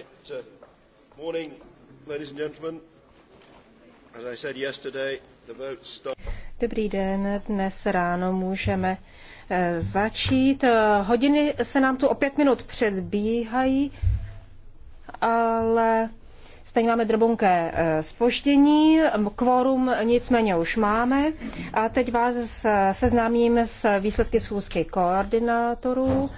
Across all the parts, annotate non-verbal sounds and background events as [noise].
Right. Uh, morning, ladies and gentlemen. As I said yesterday, the vote start... Dobrý den, dnes ráno můžeme eh, začít. Eh, hodiny se nám tu o pět minut předbíhají, ale stejně máme drobunké spoždění. Eh, Kvorum nicméně už máme. A teď vás seznámím s výsledky schůzky koordinátorů.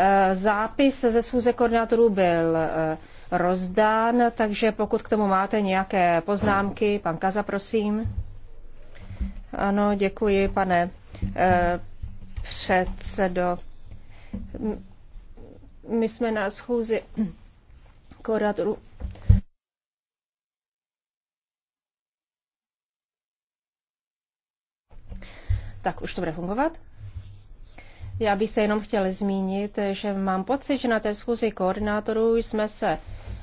Eh, zápis ze schůze koordinátorů byl eh, rozdán, takže pokud k tomu máte nějaké poznámky, pan Kaza, prosím. Ano, děkuji, pane eh, předsedo. My jsme na schůzi koordinátorů Tak už to bude fungovat. Já bych se jenom chtěla zmínit, že mám pocit, že na té schůzi koordinátorů jsme se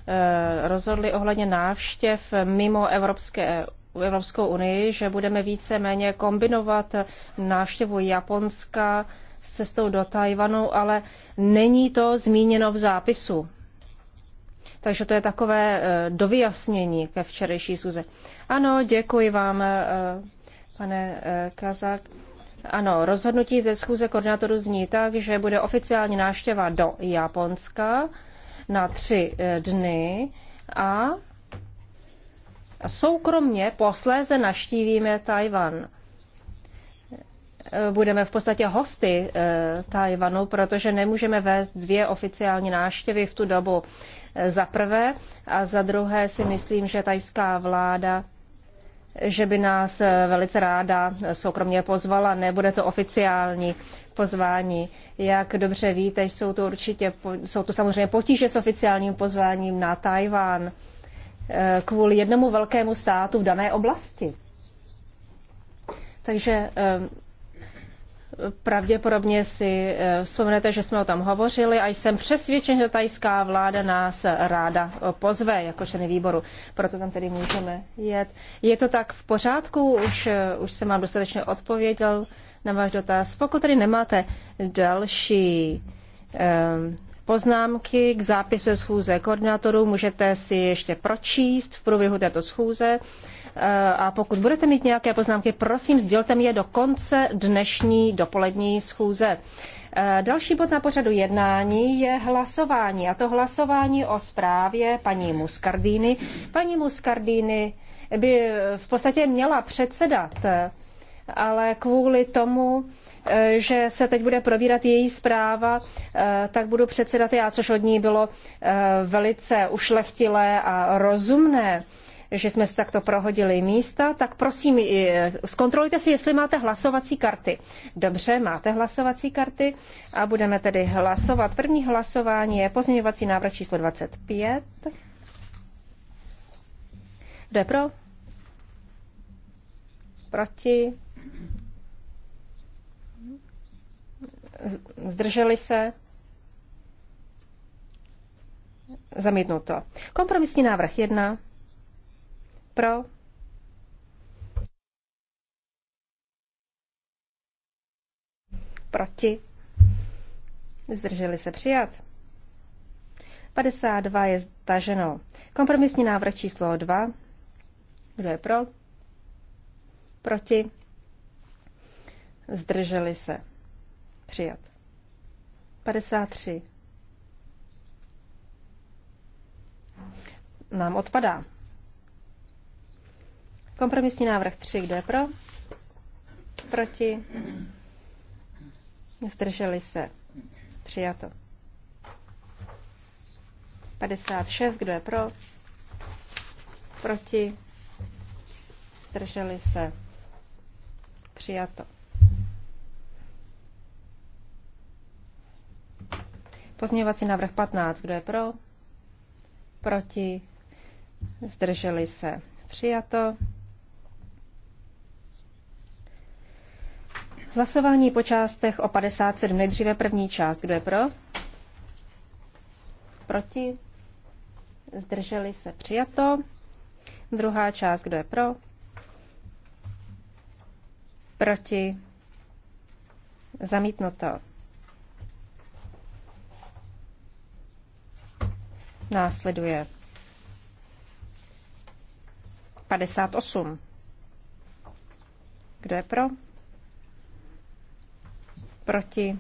eh, rozhodli ohledně návštěv mimo Evropské, Evropskou unii, že budeme více-méně kombinovat návštěvu Japonska s cestou do Tajvanu, ale není to zmíněno v zápisu. Takže to je takové eh, dovyjasnění ke včerejší suze. Ano, děkuji vám, eh, pane Kazak. Ano, rozhodnutí ze schůze koordinátorů zní tak, že bude oficiální návštěva do Japonska na tři e, dny a soukromně posléze naštívíme Tajvan. E, budeme v podstatě hosty e, Tajvanu, protože nemůžeme vést dvě oficiální návštěvy v tu dobu. Za prvé a za druhé si myslím, že tajská vláda že by nás eh, velice ráda soukromně pozvala. Nebude to oficiální pozvání. Jak dobře víte, jsou to určitě, jsou to samozřejmě potíže s oficiálním pozváním na Tajván eh, kvůli jednomu velkému státu v dané oblasti. Takže eh, Pravděpodobně si eh, vzpomenete, že jsme o tom hovořili a jsem přesvědčen, že tajská vláda nás ráda eh, pozve jako členy výboru. Proto tam tedy můžeme jet. Je to tak v pořádku? Už, eh, už jsem vám dostatečně odpověděl na váš dotaz. Pokud tedy nemáte další um, poznámky k zápise schůze koordinátorů, můžete si ještě pročíst v průběhu této schůze. Eh, a pokud budete mít nějaké poznámky, prosím, sdělte mi je do konce dnešní dopolední schůze. Eh, další bod na pořadu jednání je hlasování, a to hlasování o zprávě paní Muscardini. Paní Muscardini by v podstatě měla předsedat, eh, ale kvůli tomu, že se teď bude probírat její zpráva, tak budu předsedat já, což od ní bylo velice ušlechtilé a rozumné že jsme si takto prohodili místa, tak prosím, eh, zkontrolujte si, jestli máte hlasovací karty. Dobře, máte hlasovací karty a budeme tedy hlasovat. První hlasování je pozměňovací návrh číslo 25. Kdo je pro? Proti? Zdrželi se? Zamítnuto. Kompromisní návrh 1 pro, proti, zdrželi se přijat. 52 je staženo. Kompromisní návrh číslo 2. Kdo je pro? Proti? Zdrželi se. Přijat. 53. Nám odpadá. Kompromisní návrh 3, kdo je pro? Proti? Zdrželi se. Přijato. 56, kdo je pro? Proti? Zdrželi se. Přijato. Pozměňovací návrh 15, kdo je pro? Proti? Zdrželi se. Přijato. Hlasování po částech o 57. Nejdříve první část. Kdo je pro? Proti? Zdrželi se přijato. Druhá část. Kdo je pro? Proti? Zamítnuto. Následuje 58. Kdo je pro? Proti?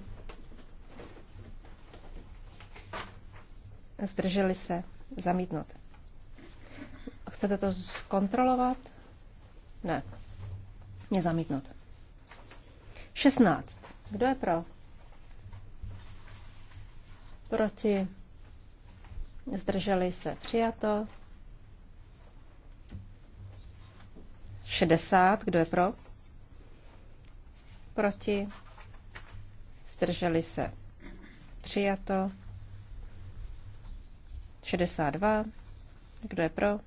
Zdrželi se? Zamítnout. Chcete to zkontrolovat? Ne. Mě zamítnout. 16. Kdo je pro? Proti? Zdrželi se? Přijato. 60. Kdo je pro? Proti? zdrželi se přijato. 62, kdo je pro,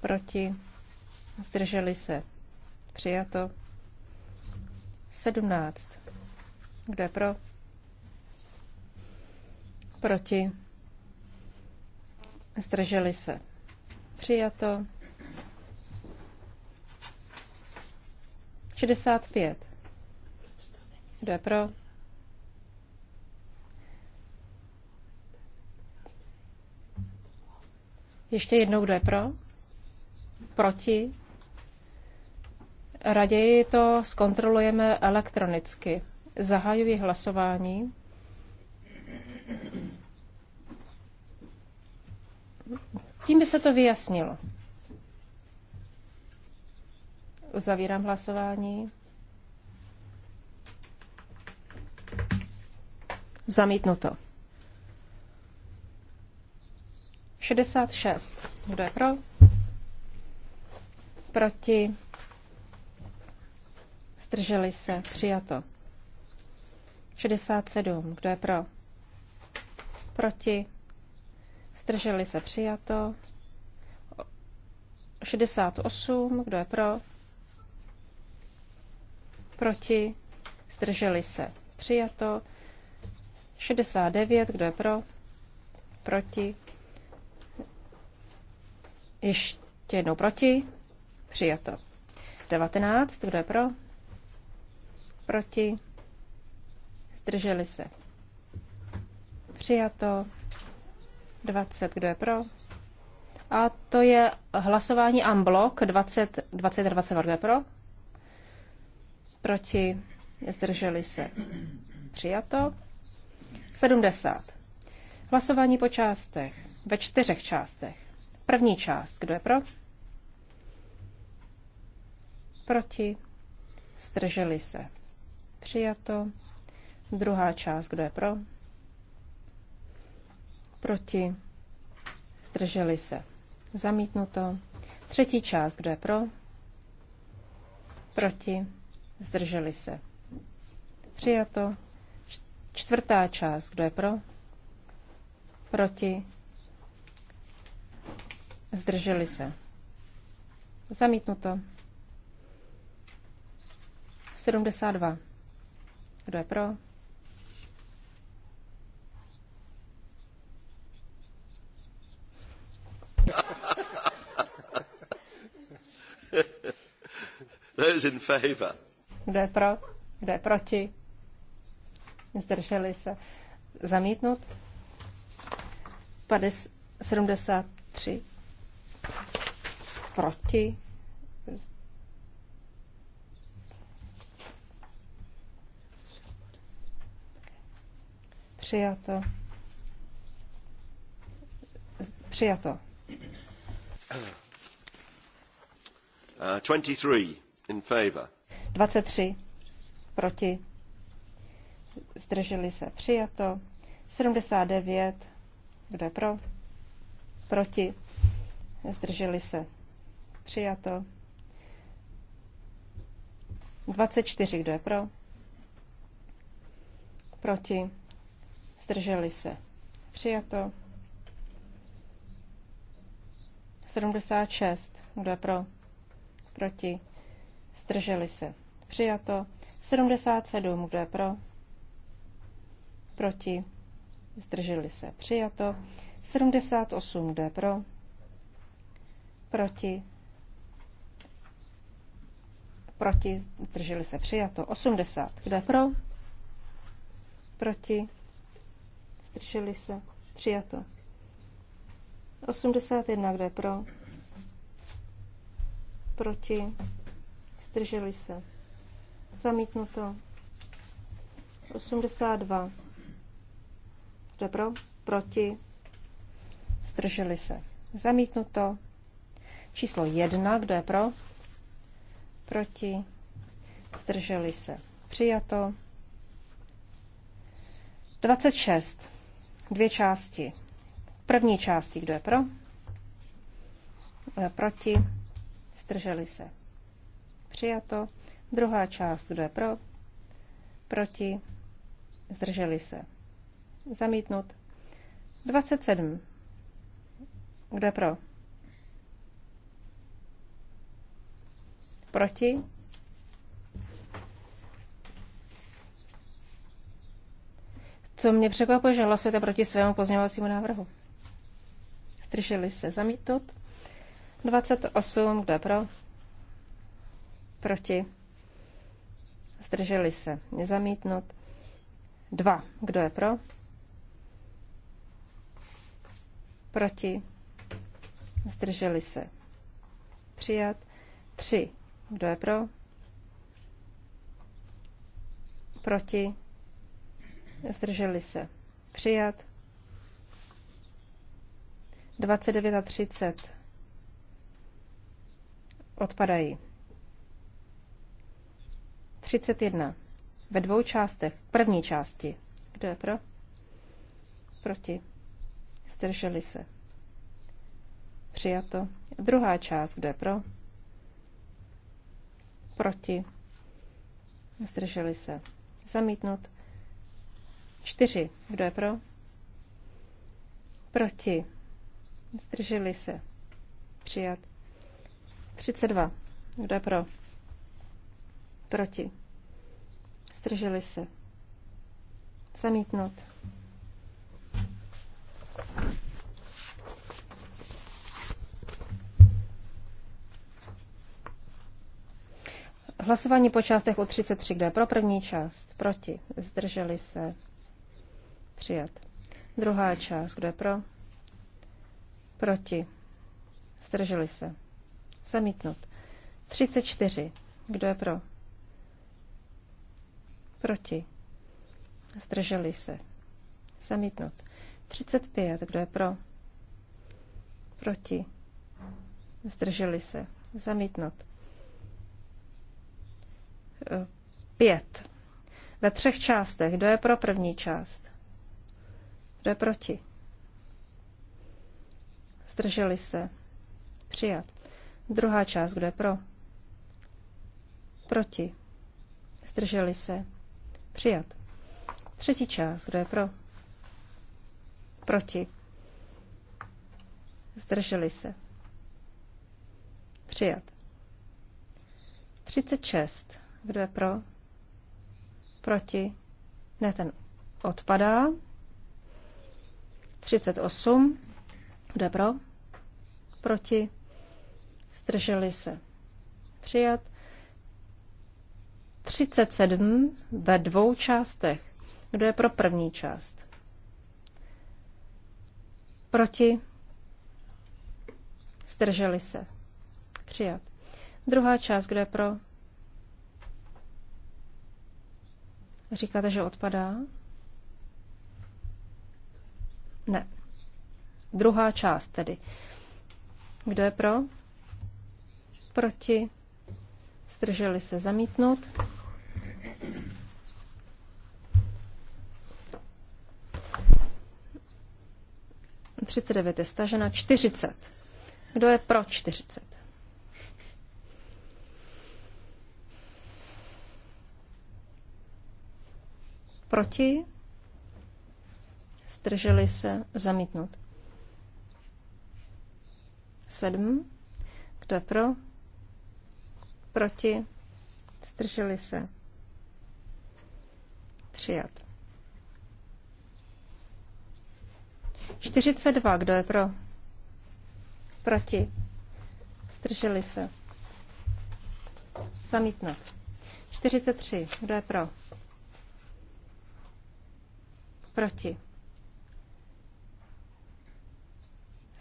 proti, zdrželi se přijato. 17, kdo je pro, proti, zdrželi se přijato. 65. Kdo je pro? Ještě jednou, kdo je pro? Proti? Raději to zkontrolujeme elektronicky. Zahajuji hlasování. Tím by se to vyjasnilo. Uzavírám hlasování. Zamítnuto. 66. Kdo je pro? Proti? Zdrželi se. Přijato. 67. Kdo je pro? Proti? Zdrželi se. Přijato. 68. Kdo je pro? Proti? Zdrželi se. Přijato. 69, kdo je pro? Proti? Ještě jednou proti? Přijato. 19, kdo je pro? Proti? Zdrželi se. Přijato. 20, kdo je pro? A to je hlasování unblock 20, 20 22, kdo je pro? Proti? Zdrželi se. Přijato. 70. Hlasování po částech. Ve čtyřech částech. První část. Kdo je pro? Proti. Zdrželi se. Přijato. Druhá část. Kdo je pro? Proti. Zdrželi se. Zamítnuto. Třetí část. Kdo je pro? Proti. Zdrželi se. Přijato. Čtvrtá část, kdo je pro? Proti? Zdrželi se. Zamítnuto. 72. Kdo je pro? Those in favor. Kdo je pro? Kdo je proti? zdrželi se zamítnut. 73 proti. Přijato. Přijato. 23 uh, in favor. 23 proti zdrželi se přijato, 79, kdo je pro, proti, zdrželi se přijato, 24, kdo je pro, proti, zdrželi se přijato, 76, kdo je pro, proti, zdrželi se přijato, 77, kdo je pro, proti, zdrželi se přijato, 78 jde pro, proti, proti, zdrželi se přijato, 80 jde pro, proti, zdrželi se přijato, 81 jde pro, proti, zdrželi se, zamítnuto, 82 kdo pro? Proti? Zdrželi se. Zamítnuto. Číslo jedna, Kdo je pro? Proti? Zdrželi se. Přijato. 26. Dvě části. První části. Kdo je pro? E, proti? Zdrželi se. Přijato. Druhá část. Kdo je pro? Proti? Zdrželi se. Zamítnut. 27. Kdo je pro? Proti? Co mě překvapuje, že hlasujete proti svému pozměňovacímu návrhu. Drželi se zamítnout. 28. Kdo je pro? Proti? Zdrželi se nezamítnout. 2. Kdo je pro? Proti? Zdrželi se. Přijat. tři, Kdo je pro? Proti? Zdrželi se. Přijat. 29 a 30 odpadají. 31. Ve dvou částech. První části. Kdo je pro? Proti. Zdrželi se. Přijato. Druhá část, kde pro? Proti. Zdrželi se. Zamítnut. Čtyři. Kdo je pro? Proti. Zdrželi se. Přijat. 32. Kdo je pro? Proti. Zdrželi se. Zamítnout. Hlasování po částech o 33, kde pro první část, proti, zdrželi se, přijat. Druhá část, kdo je pro, proti, zdrželi se, zamítnut. 34, kdo je pro, proti, zdrželi se, zamítnut. 35, kdo je pro, proti, zdrželi se, zamítnut pět Ve třech částech. Kdo je pro první část? Kdo je proti? Zdrželi se. Přijat. Druhá část. Kdo je pro? Proti. Zdrželi se. Přijat. Třetí část. Kdo je pro? Proti. Zdrželi se. Přijat. 36. Kdo je pro? Proti? Ne, ten odpadá. 38. Kdo je pro? Proti? Zdrželi se. Přijat. 37 ve dvou částech. Kdo je pro první část? Proti? Zdrželi se. Přijat. Druhá část, kdo je pro? Říkáte, že odpadá? Ne. Druhá část tedy. Kdo je pro? Proti? Zdrželi se zamítnout? Třicet devět je stažena. Čtyřicet. Kdo je pro čtyřicet? Proti? Zdrželi se zamítnout. Sedm. Kdo je pro? Proti? Zdrželi se. Přijat. 42. Kdo je pro? Proti? Zdrželi se. Zamítnout. 43. Kdo je pro? Proti.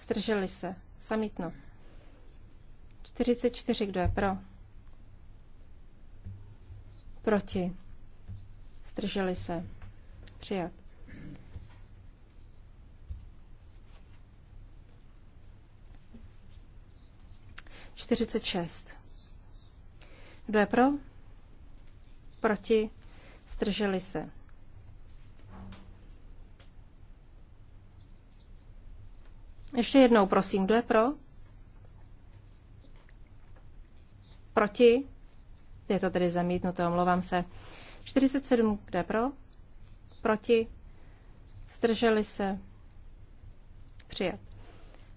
Zdrželi se. Samitno. 44. Kdo je pro? Proti. Zdrželi se. Přijat. Čtyřicet šest. Kdo je pro? Proti. Zdrželi se. Ještě jednou, prosím, kdo je pro? Proti? Je to tedy zamítnuto, omlouvám se. 47, kdo je pro? Proti? Zdrželi se? Přijat.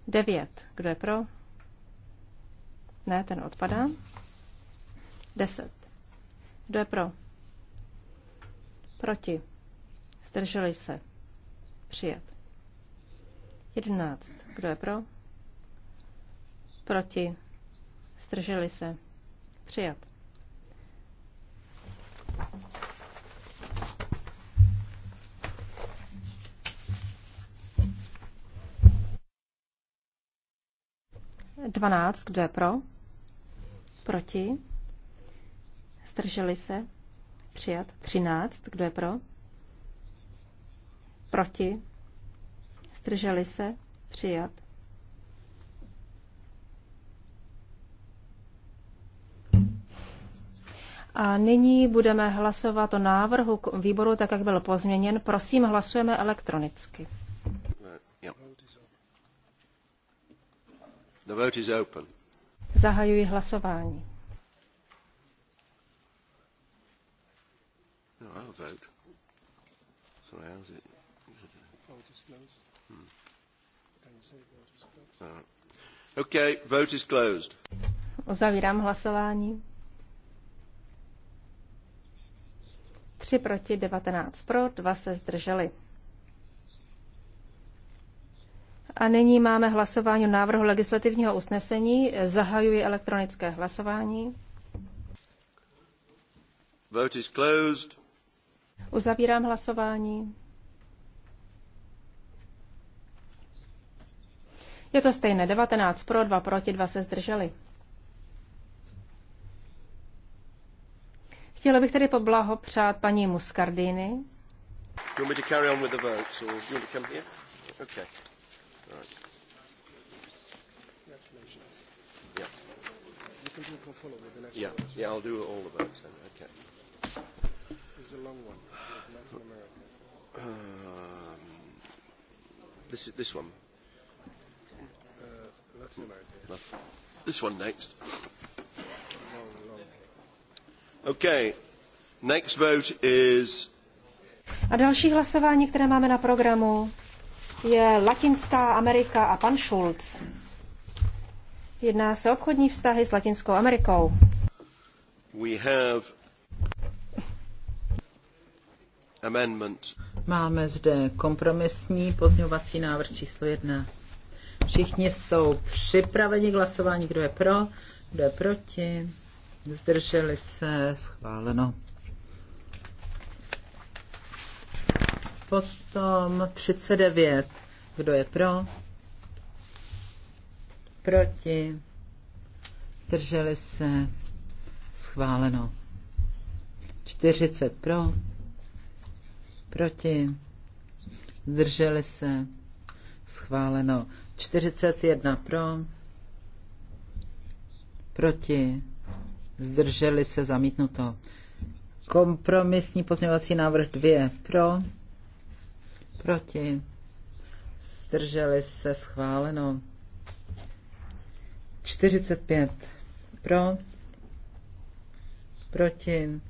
9, kdo je pro? Ne, ten odpadá. 10. Kdo je pro? Proti. Zdrželi se. Přijat. 11. Kdo je pro? Proti? Strželi se? Přijat. Dvanáct, kdo je pro? Proti? Strželi se? Přijat. Třináct, kdo je pro? Proti? Zdrželi se? Přijat. A nyní budeme hlasovat o návrhu výboru, tak jak byl pozměněn. Prosím, hlasujeme elektronicky. The vote is open. Zahajuji hlasování. No, I'll vote. Sorry, how's it? Okay, vote is closed. Uzavírám hlasování. 3 proti, 19 pro, 2 se zdrželi. A nyní máme hlasování o návrhu legislativního usnesení. Zahajuji elektronické hlasování. Vote is closed. Uzavírám hlasování. Je to stejné, 19 pro, 2 proti, 2 se zdrželi. Chtěla bych tedy poblahopřát paní Muscardini. Um, this is this one that's an idea. this one next. Okay. Next vote is... A další hlasování, které máme na programu, je Latinská Amerika a pan Schulz. Jedná se o obchodní vztahy s Latinskou Amerikou. We have amendment. Máme zde kompromisní pozňovací návrh číslo jedna. Všichni jsou připraveni k hlasování. Kdo je pro? Kdo je proti? Zdrželi se? Schváleno. Potom 39. Kdo je pro? Proti? Zdrželi se? Schváleno. 40 pro? Proti? Zdrželi se? Schváleno. 41 pro, proti, zdrželi se zamítnuto. Kompromisní pozměňovací návrh 2 pro, proti, zdrželi se schváleno. 45 pro, proti,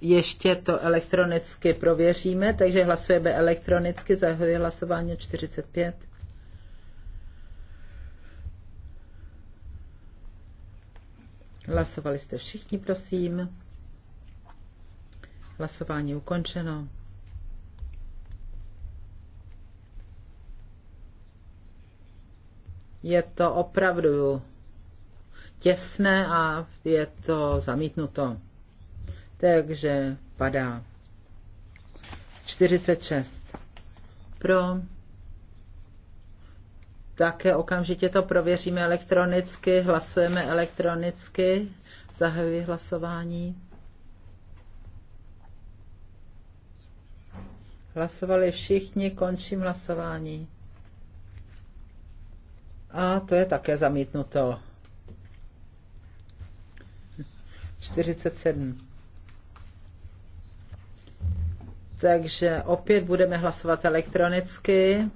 ještě to elektronicky prověříme, takže hlasujeme elektronicky, zahajuji hlasování 45. Hlasovali jste všichni, prosím. Hlasování ukončeno. Je to opravdu těsné a je to zamítnuto takže padá. 46. Pro. Také okamžitě to prověříme elektronicky, hlasujeme elektronicky, zahajuji hlasování. Hlasovali všichni, končím hlasování. A to je také zamítnuto. 47 takže opět budeme hlasovat elektronicky,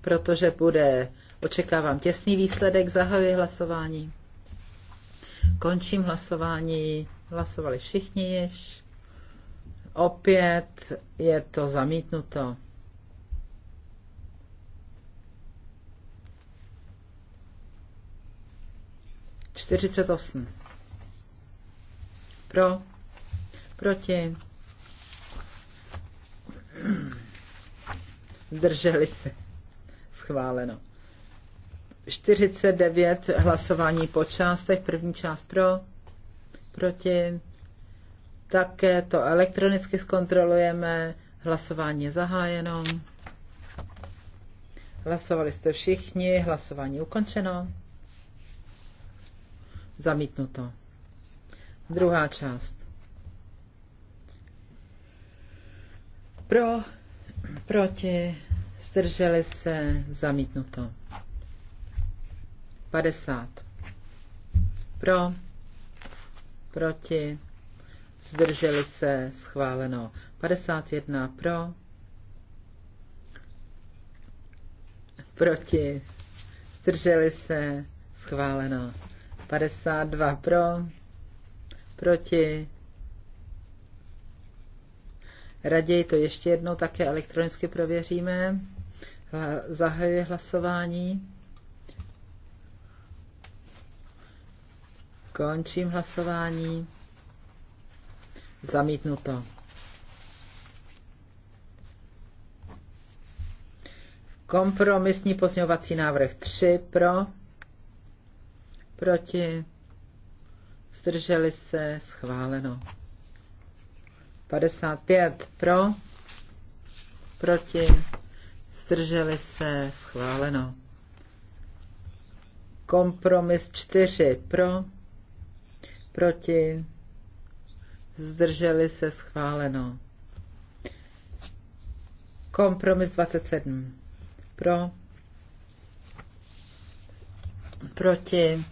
protože bude, očekávám těsný výsledek, zahajuji hlasování. Končím hlasování, hlasovali všichni již. Opět je to zamítnuto. Čtyřicet osm. Pro. Proti. Zdrželi se. Schváleno. 49 hlasování po částech. První část pro, proti. Také to elektronicky zkontrolujeme. Hlasování je zahájeno. Hlasovali jste všichni, hlasování ukončeno. Zamítnuto. Druhá část. Pro, proti, zdrželi se, zamítnuto. 50. Pro, proti, zdrželi se, schváleno. 51 pro, proti, zdrželi se, schváleno. 52 pro, proti, Raději to ještě jednou také elektronicky prověříme. Zahajuji hlasování. Končím hlasování. Zamítnuto. Kompromisní pozměňovací návrh 3 pro, proti, zdrželi se, schváleno. 55 pro, proti, zdrželi se, schváleno. Kompromis 4 pro, proti, zdrželi se, schváleno. Kompromis 27 pro, proti,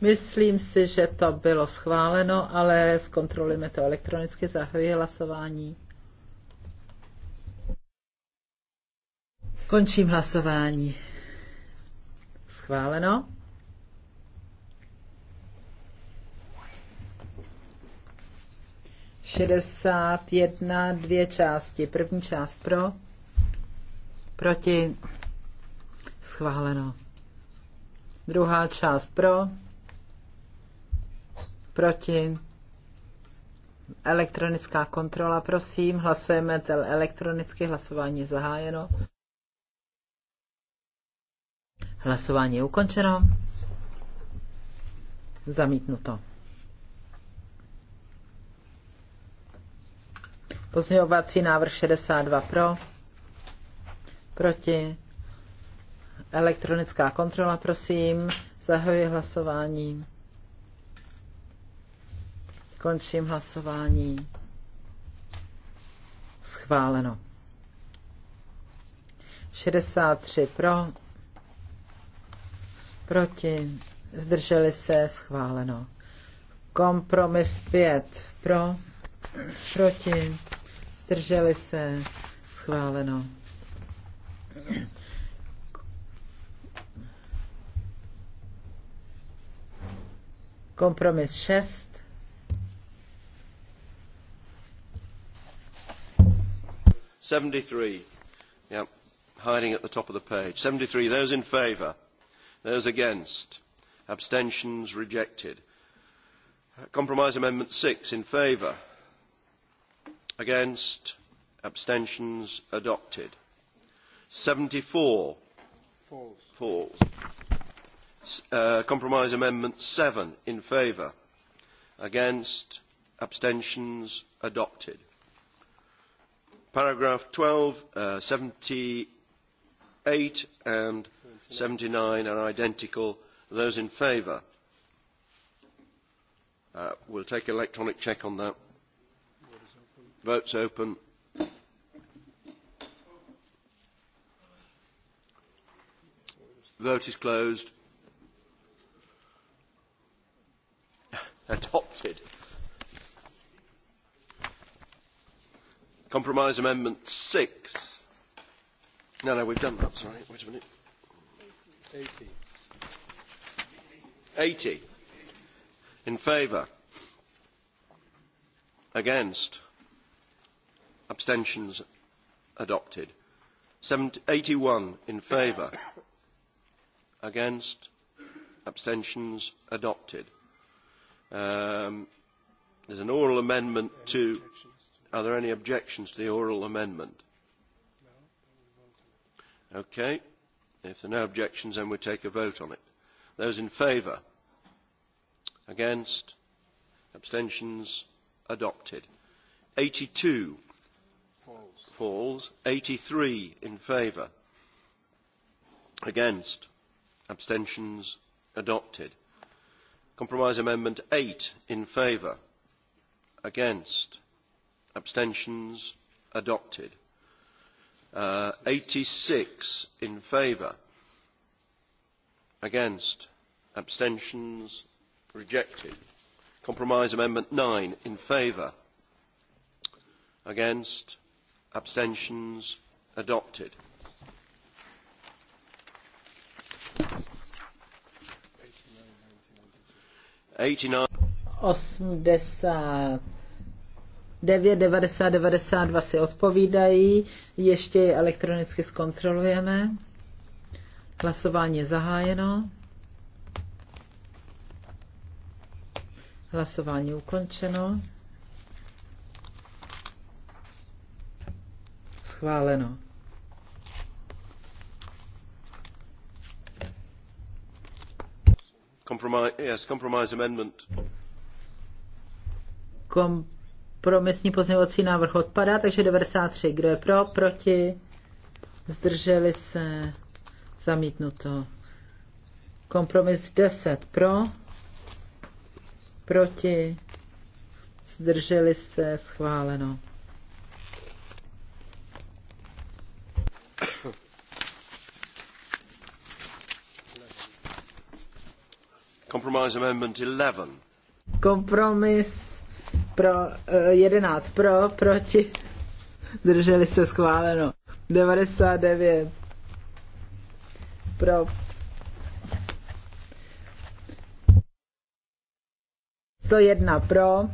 Myslím si, že to bylo schváleno, ale zkontrolujeme to elektronicky, zahajuji hlasování. Končím hlasování. Schváleno. Šedesát jedna, dvě části. První část pro, proti, schváleno. Druhá část pro, proti, elektronická kontrola, prosím, hlasujeme elektronicky, hlasování je zahájeno. Hlasování je ukončeno. Zamítnuto. Pozměňovací návrh 62 pro, proti, elektronická kontrola, prosím, zahajuji hlasování. Končím hlasování. Schváleno. 63 pro, proti, zdrželi se, schváleno. Kompromis 5 pro, proti, zdrželi se, schváleno. Kompromis 6 73. Yeah, hiding at the top of the page. 73. Those in favour. Those against. Abstentions rejected. Compromise Amendment 6 in favour. Against. Abstentions adopted. 74. False. False. Uh, compromise Amendment 7 in favour. Against. Abstentions adopted paragraph 12, uh, 78 and 79 are identical. Those in favour? Uh, we'll take electronic check on that. Votes open. Vote is closed. [laughs] Adopted. Compromise Amendment six. No, no, we've done that, sorry. Wait a minute. 80. 80. In favour? Against? Abstentions adopted. 70, 81 in favour? Against? Abstentions adopted. Um, there's an oral amendment to... Objection Are there any objections to the oral amendment? No. Okay. If there are no objections, then we take a vote on it. Those in favour? Against? Abstentions? Adopted. 82 falls. falls. 83 in favour. Against? Abstentions? Adopted. Compromise Amendment 8 in favour. Against? abstentions adopted uh, 86 in favour against abstentions rejected compromise amendment 9 in favour against abstentions adopted Eighty nine. 89 9, 90, 92 si odpovídají, ještě je elektronicky zkontrolujeme. Hlasování je zahájeno. Hlasování ukončeno. Schváleno. Compromise, yes, compromise amendment. Kom Promyslní pozměňovací návrh odpadá, takže 93. Kdo je pro, proti? Zdrželi se? Zamítnuto. Kompromis 10 pro, proti, zdrželi se, schváleno. Kompromis amendment 11. Kompromis pro, uh, eh, 11 pro, proti, drželi se schváleno, 99 pro, To jedna pro,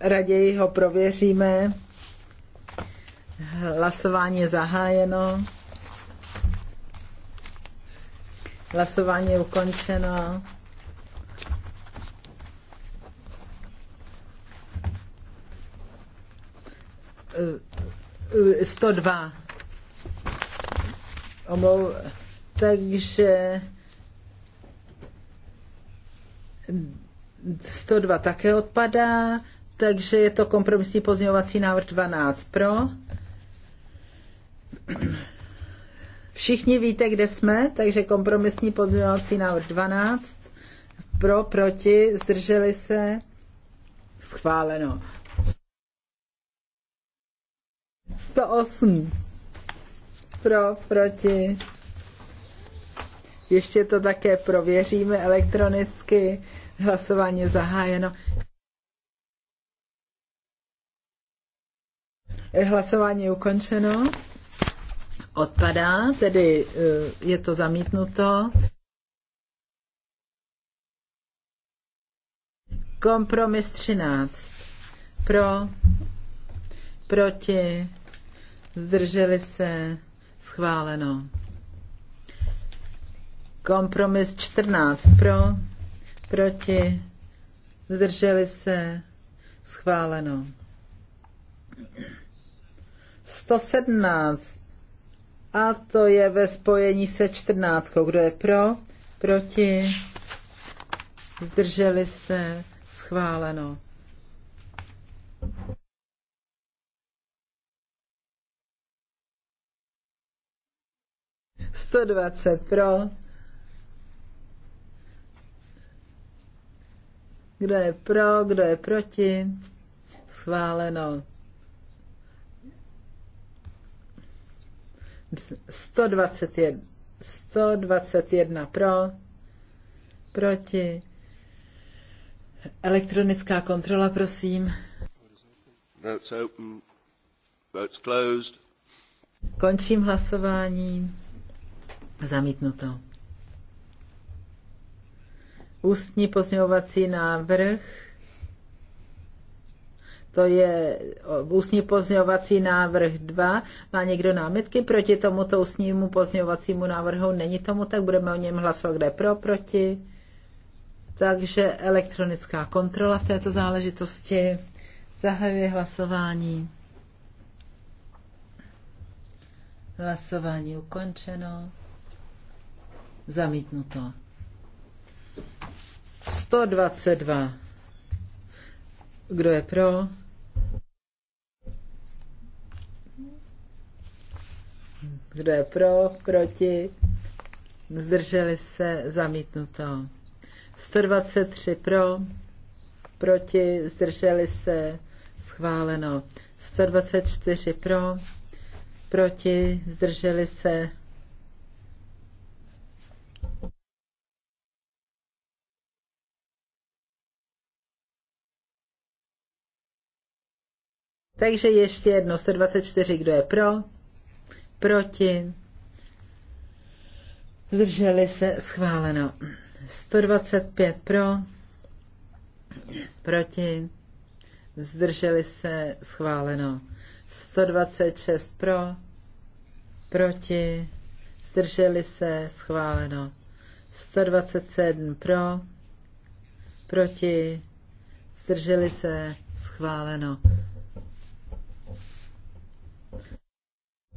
raději ho prověříme, hlasování je zahájeno, hlasování je ukončeno, 102. Eh, Omlou, takže 102 také odpadá, takže je to kompromisní pozměňovací návrh 12 pro. Všichni víte, kde jsme, takže kompromisní pozměňovací návrh 12 pro, proti, zdrželi se, schváleno. 108. Pro, proti. Ještě to také prověříme elektronicky. Hlasování zahájeno. Hlasování je ukončeno. Odpadá, tedy eh, je to zamítnuto. Kompromis 13. Pro, proti, zdrželi se, schváleno. Kompromis 14 pro, proti, zdrželi se, schváleno. 117 a to je ve spojení se 14. Kdo je pro, proti, zdrželi se, schváleno. 120 pro. Kdo je pro, kdo je proti? Schváleno. 121, 121 pro, proti. Elektronická kontrola, prosím. Votes open. Votes closed. Končím hlasování. Zamítnuto. Ústní pozměňovací návrh. To je ústní pozměňovací návrh 2. Má někdo námitky proti tomuto ústnímu pozměňovacímu návrhu? Není tomu tak, budeme o něm hlasovat, kde pro, proti. Takže elektronická kontrola v této záležitosti. Zahajuje hlasování. Hlasování ukončeno. Zamítnuto. 122. Kdo je pro? Kdo je pro? Proti? Zdrželi se? Zamítnuto. 123 pro, proti, zdrželi se, schváleno. 124 pro, proti, zdrželi se, Takže ještě jedno, 124, kdo je pro, proti, zdrželi se, schváleno. 125 pro, proti, zdrželi se, schváleno. 126 pro, proti, zdrželi se, schváleno. 127 pro, proti, zdrželi se, schváleno.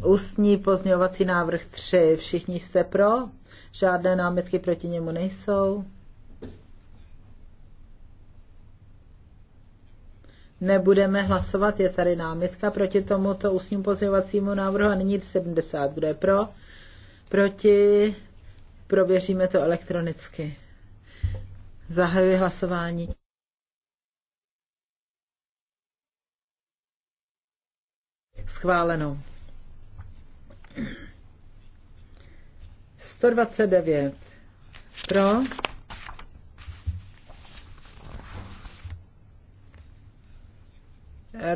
Ústní pozměňovací návrh 3. Všichni jste pro? Žádné námitky proti němu nejsou? Nebudeme hlasovat, je tady námitka proti tomuto ústním pozměňovacímu návrhu a nyní 70. Kdo je pro? Proti? Prověříme to elektronicky. Zahajuji hlasování. Schváleno. 129 pro,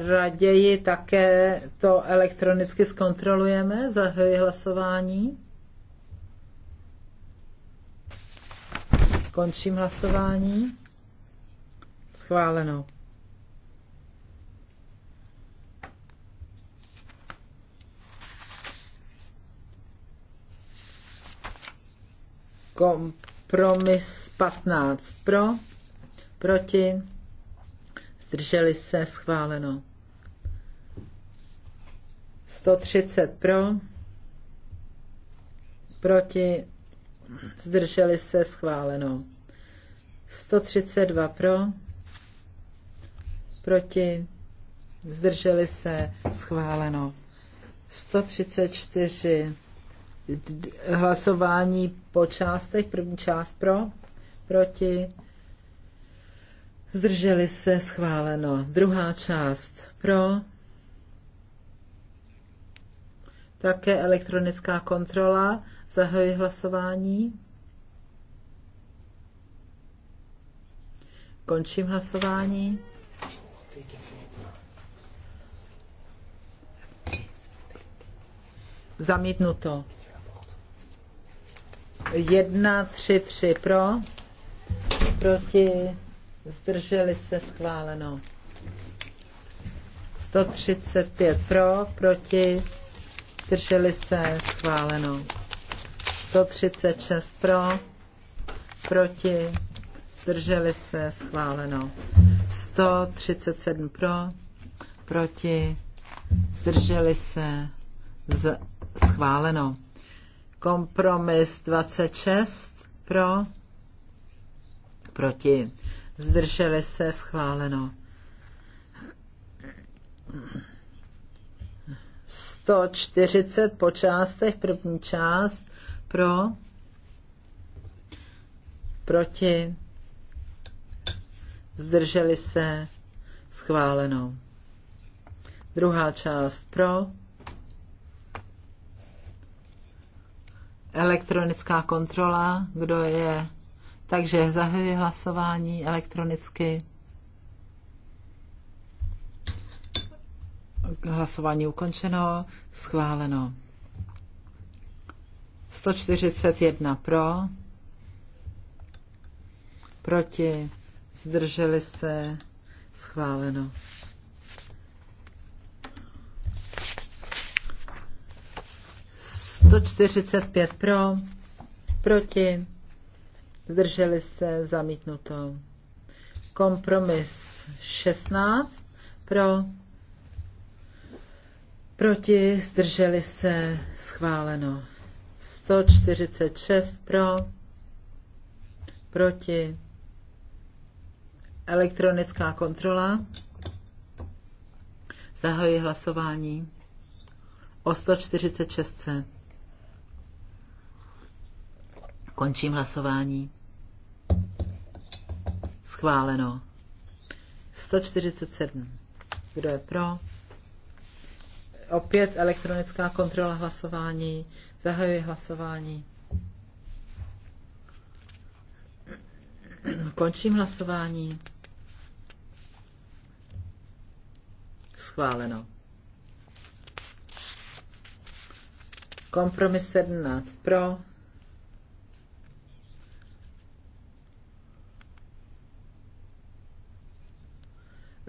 Raději také to elektronicky zkontrolujeme, zahajuji hlasování. Končím hlasování. Schváleno. Kompromis 15 pro, proti, zdrželi se, schváleno. 130 pro, proti, zdrželi se, schváleno. 132 pro, proti, zdrželi se, schváleno. 134 hlasování po částech. První část pro, proti, zdrželi se, schváleno. Druhá část pro, také elektronická kontrola. Zahajuji hlasování. Končím hlasování. Zamítnuto. 1, 3, 3 pro, proti, zdrželi se schváleno. 135 pro, proti, zdrželi se schváleno. 136 pro, proti, zdrželi se schváleno. 137 pro, proti, zdrželi se z, schváleno. Kompromis 26 pro, proti, zdrželi se, schváleno. 140 po částech, první část pro, proti, zdrželi se, schváleno. Druhá část pro, elektronická kontrola, kdo je. Takže zahajuji hlasování elektronicky. Hlasování ukončeno, schváleno. 141 pro, proti, zdrželi se, schváleno. 145 pro, proti, zdrželi se, zamítnuto. Kompromis 16 pro, proti, zdrželi se, schváleno. 146 pro, proti, elektronická kontrola. Zahajuji hlasování o 146. Končím hlasování. Schváleno. 147. Kdo je pro? Opět elektronická kontrola hlasování. Zahajuji hlasování. Končím hlasování. Schváleno. Kompromis 17 pro,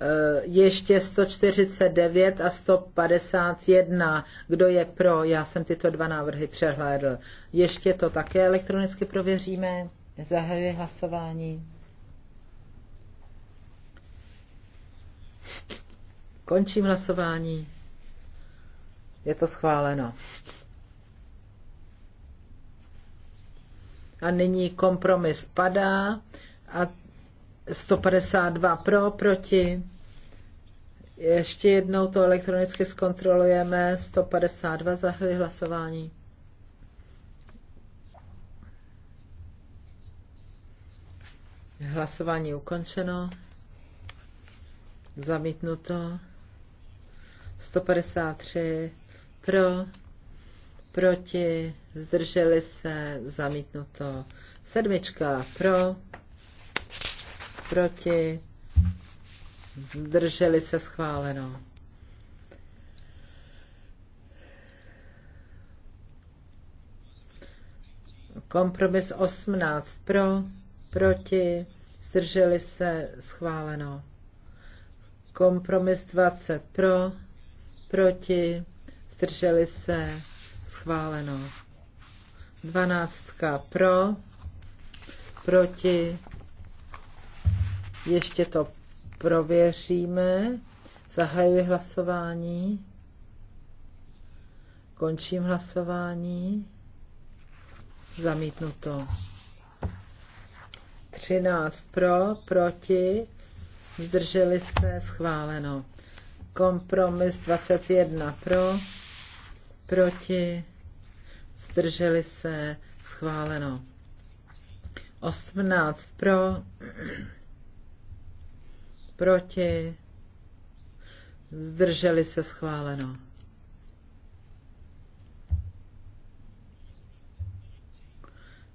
Eh, ještě 149 a 151. Kdo je pro? Já jsem tyto dva návrhy přehlédl. Ještě to také elektronicky prověříme. Zahajuji hlasování. Končím hlasování. Je to schváleno. A nyní kompromis padá a 152 pro, proti. Ještě jednou to elektronicky zkontrolujeme. 152 zahajuji hlasování. Hlasování ukončeno. Zamítnuto. 153 pro, proti, zdrželi se, zamítnuto. Sedmička pro, proti, zdrželi se schváleno. Kompromis 18 pro, proti, zdrželi se schváleno. Kompromis 20 pro, proti, zdrželi se schváleno. Dvanáctka pro, proti, ještě to prověříme. Zahajuji hlasování. Končím hlasování. Zamítnuto. 13 pro, proti, zdrželi se, schváleno. Kompromis 21 pro, proti, zdrželi se, schváleno. 18 pro, proti, zdrželi se schváleno.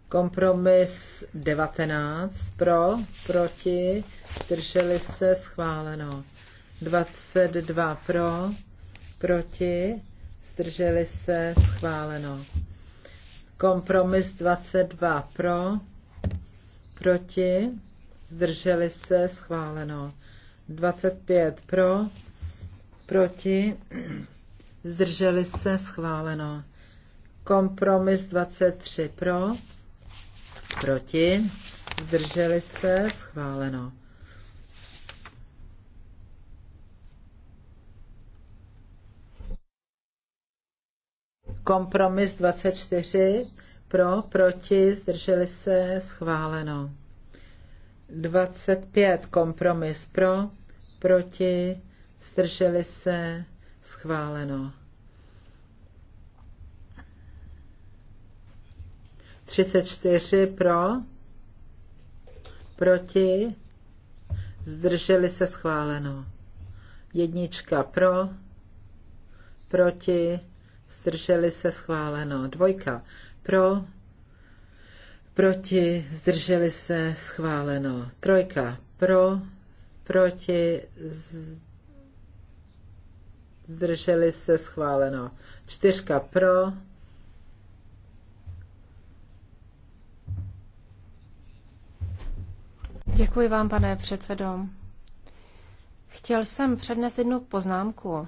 Kompromis 19 pro, proti, zdrželi se schváleno. 22 pro, proti, zdrželi se schváleno. Kompromis 22 pro, proti, zdrželi se schváleno. 25 pro, proti, zdrželi se, schváleno. Kompromis 23 pro, proti, zdrželi se, schváleno. Kompromis 24 pro, proti, zdrželi se, schváleno. 25 kompromis pro, proti, zdrželi se, schváleno. 34 pro, proti, zdrželi se, schváleno. Jednička pro, proti, zdrželi se, schváleno. Dvojka pro, proti, zdrželi se, schváleno. Trojka pro, proti, zdrželi se schváleno. Čtyřka pro, Děkuji vám, pane předsedo. Chtěl jsem přednes jednu poznámku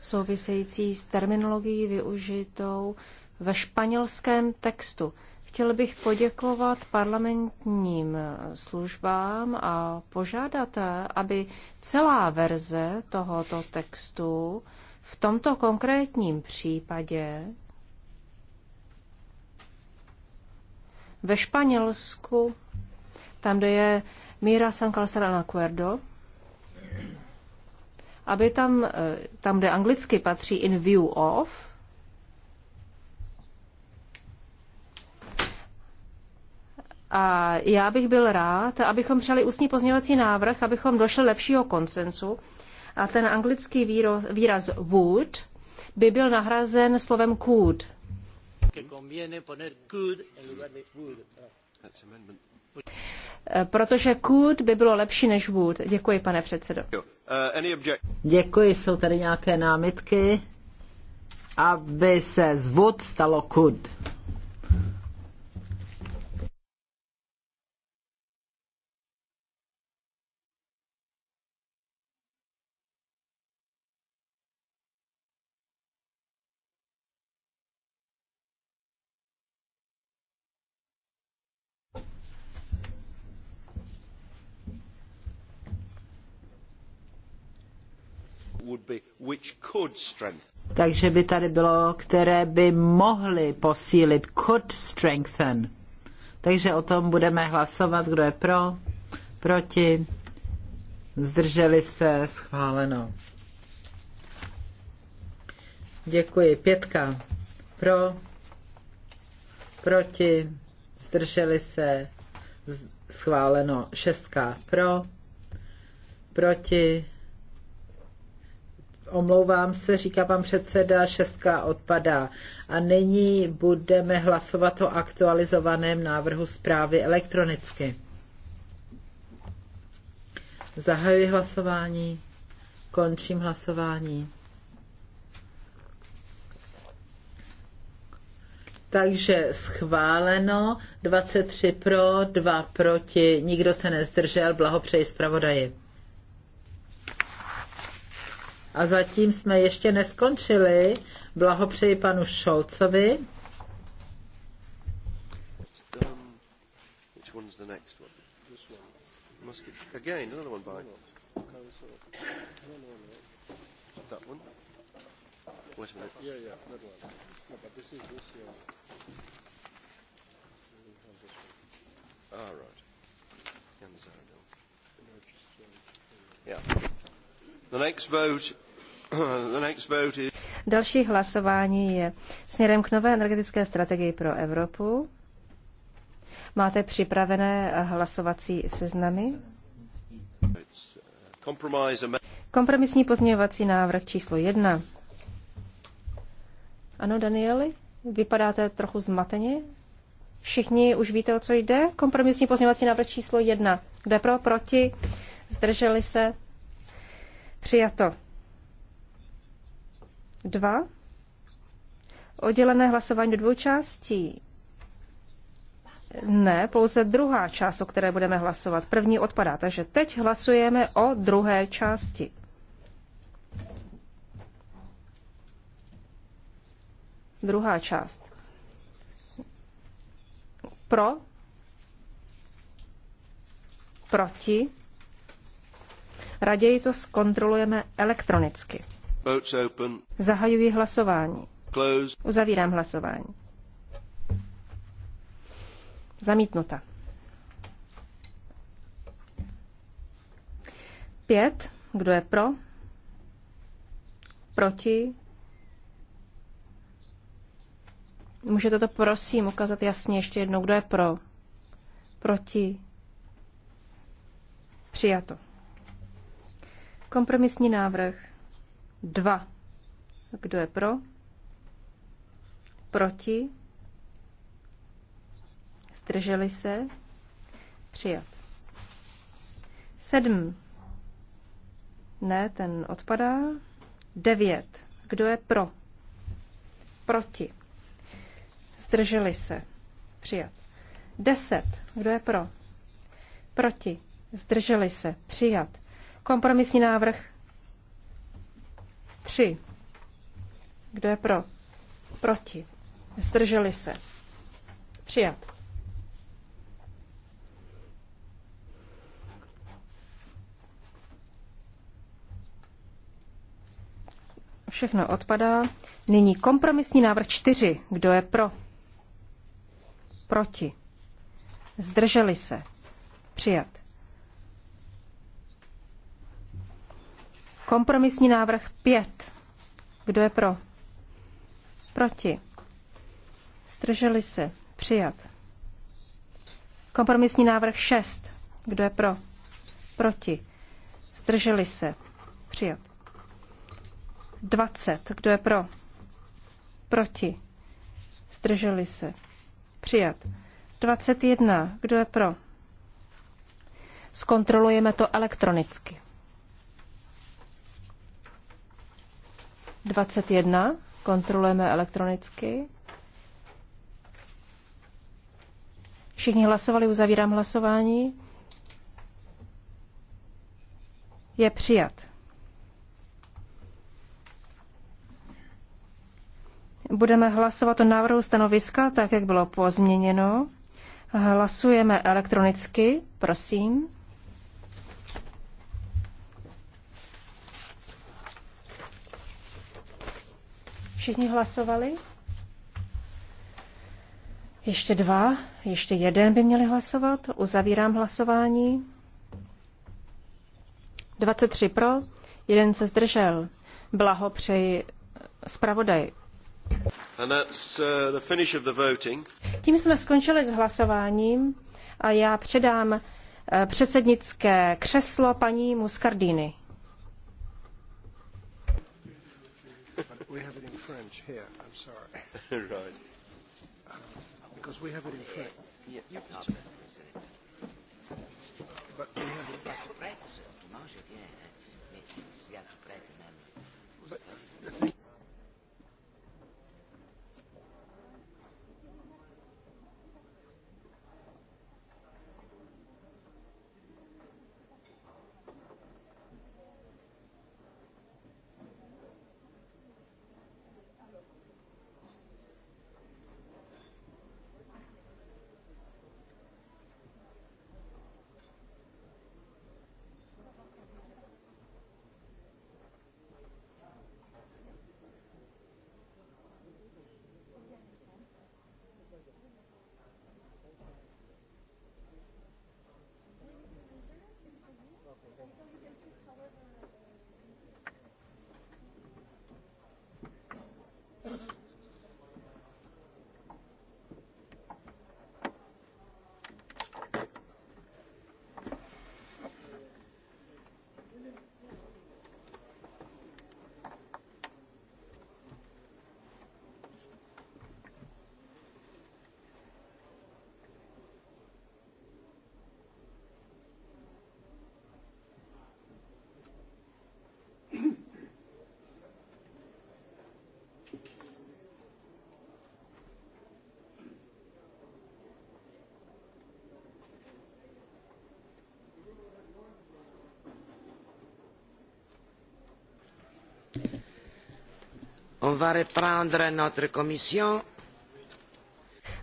související s terminologií využitou ve španělském textu. Chtěl bych poděkovat parlamentním službám a požádat, aby celá verze tohoto textu v tomto konkrétním případě ve Španělsku, tam, kde je Míra San na Cuerdo, aby tam, eh, tam, kde anglicky patří in view of, A já bych byl rád, abychom přijali ústní pozměňovací návrh, abychom došli lepšího koncensu. A ten anglický výraz would by byl nahrazen slovem could. Eh, protože could by bylo lepší než would. Děkuji, pane předsedo. Eh, Děkuji, jsou tady nějaké námitky, aby se z would stalo could. Takže by tady bylo, které by mohly posílit, could strengthen. Takže o tom budeme hlasovat, kdo je pro, proti, zdrželi se, schváleno. Děkuji. Pětka. Pro, proti, zdrželi se, schváleno. Šestka. Pro, proti, Omlouvám se, říká pan předseda, šestka odpadá. A nyní budeme hlasovat o aktualizovaném návrhu zprávy elektronicky. Zahajuji hlasování. Končím hlasování. Takže schváleno, 23 pro, 2 proti, nikdo se nezdržel, blahopřeji zpravodaji. A zatím jsme ještě neskončili. Blahopřeji panu Šolcovi. Yeah. [clears throat] Další hlasování je směrem k nové energetické strategii pro Evropu. Máte připravené eh, hlasovací seznamy? Kompromisní pozměňovací návrh číslo jedna. Ano, Danieli, vypadáte trochu zmateně. Všichni už víte, o co jde. Kompromisní pozměňovací návrh číslo jedna. Kde pro, proti, zdrželi se, Přijato. Dva. Oddělené hlasování do dvou částí. Ne, pouze druhá část, o které budeme hlasovat. První odpadá, takže teď hlasujeme o druhé části. Druhá část. Pro. Proti. Raději to zkontrolujeme elektronicky. Zahajuji hlasování. Uzavírám hlasování. Zamítnuta. Pět. Kdo je pro? Proti? Můžete to prosím ukázat jasně ještě jednou. Kdo je pro? Proti? Přijato. Kompromisní návrh 2. Kdo je pro? Proti? Zdrželi se? Přijat. 7. Ne, ten odpadá. 9. Kdo je pro? Proti. Zdrželi se. Přijat. 10. Kdo je pro? Proti. Zdrželi se. Přijat. Kompromisní návrh tři. Kdo je pro? Proti. Zdrželi se. Přijat. Všechno odpadá. Nyní kompromisní návrh čtyři. Kdo je pro? Proti. Zdrželi se. Přijat. Kompromisní návrh 5. Kdo je pro? Proti. Strželi se. Přijat. Kompromisní návrh 6. Kdo je pro? Proti. Strželi se. Přijat. 20. Kdo je pro? Proti. Strželi se. Přijat. 21. Kdo je pro? Zkontrolujeme to elektronicky. 21 kontrolujeme elektronicky. Všichni hlasovali, uzavírám hlasování. Je přijat. Budeme hlasovat o návrhu stanoviska, tak jak bylo pozměněno. Hlasujeme elektronicky, prosím. Všichni hlasovali? Ještě dva, ještě jeden by měli hlasovat. Uzavírám hlasování. 23 pro, jeden se zdržel. blaho přeji eh, zpravodaj. Uh, Tím jsme skončili s hlasováním a já předám eh, předsednické křeslo paní Muscardini. sorry. [laughs] right. Um, because we have it in French. Yeah, you can But we have it back.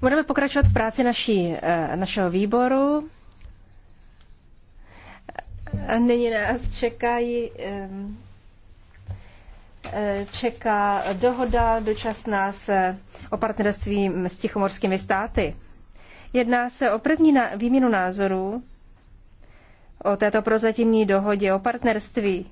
Budeme pokračovat v práci naší, eh, našeho výboru. Nyní nás čekají, ehm, eh, čeká dohoda dočasná se o partnerství s tichomorskými státy. Jedná se o první výměnu názorů o této prozatímní dohodě o partnerství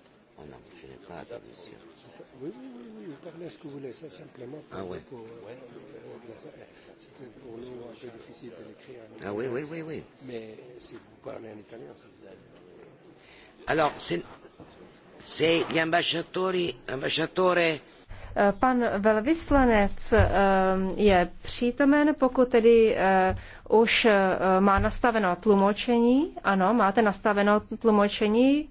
Ah non, je n'ai pas monsieur. Oui, oui, oui, oui, vous parlez ce que vous voulez, simplement ah pour, ah, ouais. pour, euh, euh, c'était pour nous un peu difficile de l'écrire Ah oui, oui, oui, oui. Mais si vous parlez en italien, Alors, c'est, eh, Pan velvyslanec eh, je přítomen, pokud tedy eh, už má nastaveno tlumočení. Ano, máte nastaveno tlumočení.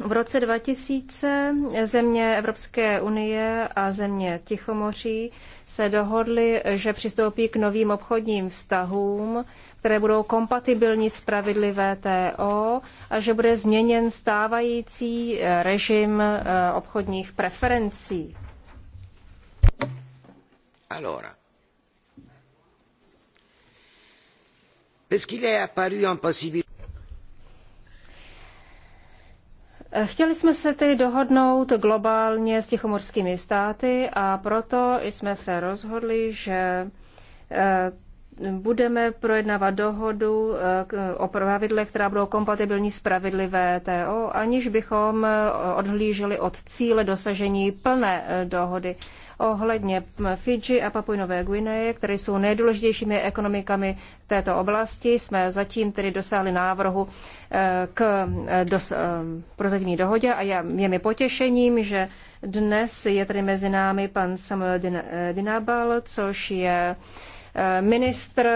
V roce 2000 země Evropské unie a země Tichomoří se dohodly, že přistoupí k novým obchodním vztahům, které budou kompatibilní s pravidly VTO a že bude změněn stávající eh, režim eh, obchodních preferencí. Allora. Parce qu'il est apparu impossible Chtěli jsme se tedy dohodnout globálně s tichomorskými státy a proto jsme se rozhodli, že eh, budeme projednávat dohodu eh, o pravidlech, která budou kompatibilní s pravidly VTO, aniž bychom eh, odhlíželi od cíle dosažení plné dohody ohledně Fidži a Papuinové Guineje, které jsou nejdůležitějšími ekonomikami této oblasti. Jsme zatím tedy dosáhli návrhu eh, k eh, dos, eh, prozatímní dohodě a je mi potěšením, že dnes je tady mezi námi pan Samuel Dinabal, což je ministr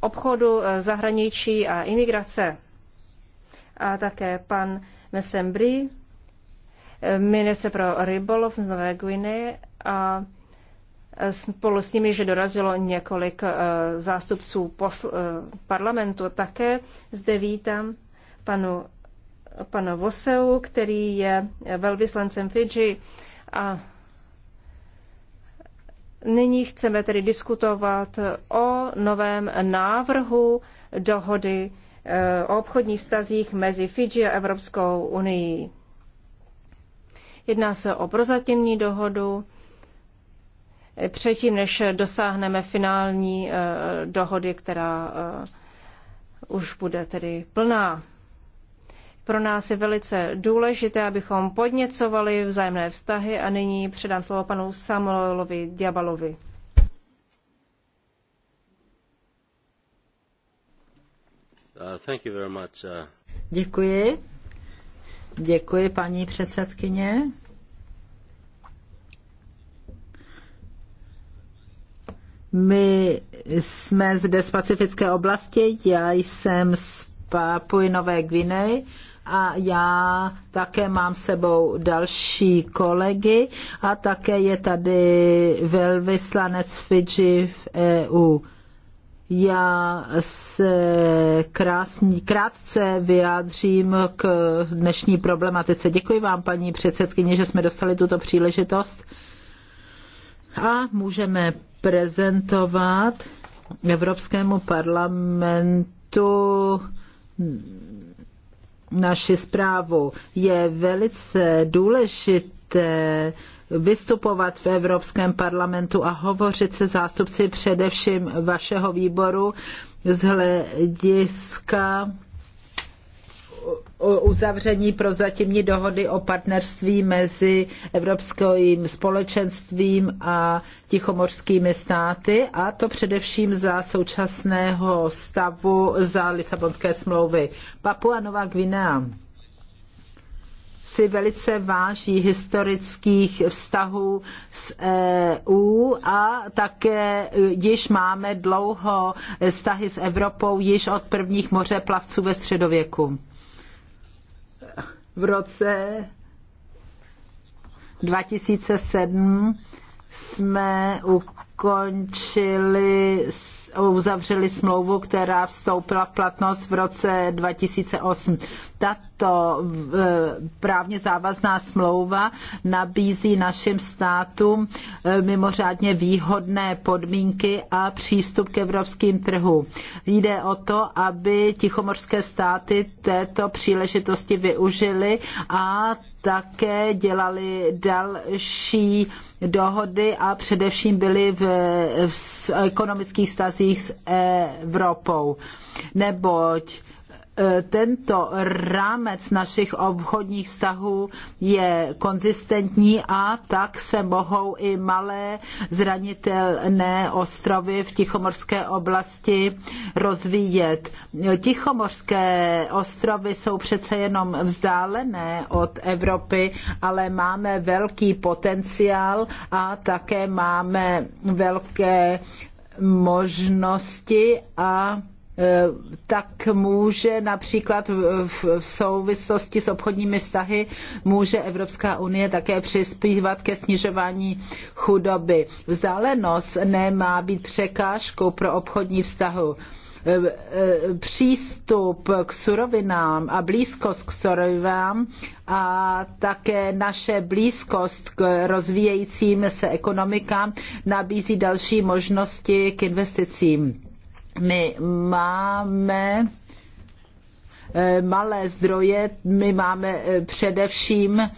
obchodu, zahraničí a imigrace. A také pan Mesembri, minister pro rybolov z Nové Guiney a spolu s nimi, že dorazilo několik eh, zástupců posl- eh, parlamentu. Také zde vítám panu, pana Voseu, který je velvyslancem Fidži a Nyní chceme tedy diskutovat o novém návrhu dohody eh, o obchodních vztazích mezi Fidži a Evropskou unii. Jedná se o prozatímní dohodu, předtím, než dosáhneme finální eh, dohody, která eh, už bude tedy plná. Pro nás je velice důležité, abychom podněcovali vzájemné vztahy a nyní předám slovo panu Samuelovi Diabalovi. Uh, uh. Děkuji. Děkuji, paní předsedkyně. My jsme zde z pacifické oblasti, já jsem z Papuji Nové Gvinej a já také mám sebou další kolegy a také je tady velvyslanec Fidži v EU. Já se krásný, krátce vyjádřím k dnešní problematice. Děkuji vám, paní předsedkyně, že jsme dostali tuto příležitost a můžeme prezentovat Evropskému parlamentu naši zprávu. Je velice důležité vystupovat v Evropském parlamentu a hovořit se zástupci především vašeho výboru z hlediska uzavření prozatímní dohody o partnerství mezi Evropským společenstvím a tichomorskými státy a to především za současného stavu za Lisabonské smlouvy. Papua Nová Gvinea si velice váží historických vztahů s EU a také již máme dlouho vztahy s Evropou již od prvních mořeplavců ve středověku v roce 2007 jsme ukončili uzavřeli smlouvu, která vstoupila v platnost v roce 2008. Tato e, právně závazná smlouva nabízí našim státům e, mimořádně výhodné podmínky a přístup k evropským trhu. Jde o to, aby tichomorské státy této příležitosti využily a také dělali další dohody a především byli v, v ekonomických vztazích s Evropou. Neboť Eh, tento rámec našich obchodních vztahů je konzistentní a tak se mohou i malé zranitelné ostrovy v Tichomorské oblasti rozvíjet. Tichomorské ostrovy jsou přece jenom vzdálené od Evropy, ale máme velký potenciál a také máme velké možnosti a Eh, tak může například v souvislosti s obchodními vztahy může Evropská unie také přispívat ke snižování chudoby. Vzdálenost nemá být překážkou pro obchodní vztahu eh, eh, přístup k surovinám a blízkost k surovinám a také naše blízkost k rozvíjejícím se ekonomikám nabízí další možnosti k investicím. My máme eh, malé zdroje, my máme eh, především eh,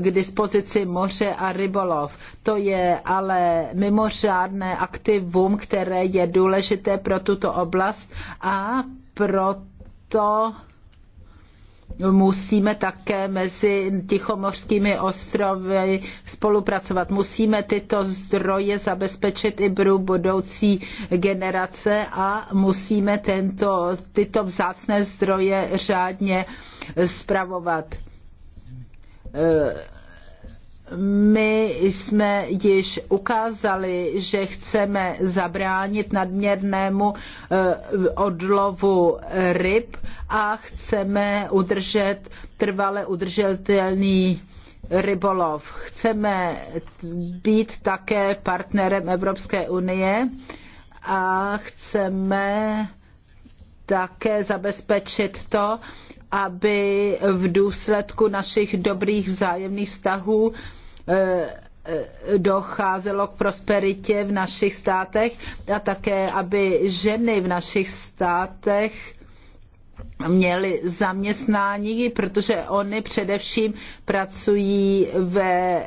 k dispozici moře a rybolov. To je ale mimořádné aktivum, které je důležité pro tuto oblast a proto musíme také mezi Tichomořskými ostrovy spolupracovat. Musíme tyto zdroje zabezpečit i pro budoucí generace a musíme tento, tyto vzácné zdroje řádně spravovat my jsme již ukázali, že chceme zabránit nadměrnému eh, odlovu ryb a chceme udržet trvale udržitelný rybolov. Chceme být také partnerem Evropské unie a chceme také zabezpečit to, aby v důsledku našich dobrých vzájemných vztahů Eh, eh, docházelo k prosperitě v našich státech a také, aby ženy v našich státech měly zaměstnání, protože oni především pracují ve,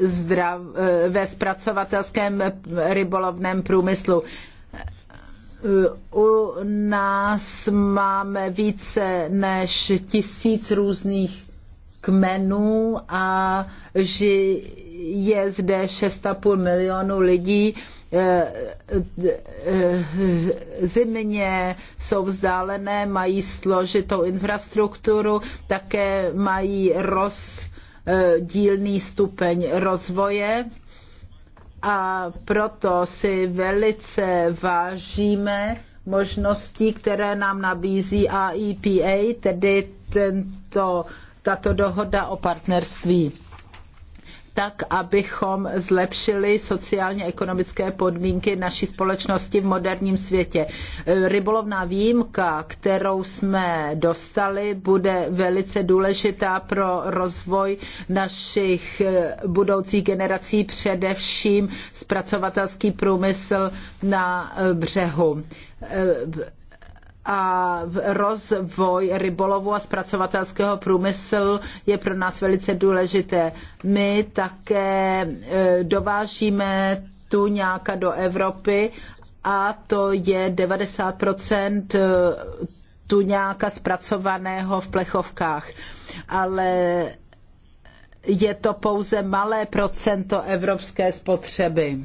zdrav, eh, ve zpracovatelském rybolovném průmyslu. U nás máme více než tisíc různých kmenů a že je zde 6,5 milionu lidí. Eh, eh, Zimně jsou vzdálené, mají složitou infrastrukturu, také mají rozdílný eh, stupeň rozvoje a proto si velice vážíme možností, které nám nabízí AIPA, tedy tento tato dohoda o partnerství tak, abychom zlepšili sociálně-ekonomické podmínky naší společnosti v moderním světě. Rybolovná výjimka, kterou jsme dostali, bude velice důležitá pro rozvoj našich budoucích generací, především zpracovatelský průmysl na břehu a rozvoj rybolovu a zpracovatelského průmyslu je pro nás velice důležité. My také e, dovážíme tu nějaká do Evropy a to je 90 nějaká e, zpracovaného v plechovkách. Ale je to pouze malé procento evropské spotřeby.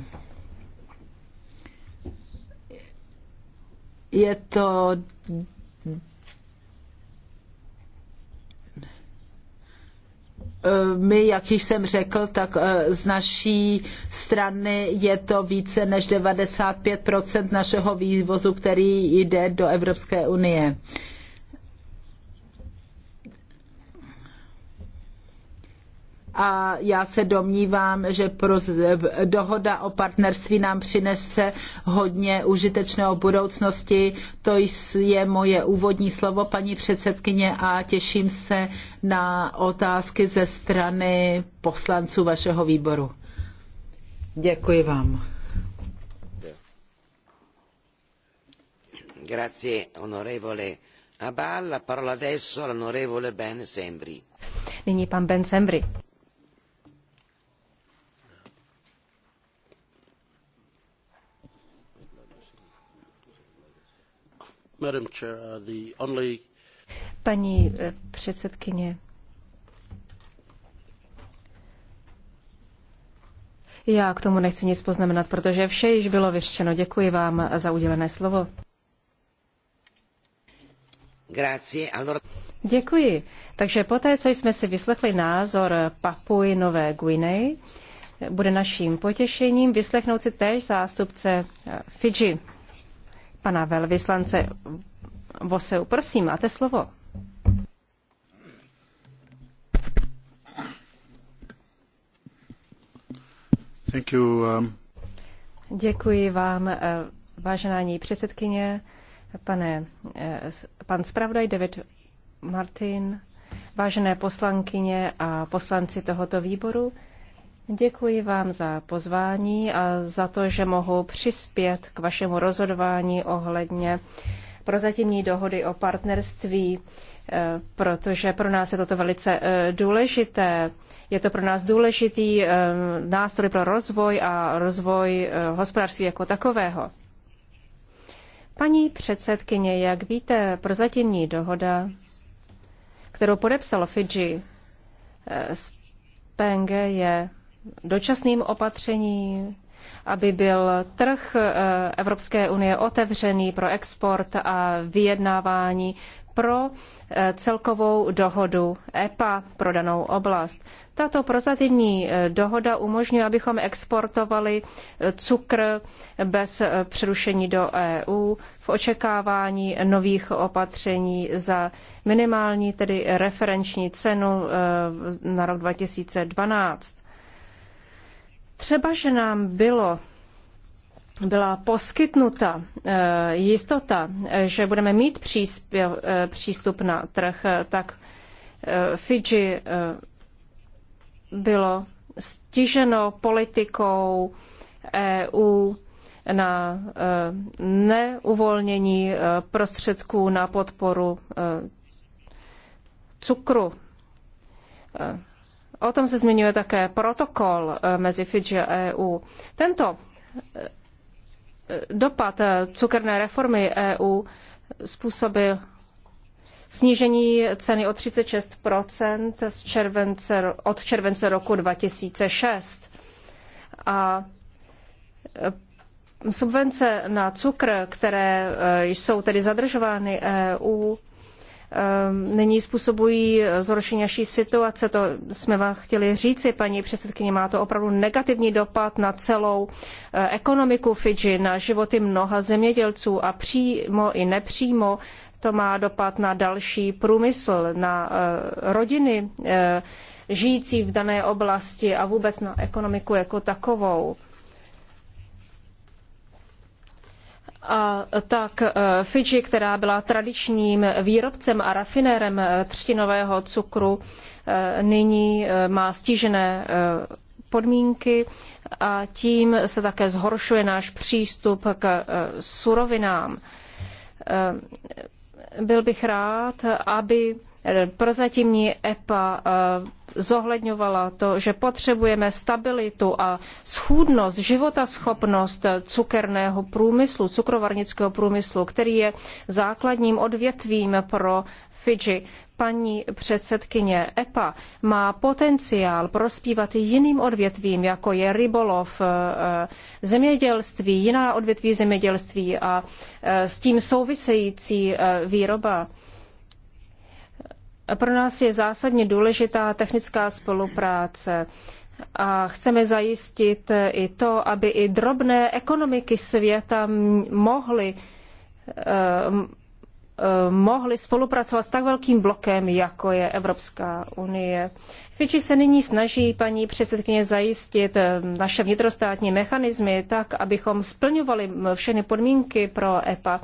Je to my, jak již jsem řekl, tak eh, z naší strany je to více než 95% našeho vývozu, který jde do Evropské unie. a já se domnívám, že pro dohoda o partnerství nám přinese hodně užitečného budoucnosti. To je moje úvodní slovo, paní předsedkyně, a těším se na otázky ze strany poslanců vašeho výboru. Děkuji vám. Grazie, onorevole. Abal, la parola adesso all'onorevole Ben Sembri. Nyní pan Ben Sembri. Uh, Paní eh, předsedkyně, já k tomu nechci nic poznamenat, protože vše již bylo vyřčeno. Děkuji vám za udělené slovo. Děkuji. Takže poté, co jsme si vyslechli názor Papuji Nové Guineji, bude naším potěšením vyslechnout si též zástupce eh, Fidži pana velvyslance Voseu. Prosím, máte slovo. Thank you, um... Děkuji vám, eh, vážená předsedkyně, pane, eh, pan zpravodaj David Martin, vážené poslankyně a poslanci tohoto výboru. Děkuji vám za pozvání a za to, že mohu přispět k vašemu rozhodování ohledně prozatímní dohody o partnerství, eh, protože pro nás je toto velice eh, důležité. Je to pro nás důležitý eh, nástroj pro rozvoj a rozvoj hospodářství jako takového. Paní předsedkyně, jak víte, prozatímní dohoda, kterou podepsalo Fidži z PNG, je dočasným opatřením, aby byl trh eh, Evropské unie otevřený pro export a vyjednávání pro eh, celkovou dohodu EPA pro danou oblast. Tato prozatímní eh, dohoda umožňuje, abychom exportovali cukr bez přerušení do EU v očekávání nových opatření za minimální, tedy referenční cenu na rok 2012. Třeba, že nám bylo byla poskytnuta eh, jistota, eh, že budeme mít příspěv, eh, přístup na trh, tak Fidži bylo stiženo politikou EU na neuvolnění prostředků na podporu cukru. O tom se zmiňuje také protokol eh, mezi Fidži a EU. Tento eh, dopad eh, cukerné reformy EU způsobil snížení ceny o 36 z července, od července roku 2006. A subvence na cukr, které jsou tedy zadržovány EU, Ehm, nyní způsobují zhoršení naší situace. To jsme vám chtěli říci, paní předsedkyně, má to opravdu negativní dopad na celou eh, ekonomiku Fidži, na životy mnoha zemědělců a přímo i nepřímo to má dopad na další průmysl, na eh, rodiny eh, žijící v dané oblasti a vůbec na ekonomiku jako takovou. A tak eh, Fidži, která byla tradičním výrobcem a rafinérem eh, třtinového cukru, eh, nyní má stížené podmínky a tím se také zhoršuje náš přístup k surovinám. Byl bych rád, aby Prozatímní EPA eh, zohledňovala to, že potřebujeme stabilitu a schůdnost, životaschopnost cukerného průmyslu, cukrovarnického průmyslu, který je základním odvětvím pro Fidži. Paní předsedkyně EPA má potenciál prospívat i jiným odvětvím, jako je rybolov, eh, zemědělství, jiná odvětví zemědělství a eh, s tím související výroba. Pro nás je zásadně důležitá technická spolupráce a chceme zajistit i to, aby i drobné ekonomiky světa mohly eh, Eh, mohli spolupracovat s tak velkým blokem, jako je Evropská unie. Fidži se nyní snaží paní předsedkyně zajistit eh, naše vnitrostátní mechanismy tak, abychom splňovali všechny podmínky pro EPA,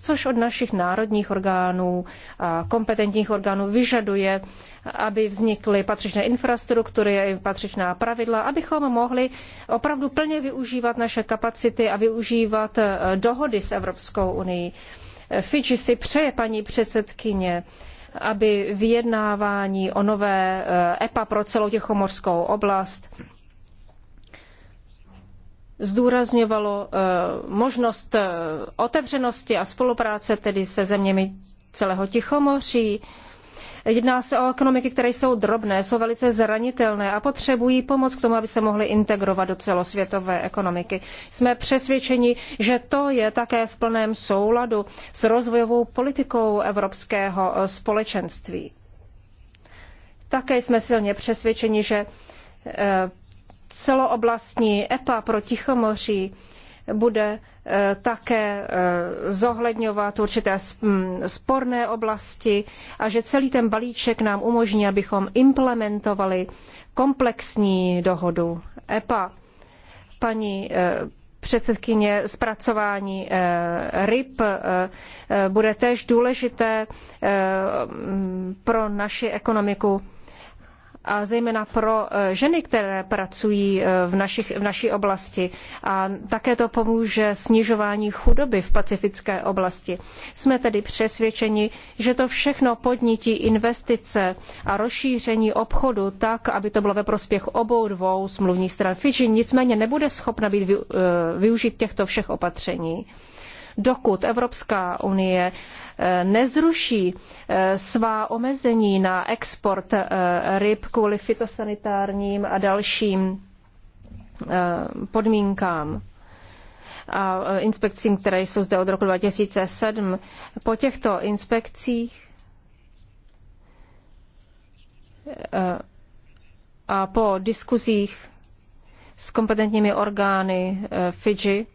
což od našich národních orgánů a kompetentních orgánů vyžaduje, aby vznikly patřičné infrastruktury, patřičná pravidla, abychom mohli opravdu plně využívat naše kapacity a využívat eh, dohody s Evropskou unii. Fidži si přeje paní předsedkyně, aby vyjednávání o nové eh, EPA pro celou Těchomorskou oblast zdůrazňovalo eh, možnost eh, otevřenosti a spolupráce tedy se zeměmi celého Tichomoří, Jedná se o ekonomiky, které jsou drobné, jsou velice zranitelné a potřebují pomoc k tomu, aby se mohly integrovat do celosvětové ekonomiky. Jsme přesvědčeni, že to je také v plném souladu s rozvojovou politikou Evropského eh, společenství. Také jsme silně přesvědčeni, že eh, celooblastní EPA pro Tichomoří bude Eh, také eh, zohledňovat určité mm, sporné oblasti a že celý ten balíček nám umožní, abychom implementovali komplexní dohodu EPA. Paní eh, předsedkyně zpracování ryb bude též důležité pro naši ekonomiku a zejména pro eh, ženy, které pracují eh, v, našich, v naší oblasti. A také to pomůže snižování chudoby v pacifické oblasti. Jsme tedy přesvědčeni, že to všechno podnítí investice a rozšíření obchodu tak, aby to bylo ve prospěch obou dvou smluvních stran. Fidži nicméně nebude schopna být eh, využít těchto všech opatření dokud Evropská unie eh, nezruší eh, svá omezení na export eh, ryb kvůli fitosanitárním a dalším podmínkám a inspekcím, které jsou zde od roku 2007. Po těchto inspekcích a po diskuzích s kompetentními orgány Fidži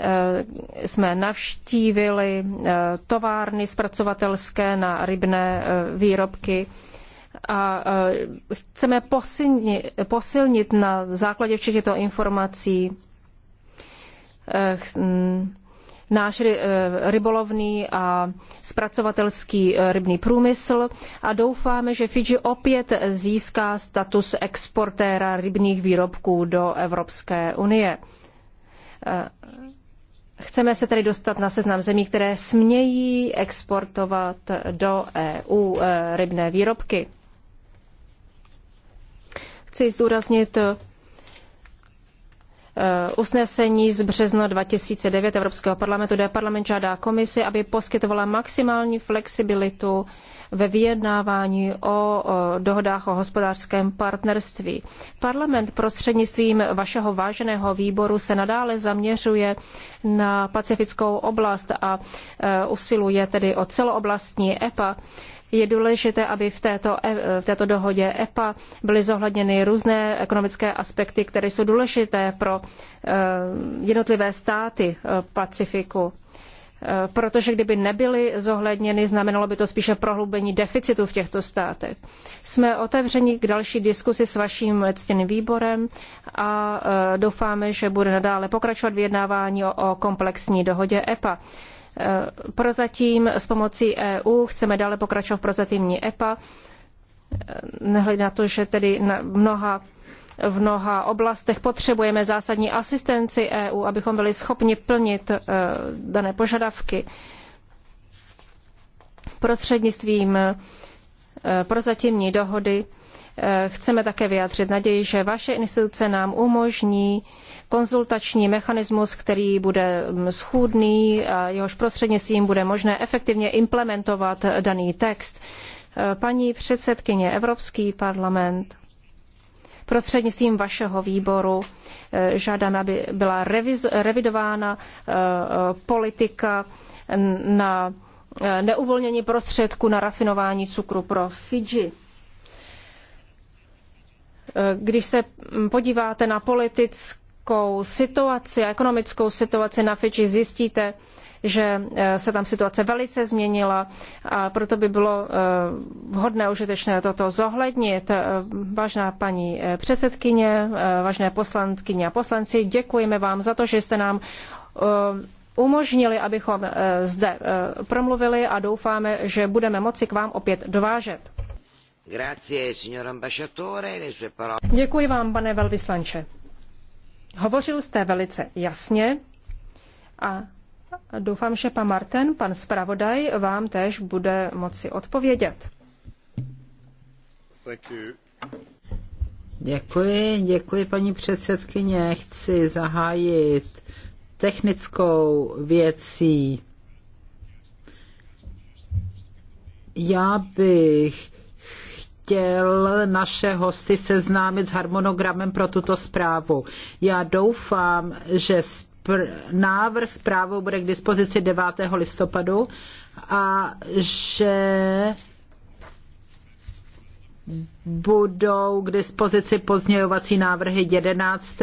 Eh, jsme navštívili eh, továrny zpracovatelské na rybné eh, výrobky a chceme posilnit, posilnit na základě všech těchto informací mm, náš rybolovný a zpracovatelský rybný průmysl a doufáme, že Fidži opět získá status exportéra rybných výrobků do Evropské unie. Chceme se tedy dostat na seznam zemí, které smějí exportovat do EU eh, rybné výrobky. Chci zúraznit eh, usnesení z března 2009 Evropského parlamentu, kde parlament žádá komisi, aby poskytovala maximální flexibilitu ve vyjednávání o dohodách o hospodářském partnerství. Parlament prostřednictvím vašeho váženého výboru se nadále zaměřuje na pacifickou oblast a e, usiluje tedy o celooblastní EPA je důležité, aby v této, e, v této dohodě EPA byly zohledněny různé ekonomické aspekty, které jsou důležité pro e, jednotlivé státy Pacifiku. Eh, protože kdyby nebyly zohledněny, znamenalo by to spíše prohloubení deficitu v těchto státech. Jsme otevřeni k další diskusi s vaším ctěným výborem a eh, doufáme, že bude nadále pokračovat vyjednávání o komplexní dohodě EPA. Eh, prozatím s pomocí EU chceme dále pokračovat v prozatímní EPA, nehledě na to, že tedy na mnoha v mnoha oblastech potřebujeme zásadní asistenci EU, abychom byli schopni plnit eh, dané požadavky prostřednictvím eh, prozatímní dohody eh, chceme také vyjádřit naději, že vaše instituce nám umožní konzultační mechanismus, který bude mm, schůdný a jehož prostřednictvím bude možné efektivně implementovat daný text. Paní předsedkyně, Evropský parlament prostřednictvím vašeho výboru eh, žádáme, aby byla reviz, revidována eh, eh, politika na neuvolnění prostředků na rafinování cukru pro Fidži. Když se podíváte na politickou situaci a ekonomickou situaci na Fidži, zjistíte, že eh, se tam situace velice změnila a proto by bylo eh, vhodné užitečné toto zohlednit. Eh, vážná paní předsedkyně, vážné poslankyně a poslanci, děkujeme vám za to, že jste nám umožnili, abychom zde promluvili a doufáme, že budeme moci k vám opět dovážet. Děkuji vám, pane velvyslanče. Hovořil jste velice jasně a Doufám, že pan Marten, pan zpravodaj, vám též bude moci odpovědět. Děkuji, děkuji paní předsedkyně. Chci zahájit technickou věcí. Já bych chtěl naše hosty seznámit s harmonogramem pro tuto zprávu. Já doufám, že návrh zprávou bude k dispozici 9. listopadu a že budou k dispozici pozměňovací návrhy 11.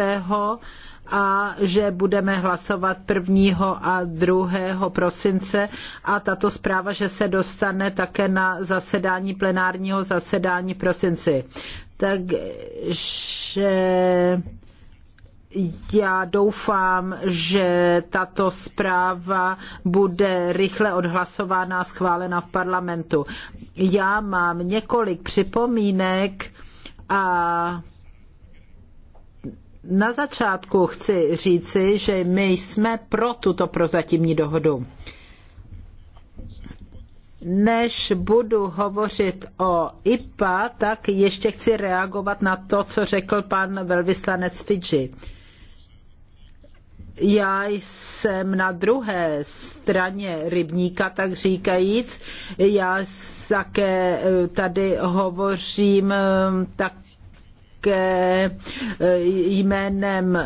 a že budeme hlasovat 1. a 2. prosince a tato zpráva, že se dostane také na zasedání plenárního zasedání prosinci. Takže já doufám, že tato zpráva bude rychle odhlasována a schválena v parlamentu. Já mám několik připomínek a na začátku chci říci, že my jsme pro tuto prozatímní dohodu. Než budu hovořit o IPA, tak ještě chci reagovat na to, co řekl pan velvyslanec Fidži já jsem na druhé straně rybníka, tak říkajíc. Já také eh, tady hovořím eh, také eh, jménem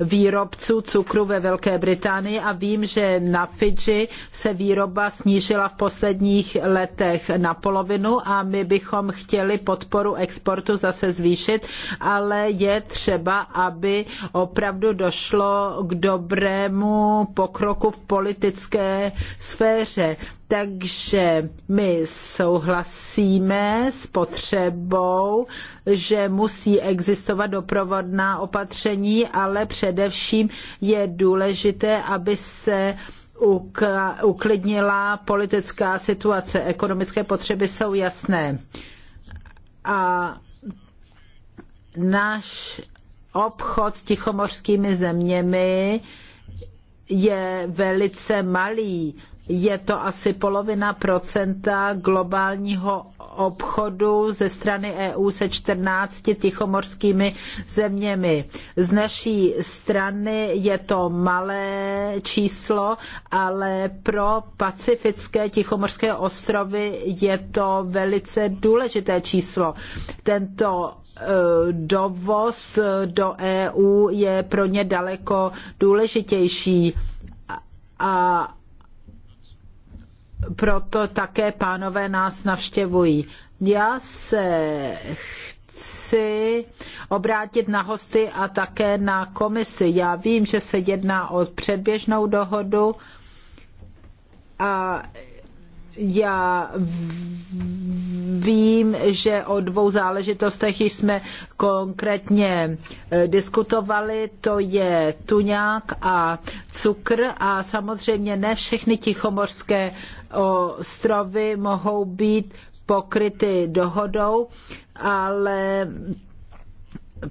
výrobců cukru ve Velké Británii a vím, že na Fidži se výroba snížila v posledních letech na polovinu a my bychom chtěli podporu exportu zase zvýšit, ale je třeba, aby opravdu došlo k dobrému pokroku v politické sféře. Takže my souhlasíme s potřebou, že musí existovat doprovodná opatření, ale především je důležité, aby se uklidnila politická situace. Ekonomické potřeby jsou jasné. A náš obchod s tichomořskými zeměmi je velice malý je to asi polovina procenta globálního obchodu ze strany EU se 14 tichomorskými zeměmi. Z naší strany je to malé číslo, ale pro pacifické tichomorské ostrovy je to velice důležité číslo. Tento e, dovoz do EU je pro ně daleko důležitější. A proto také pánové nás navštěvují. Já se chci obrátit na hosty a také na komisi. Já vím, že se jedná o předběžnou dohodu a já vím, že o dvou záležitostech jsme konkrétně eh, diskutovali, to je tuňák a cukr a samozřejmě ne všechny tichomorské ostrovy mohou být pokryty dohodou, ale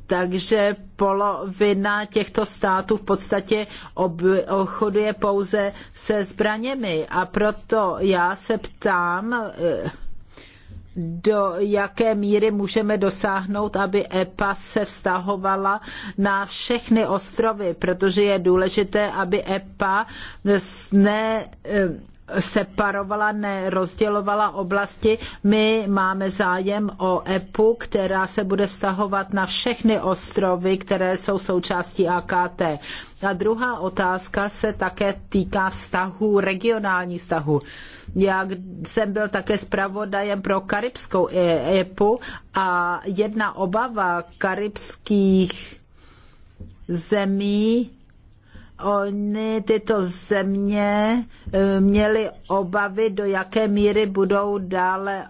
takže polovina těchto států v podstatě obchoduje pouze se zbraněmi. A proto já se ptám, do jaké míry můžeme dosáhnout, aby EPA se vztahovala na všechny ostrovy, protože je důležité, aby EPA ne, separovala, nerozdělovala oblasti. My máme zájem o EPU, která se bude vztahovat na všechny ostrovy, které jsou součástí AKT. A druhá otázka se také týká vztahů, regionálních vztahů. Já jsem byl také zpravodajem pro karibskou EPU e a jedna obava karibských zemí Ony tyto země eh, měly obavy, do jaké míry budou dále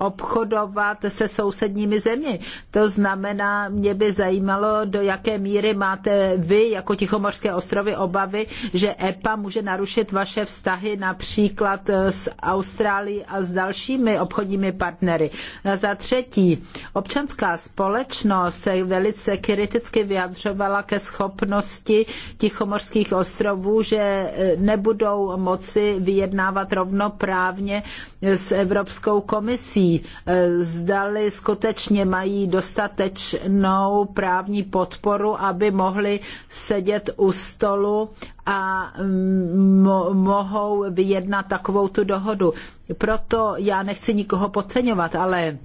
obchodovat se sousedními zemi. To znamená, mě by zajímalo, do jaké míry máte vy jako Tichomorské ostrovy obavy, že EPA může narušit vaše vztahy například eh, s Austrálií a s dalšími obchodními partnery. A eh, za třetí, občanská společnost se velice kriticky vyjadřovala ke schopnosti Tichomorských ostrovů, že eh, nebudou moci vyjednávat rovnoprávně s Evropskou komisí Eh, zdali skutečně mají dostatečnou právní podporu, aby mohli sedět u stolu a mm, mo- mohou vyjednat takovou tu dohodu. Proto já nechci nikoho podceňovat, ale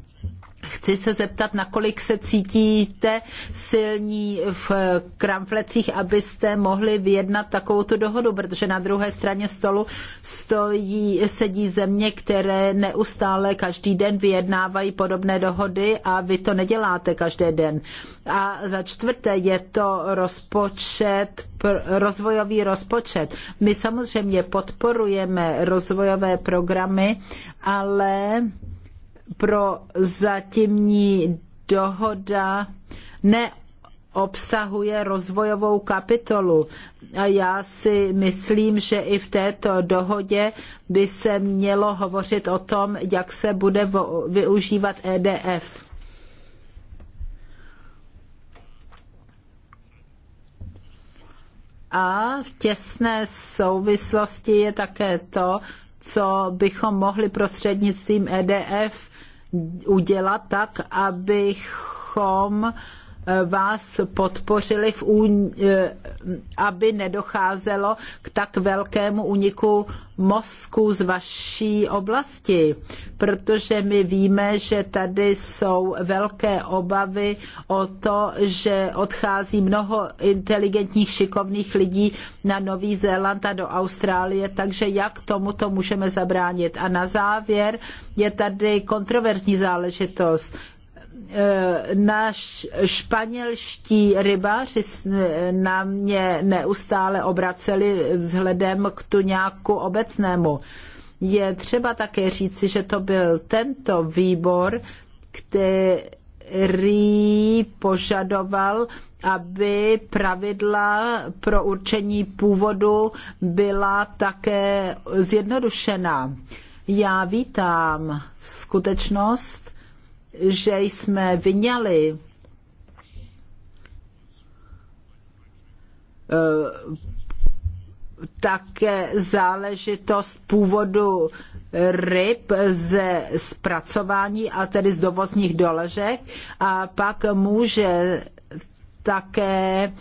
Chci se zeptat, nakolik se cítíte silní v kramflecích, abyste mohli vyjednat takovou tu dohodu, protože na druhé straně stolu stojí, sedí země, které neustále každý den vyjednávají podobné dohody a vy to neděláte každý den. A za čtvrté je to rozpočet, rozvojový rozpočet. My samozřejmě podporujeme rozvojové programy, ale pro zatímní dohoda neobsahuje rozvojovou kapitolu. A já si myslím, že i v této dohodě by se mělo hovořit o tom, jak se bude využívat EDF. A v těsné souvislosti je také to, co bychom mohli prostřednictvím EDF udělat tak, abychom vás podpořili, v eh, aby nedocházelo k tak velkému úniku mozku z vaší oblasti, protože my víme, že tady jsou velké obavy o to, že odchází mnoho inteligentních, šikovných lidí na Nový Zéland a do Austrálie, takže jak tomuto můžeme zabránit. A na závěr je tady kontroverzní záležitost. Eh, náš španělští rybáři na mě neustále obraceli vzhledem k tuňáku obecnému. Je třeba také říci, že to byl tento výbor, který požadoval, aby pravidla pro určení původu byla také zjednodušena. Já vítám skutečnost, že jsme vyňali eh, také záležitost původu ryb ze zpracování a tedy z dovozních doložek a pak může také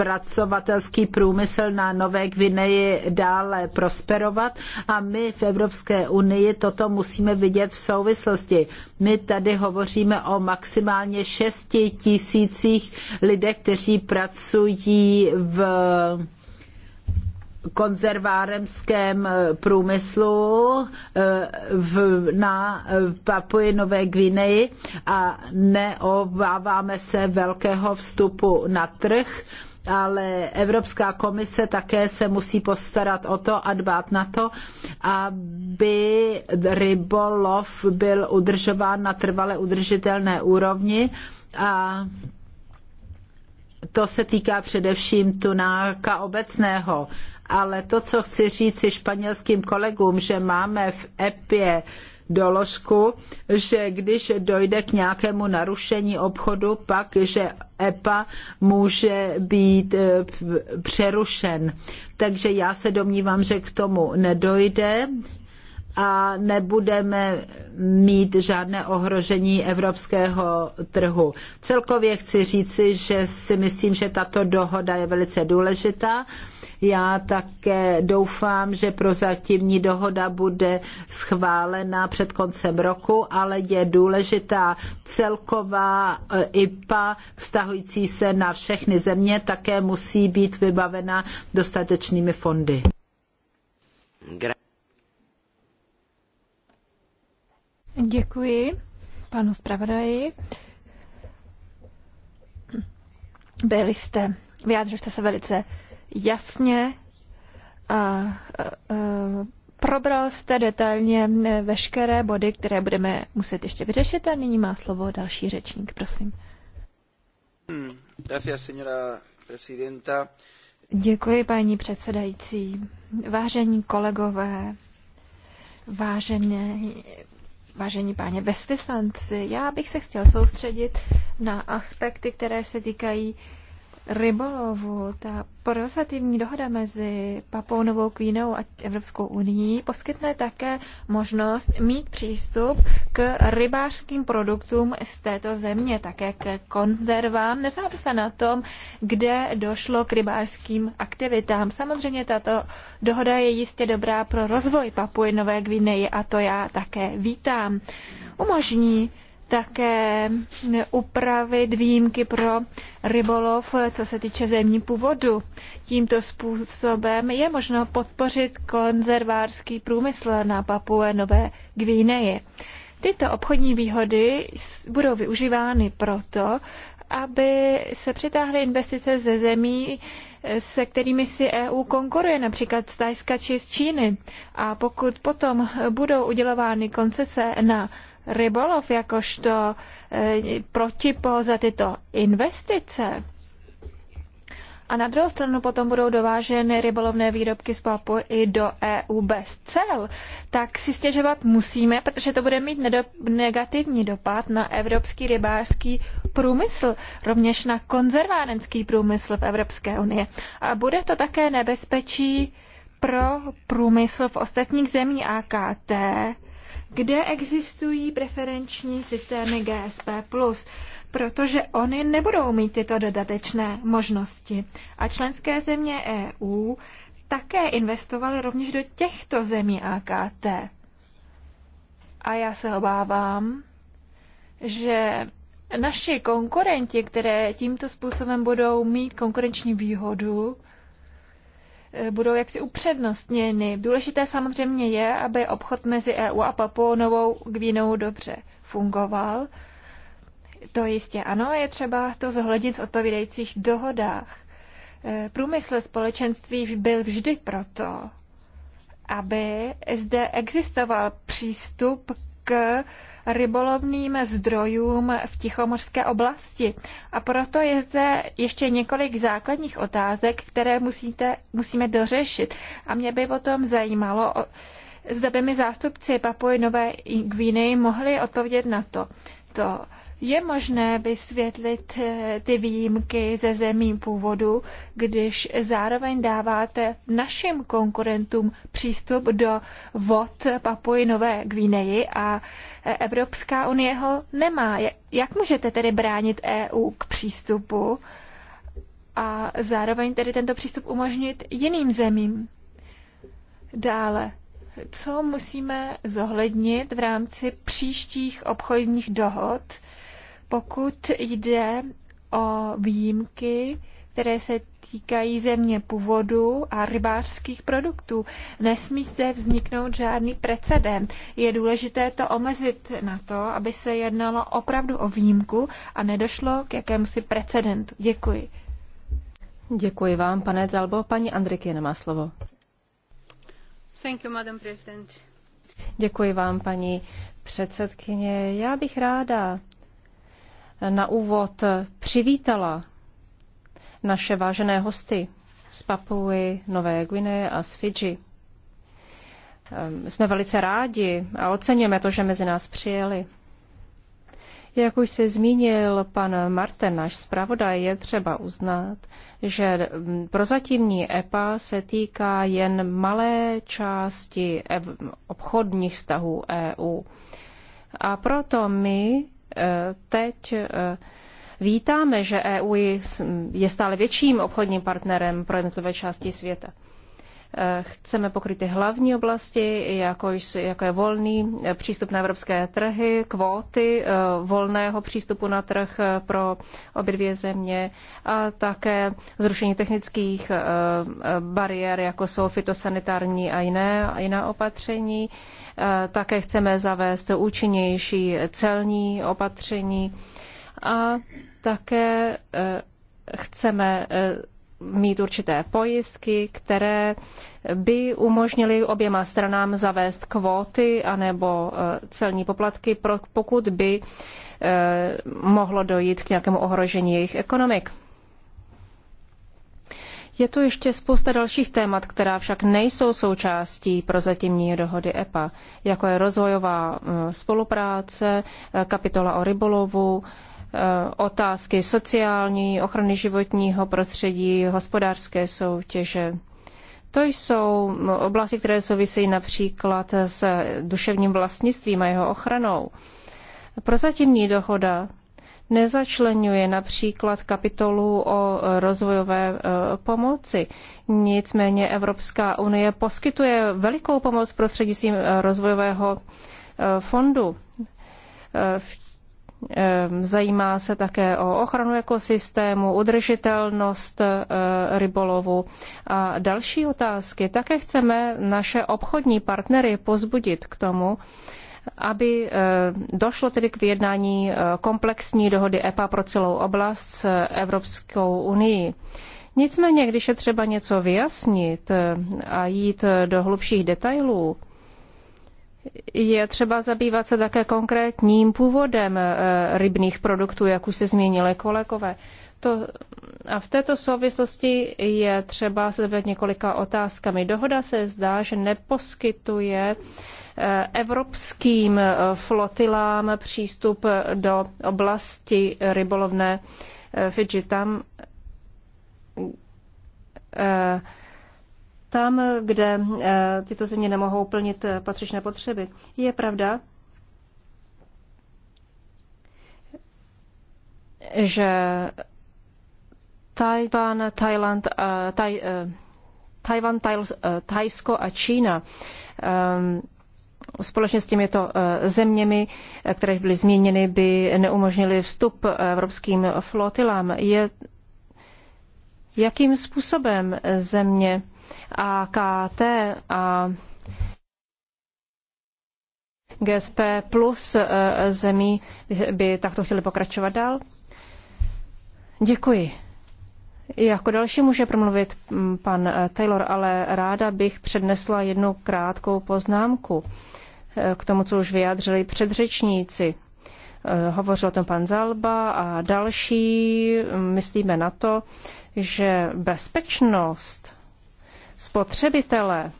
zpracovatelský průmysl na Nové Gvineji dále prosperovat a my v Evropské unii toto musíme vidět v souvislosti. My tady hovoříme o maximálně šesti tisících lidech, kteří pracují v konzervárenském průmyslu eh, v, na eh, Papuji Nové Gvineji a neobáváme se velkého vstupu na trh ale Evropská komise také se musí postarat o to a dbát na to, aby rybolov byl udržován na trvale udržitelné úrovni a to se týká především tunáka obecného. Ale to, co chci si španělským kolegům, že máme v EPě doložku, že když dojde k nějakému narušení obchodu, pak, že EPA může být eh, přerušen. Takže já se domnívám, že k tomu nedojde a nebudeme mít žádné ohrožení evropského trhu. Celkově chci říci, že si myslím, že tato dohoda je velice důležitá. Já také doufám, že prozatímní dohoda bude schválena před koncem roku, ale je důležitá celková eh, IPA vztahující se na všechny země, také musí být vybavena dostatečnými fondy. Gra Děkuji panu zpravodaji. Byli jste, vyjádřil jste se velice jasně a, a, a probral jste detailně veškeré body, které budeme muset ještě vyřešit a nyní má slovo další řečník, prosím. Děkuji, paní předsedající. Vážení kolegové, vážené Vážení páně vesvyslanci, já bych se chtěl soustředit na aspekty, které se týkají rybolovu, ta prozatímní dohoda mezi Papou Novou Kvínou a Evropskou unii poskytne také možnost mít přístup k rybářským produktům z této země, také k konzervám, nezávisle na tom, kde došlo k rybářským aktivitám. Samozřejmě tato dohoda je jistě dobrá pro rozvoj Papuji Nové Kvíny a to já také vítám. Umožní také upravit výjimky pro rybolov, co se týče zemní původu. Tímto způsobem je možno podpořit konzervářský průmysl na Papue Nové Gvineji. Tyto obchodní výhody budou využívány proto, aby se přitáhly investice ze zemí, se kterými si EU konkuruje, například z Tajska či z Číny. A pokud potom budou udělovány koncese na rybolov jakožto eh, protipo za tyto investice. A na druhou stranu potom budou dováženy rybolovné výrobky z Papu i do EU bez cel, tak si stěžovat musíme, protože to bude mít negativní dopad na evropský rybářský průmysl, rovněž na konzervárenský průmysl v Evropské unii. A bude to také nebezpečí pro průmysl v ostatních zemí AKT, kde existují preferenční systémy GSP+, protože oni nebudou mít tyto dodatečné možnosti. A členské země EU také investovaly rovněž do těchto zemí AKT. A já se obávám, že naši konkurenti, které tímto způsobem budou mít konkurenční výhodu, Eh, budou jaksi upřednostněny. Důležité samozřejmě je, aby obchod mezi EU a Papou Novou Gvinou dobře fungoval. To jistě ano, je třeba to zohlednit v odpovídajících dohodách. Eh, průmysl společenství byl vždy proto, aby zde existoval přístup rybolovným zdrojům v Tichomorské oblasti. A proto je zde ještě několik základních otázek, které musíte, musíme dořešit. A mě by tom zajímalo, zda by mi zástupci Papuji Nové Gviny mohli odpovědět na to. To je možné vysvětlit eh, ty výjimky ze zemí původu, když zároveň dáváte našim konkurentům přístup do vod Papuji Nové Gvineji a eh, Evropská unie ho nemá. Jak můžete tedy bránit EU k přístupu a zároveň tedy tento přístup umožnit jiným zemím? Dále, co musíme zohlednit v rámci příštích obchodních dohod, pokud jde o výjimky, které se týkají země původu a rybářských produktů. Nesmí zde vzniknout žádný precedent. Je důležité to omezit na to, aby se jednalo opravdu o výjimku a nedošlo k jakémusi precedentu. Děkuji. Děkuji vám, pane Zalbo. Paní Andriky má slovo. Thank you, Madam President. Děkuji vám, paní předsedkyně. Já bych ráda na úvod přivítala naše vážené hosty z Papuy, Nové Guiné a z Fidži. Ehm, jsme velice rádi a oceňujeme to, že mezi nás přijeli. Jak už se zmínil pan Marten, náš zpravodaj, je třeba uznat, že ehm, prozatímní EPA se týká jen malé části obchodních vztahů EU. A proto my teď eh, vítáme, že EU je stále větším obchodním partnerem pro jednotlivé části světa. Eh, chceme pokryt ty hlavní oblasti, jako, jako je volný eh, přístup na evropské trhy, kvóty eh, volného přístupu na trh pro obě dvě země a také zrušení technických bariér, jako jsou fitosanitární a jiné, a jiná opatření. Také chceme zavést účinnější celní opatření a také chceme mít určité pojistky, které by umožnily oběma stranám zavést kvóty anebo eh, celní poplatky, pokud by eh, mohlo dojít k nějakému ohrožení jejich ekonomik. Je tu ještě spousta dalších témat, která však nejsou součástí prozatímní dohody EPA, jako je rozvojová eh, spolupráce, kapitola o rybolovu, Eh, otázky sociální, ochrany životního prostředí, hospodářské soutěže. To jsou oblasti, které souvisejí například s duševním vlastnictvím a jeho ochranou. Prozatímní dohoda nezačlenuje například kapitolu o rozvojové eh, pomoci. Nicméně Evropská unie poskytuje velikou pomoc prostřednictvím eh, rozvojového fondu. V Ehm, zajímá se také o ochranu ekosystému, udržitelnost e, rybolovu a další otázky. Také chceme naše obchodní partnery pozbudit k tomu, aby e, došlo tedy k vyjednání e, komplexní dohody EPA pro celou oblast s Evropskou unii. Nicméně, když je třeba něco vyjasnit a jít do hlubších detailů, je třeba zabývat se také konkrétním původem eh, rybných produktů, jak už se zmínili kolegové. To, a v této souvislosti je třeba se zabývat několika otázkami. Dohoda se zdá, že neposkytuje eh, evropským eh, flotilám přístup do oblasti rybolovné Fidži. Tam tam, kde eh, tyto země nemohou plnit eh, patřičné potřeby. Je pravda, že Tajvan, Tajland, eh, taj, Tajvan, Tajsko a Čína společně s těmito zeměmi, které byly změněny, by neumožnili vstup evropským flotilám. Je, jakým způsobem země a KT a GSP plus eh, zemí by takto chtěli pokračovat dál? Děkuji. Jako další může promluvit mm, pan eh, Taylor, ale ráda bych přednesla jednu krátkou poznámku eh, k tomu, co už vyjádřili předřečníci. Hovořil o tom pan Zalba a další. Mm, myslíme na to, že bezpečnost spotřebitele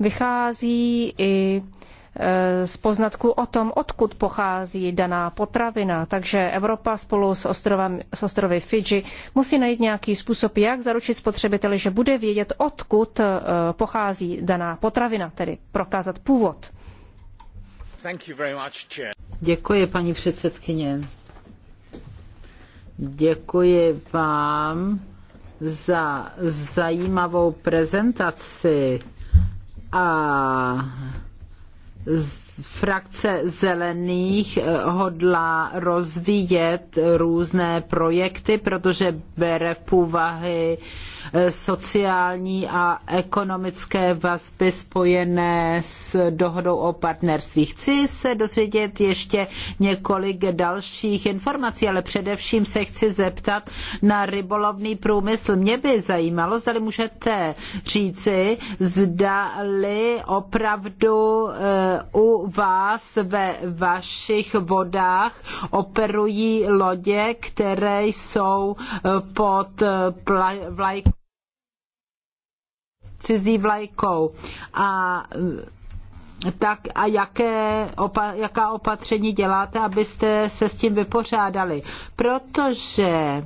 vychází i e, z poznatku o tom, odkud pochází daná potravina. Takže Evropa spolu s, ostrovem, s ostrovy Fidži musí najít nějaký způsob, jak zaručit spotřebiteli, že bude vědět, odkud e, pochází daná potravina, tedy prokázat původ. Děkuji, paní předsedkyně. Děkuji vám za zajímavou prezentaci a frakce zelených eh, hodlá rozvíjet různé projekty, protože bere v úvahy sociální a ekonomické vazby spojené s dohodou o partnerství. Chci se dozvědět ještě několik dalších informací, ale především se chci zeptat na rybolovný průmysl. Mě by zajímalo, zdali můžete říci, zdali opravdu eh, u vás ve vašich vodách operují lodě, které jsou eh, pod eh, vlajkou cizí vlajkou. A tak a jaké, opa, jaká opatření děláte, abyste se s tím vypořádali. Protože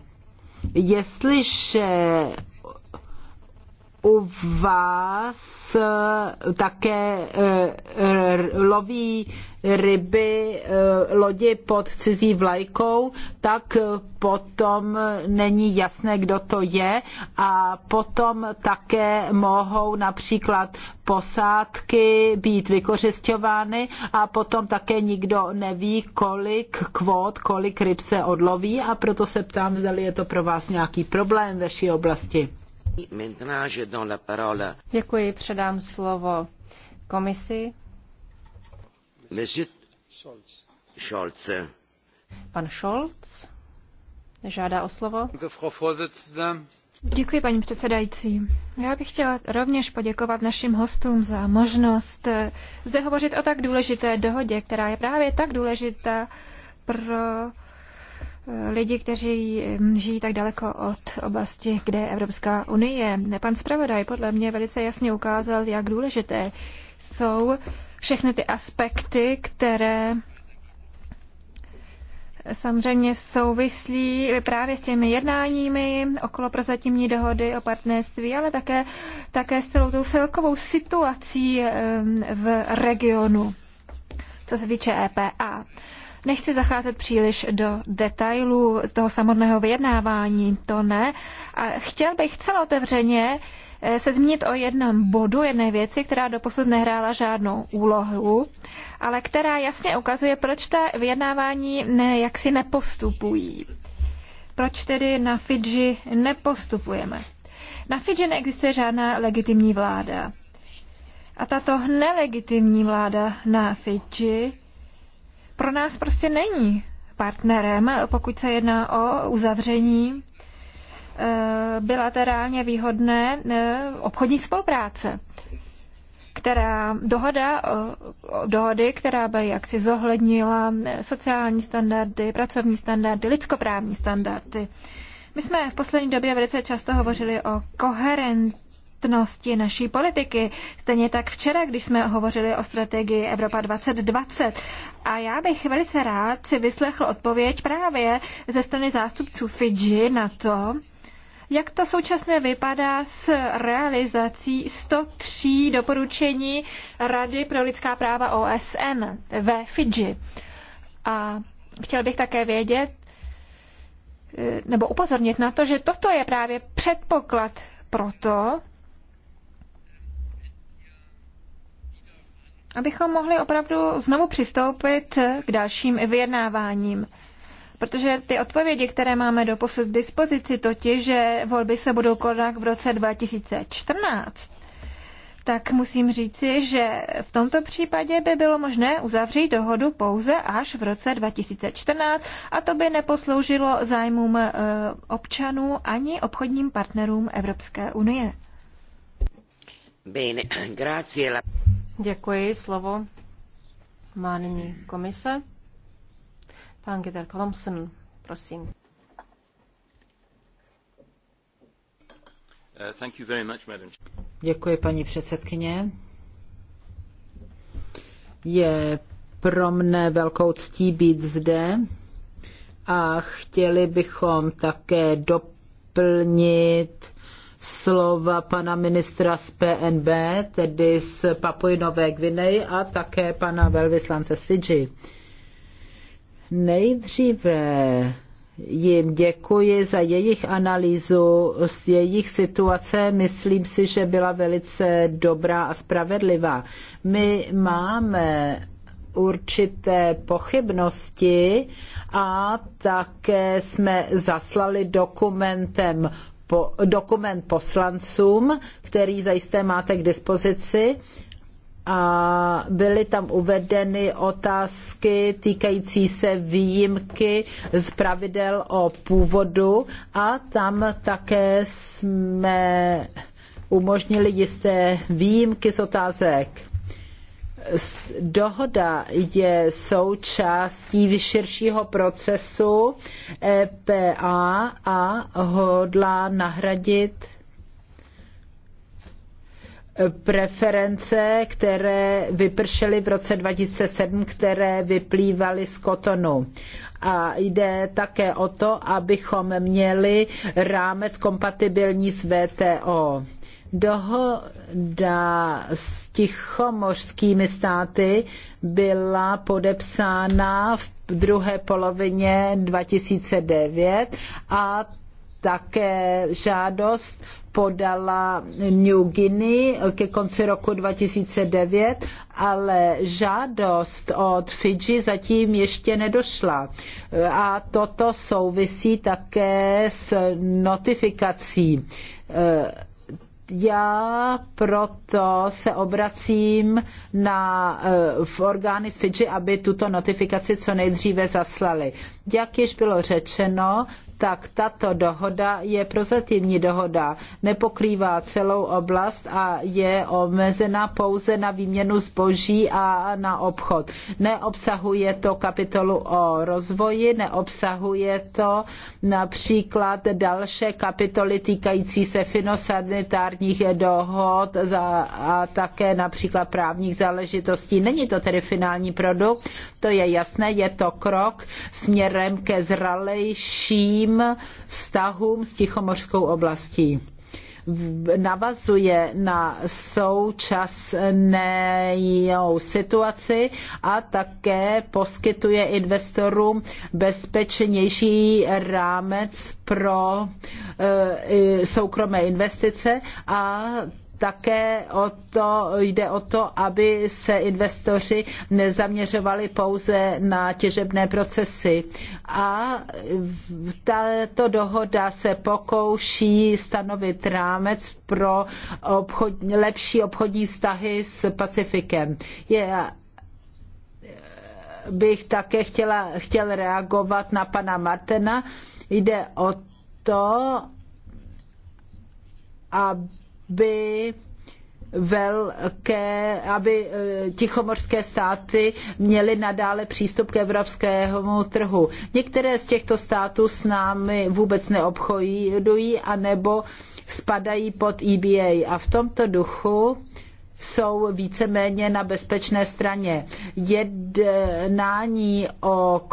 jestliže u vás eh, také eh, loví ryby eh, lodi pod cizí vlajkou, tak potom není jasné, kdo to je a potom také mohou například posádky být vykořišťovány a potom také nikdo neví, kolik kvót, kolik ryb se odloví a proto se ptám, zda je to pro vás nějaký problém ve vaší oblasti. Děkuji, předám slovo komisi. Scholz. Pan Scholz žádá o slovo. Děkuji, paní předsedající. Já bych chtěla rovněž poděkovat našim hostům za možnost eh, zde hovořit o tak důležité dohodě, která je právě tak důležitá pro lidi, kteří žijí tak daleko od oblasti, kde je Evropská unie. Pan zpravodaj podle mě velice jasně ukázal, jak důležité jsou všechny ty aspekty, které samozřejmě souvislí právě s těmi jednáními okolo prozatímní dohody o partnerství, ale také, také s celou tou celkovou situací v regionu, co se týče EPA. Nechci zacházet příliš do detailů toho samotného vyjednávání, to ne. A chtěl bych celootevřeně eh, se zmínit o jednom bodu, jedné věci, která doposud nehrála žádnou úlohu, ale která jasně ukazuje, proč ta vyjednávání ne, jaksi nepostupují. Proč tedy na Fidži nepostupujeme? Na Fidži neexistuje žádná legitimní vláda. A tato nelegitimní vláda na Fidži pro nás prostě není partnerem, pokud se jedná o uzavření eh, bilaterálně výhodné eh, obchodní spolupráce která dohoda, eh, dohody, která by jaksi zohlednila sociální standardy, pracovní standardy, lidskoprávní standardy. My jsme v poslední době velice často hovořili o koherent nutnosti naší politiky. Stejně tak včera, když jsme hovořili o strategii Evropa 2020. A já bych velice rád si vyslechl odpověď právě ze strany zástupců Fidži na to, jak to současně vypadá s realizací 103 doporučení Rady pro lidská práva OSN ve Fidži? A chtěl bych také vědět, eh, nebo upozornit na to, že toto je právě předpoklad pro to, abychom mohli opravdu znovu přistoupit k dalším vyjednáváním. Protože ty odpovědi, které máme do posud v dispozici, totiž, že volby se budou konat v roce 2014, tak musím říci, že v tomto případě by bylo možné uzavřít dohodu pouze až v roce 2014 a to by neposloužilo zájmům eh, občanů ani obchodním partnerům Evropské unie. Bene, grazie. Děkuji. Slovo má nyní komise. Pan Gider Colomson, prosím. Uh, thank you very much, Madam. Děkuji, paní předsedkyně. Je pro mne velkou ctí být zde a chtěli bychom také doplnit slova pana ministra z PNB, tedy z Papuji Nové Gvineji a také pana velvyslance z Fidži. Nejdříve jim děkuji za jejich analýzu z jejich situace. Myslím si, že byla velice dobrá a spravedlivá. My máme určité pochybnosti a také jsme zaslali dokumentem po, dokument poslancům, který zajisté máte k dispozici. A byly tam uvedeny otázky týkající se výjimky z pravidel o původu a tam také jsme umožnili jisté výjimky z otázek Dohoda je součástí širšího procesu EPA a hodlá nahradit preference, které vypršely v roce 2007, které vyplývaly z kotonu. A jde také o to, abychom měli rámec kompatibilní s VTO. Dohoda s tichomořskými státy byla podepsána v druhé polovině 2009 a také žádost podala New Guinea ke konci roku 2009, ale žádost od Fidži zatím ještě nedošla. A toto souvisí také s notifikací já proto se obracím na eh, v orgány z Fidži, aby tuto notifikaci co nejdříve zaslali. Jak již bylo řečeno, tak tato dohoda je prozatímní dohoda. Nepokrývá celou oblast a je omezena pouze na výměnu zboží a na obchod. Neobsahuje to kapitolu o rozvoji, neobsahuje to například další kapitoly týkající se finosanitárních dohod a také například právních záležitostí. Není to tedy finální produkt, to je jasné, je to krok směrem ke zralejším našim vztahům s Tichomořskou oblastí navazuje na současné situaci a také poskytuje investorům bezpečnější rámec pro eh, soukromé investice a také o to, jde o to, aby se investoři nezaměřovali pouze na těžebné procesy. A tato dohoda se pokouší stanovit rámec pro obchod, lepší obchodní vztahy s Pacifikem. Je, bych také chtěla, chtěl reagovat na pana Martena. Jde o to, aby aby velké, aby eh, tichomorské státy měly nadále přístup k evropskému trhu. Některé z těchto států s námi vůbec neobchodují, anebo spadají pod EBA. A v tomto duchu jsou víceméně na bezpečné straně. Jednání o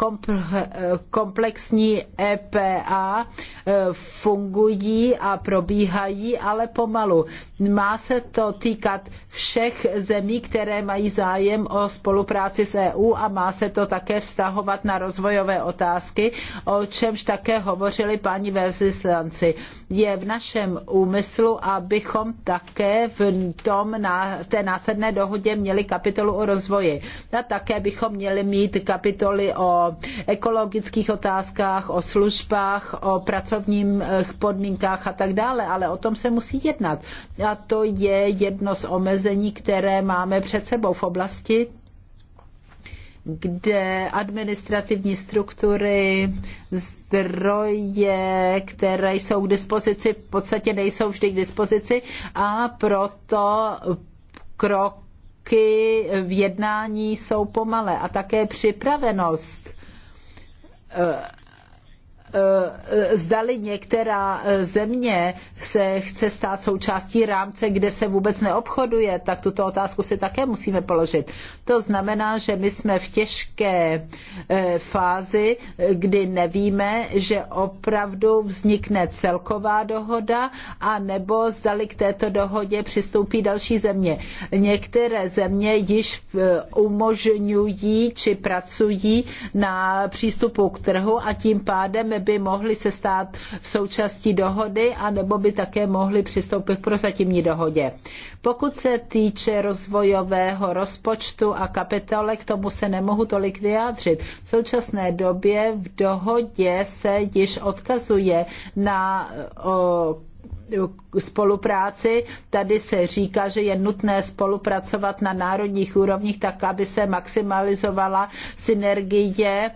komplexní EPA e, fungují a probíhají, ale pomalu. Má se to týkat všech zemí, které mají zájem o spolupráci s EU a má se to také vztahovat na rozvojové otázky, o čemž také hovořili páni velvyslanci je v našem úmyslu, abychom také v tom na té následné dohodě měli kapitolu o rozvoji. A také bychom měli mít kapitoly o ekologických otázkách, o službách, o pracovních eh, podmínkách a tak dále, ale o tom se musí jednat. A to je jedno z omezení, které máme před sebou v oblasti kde administrativní struktury, zdroje, které jsou k dispozici, v podstatě nejsou vždy k dispozici a proto kroky v jednání jsou pomalé a také připravenost eh, Eh, zdali některá eh, země se chce stát součástí rámce, kde se vůbec neobchoduje, tak tuto otázku si také musíme položit. To znamená, že my jsme v těžké eh, fázi, kdy nevíme, že opravdu vznikne celková dohoda a nebo zdali k této dohodě přistoupí další země. Některé země již umožňují či pracují na přístupu k trhu a tím pádem které by mohly se stát v součástí dohody, anebo by také mohly přistoupit k prozatímní dohodě. Pokud se týče rozvojového rozpočtu a kapitole, k tomu se nemohu tolik vyjádřit. V současné době v dohodě se již odkazuje na o, spolupráci. Tady se říká, že je nutné spolupracovat na národních úrovních tak, aby se maximalizovala synergie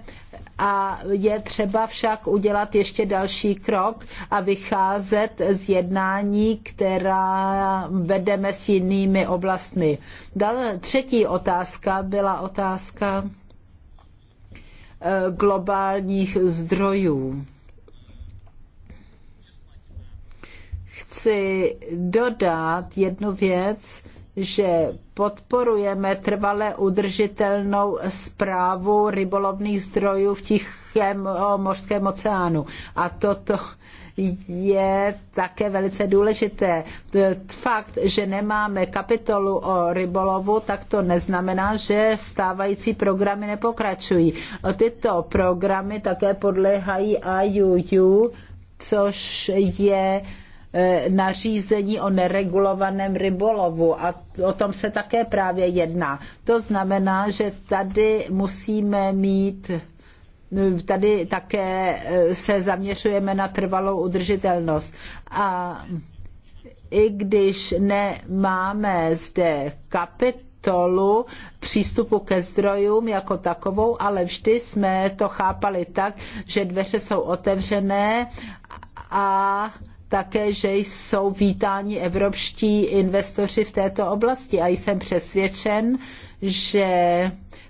a je třeba však udělat ještě další krok a vycházet z jednání, která vedeme s jinými oblastmi. Třetí otázka byla otázka eh, globálních zdrojů. Chci dodat jednu věc, že podporujeme trvale udržitelnou zprávu rybolovných zdrojů v Tichém mořském oceánu. A toto je také velice důležité. Fakt, že nemáme kapitolu o rybolovu, tak to neznamená, že stávající programy nepokračují. Tyto programy také podléhají IUU, což je Eh, nařízení o neregulovaném rybolovu a o tom se také právě jedná. To znamená, že tady musíme mít eh, tady také eh, se zaměřujeme na trvalou udržitelnost. A i když nemáme zde kapitál, kapitolu přístupu ke zdrojům jako takovou, ale vždy jsme to chápali tak, že dveře jsou otevřené a také, že jsou vítáni evropští investoři v této oblasti a jsem přesvědčen, že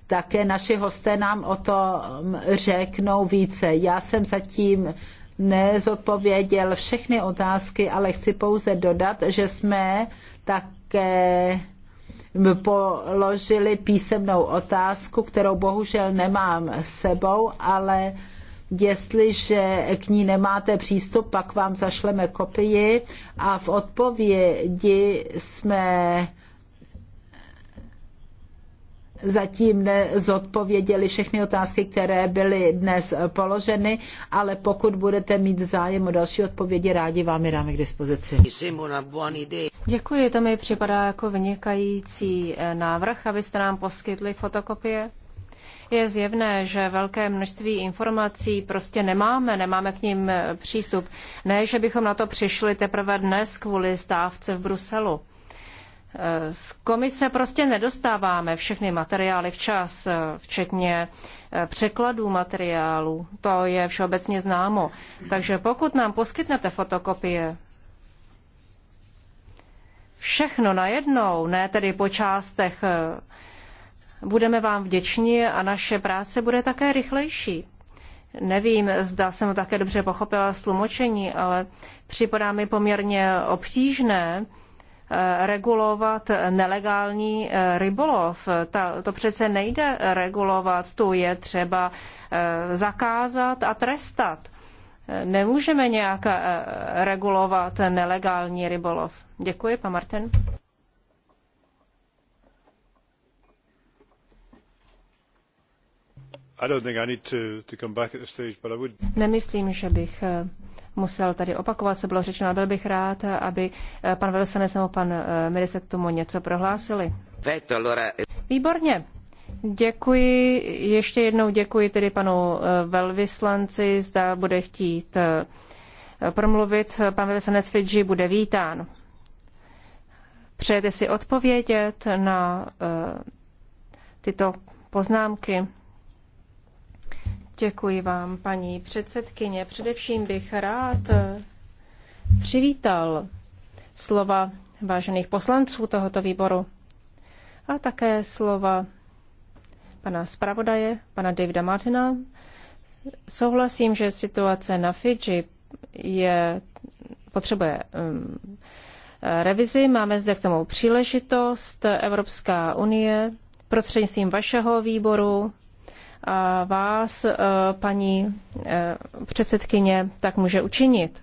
také naši hosté nám o tom řeknou více. Já jsem zatím nezodpověděl všechny otázky, ale chci pouze dodat, že jsme také položili písemnou otázku, kterou bohužel nemám s sebou, ale Jestliže k ní nemáte přístup, pak vám zašleme kopii a v odpovědi jsme zatím nezodpověděli všechny otázky, které byly dnes položeny, ale pokud budete mít zájem o další odpovědi, rádi vám je dáme k dispozici. Děkuji, to mi připadá jako vynikající eh, návrh, abyste nám poskytli fotokopie je zjevné, že velké množství informací prostě nemáme, nemáme k ním přístup. Ne, že bychom na to přišli teprve dnes kvůli stávce v Bruselu. Z komise prostě nedostáváme všechny materiály včas, včetně eh, překladů materiálů. To je všeobecně známo. Takže pokud nám poskytnete fotokopie, všechno najednou, ne tedy po částech eh, Budeme vám vděční a naše práce bude také rychlejší. Nevím, zda jsem také dobře pochopila z tlumočení, ale připadá mi poměrně obtížné eh, regulovat nelegální eh, rybolov. Ta, to přece nejde regulovat, tu je třeba eh, zakázat a trestat. Nemůžeme nějak regulovat nelegální rybolov. Děkuji, pan Martin. Nemyslím, že bych eh, musel tady opakovat, co bylo řečeno, byl bych rád, eh, aby eh, pan velvyslanec nebo pan minister k tomu něco prohlásili. Výborně. Děkuji, ještě jednou děkuji tedy panu velvyslanci, zda bude chtít promluvit. Pan velvyslanec Fidži bude vítán. Přejete si odpovědět na tyto poznámky? Děkuji vám, paní předsedkyně. Především bych rád eh, přivítal slova vážených poslanců tohoto výboru a také slova pana zpravodaje, pana Davida Martina. Souhlasím, že situace na Fidži je, potřebuje um, revizi. Máme zde k tomu příležitost. Evropská unie prostřednictvím vašeho výboru a vás, eh, paní eh, předsedkyně, tak může učinit.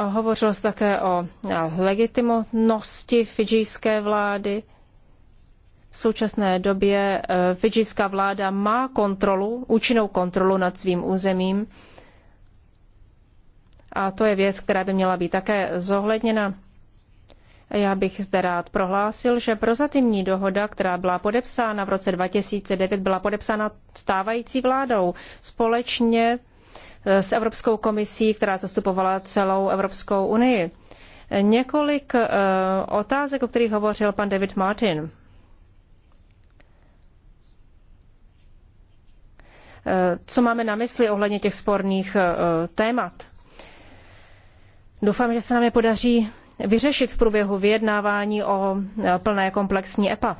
Hovořilo se také o eh, legitimnosti fidžijské vlády. V současné době fidžijská vláda má kontrolu, účinnou kontrolu nad svým územím. A to je věc, která by měla být také zohledněna. Já bych zde rád prohlásil, že prozatímní dohoda, která byla podepsána v roce 2009, byla podepsána stávající vládou společně eh, s Evropskou komisí, která zastupovala celou Evropskou unii. Několik eh, otázek, o kterých hovořil pan David Martin. Eh, co máme na mysli ohledně těch sporných témat? Doufám, že se nám je podaří vyřešit v průběhu vyjednávání o e, plné komplexní EPA.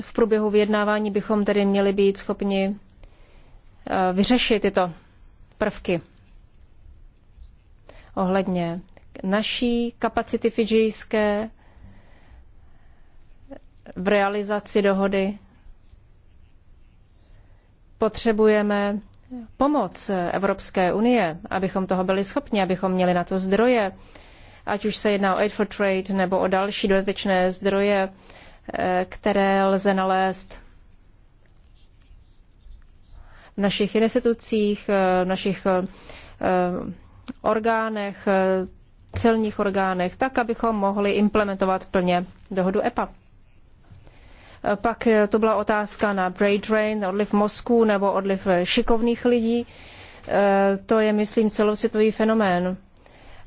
v průběhu vyjednávání bychom tedy měli být schopni e, vyřešit tyto prvky ohledně naší kapacity fidžijské v realizaci dohody. Potřebujeme pomoc Evropské unie, abychom toho byli schopni, abychom měli na to zdroje, ať už se jedná o Aid for Trade nebo o další dodatečné zdroje, eh, které lze nalézt v našich institucích, eh, v našich eh, orgánech, celních orgánech, tak, abychom mohli implementovat plně dohodu EPA. Pak eh, to byla otázka na brain drain, odliv mozku nebo odliv eh, šikovných lidí. Eh, to je, myslím, celosvětový fenomén.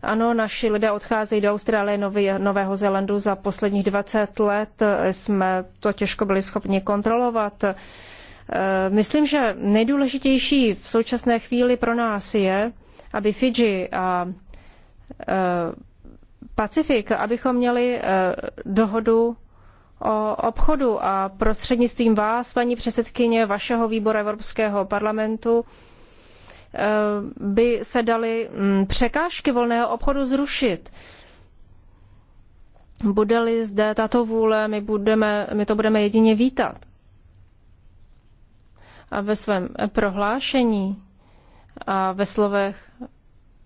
Ano, naši lidé odcházejí do Austrálie, Nový, Nového Zélandu za posledních 20 let. Jsme to těžko byli schopni kontrolovat. Myslím, že nejdůležitější v současné chvíli pro nás je, aby Fidži a Pacifik, abychom měli dohodu o obchodu a prostřednictvím vás, paní předsedkyně, vašeho výboru Evropského parlamentu, eh, by se daly mm, překážky volného obchodu zrušit. Bude-li zde tato vůle, my, budeme, my to budeme jedině vítat. A ve svém prohlášení a ve slovech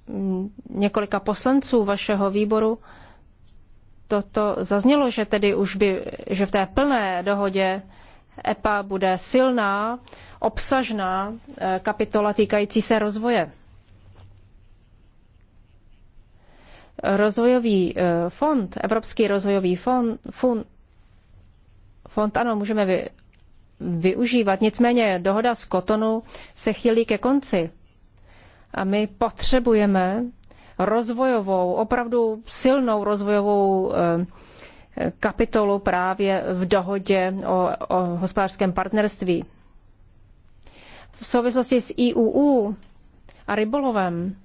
mm, několika poslanců vašeho výboru toto zaznělo, že tedy už by, že v té plné dohodě EPA bude silná, obsažná eh, kapitola týkající se rozvoje. Rozvojový eh, fond, Evropský rozvojový fond, fond, fond ano, můžeme vy, využívat, nicméně dohoda z Kotonu se chýlí ke konci. A my potřebujeme rozvojovou, opravdu silnou rozvojovou eh, kapitolu právě v dohodě o, o hospodářském partnerství. V souvislosti s IUU a rybolovem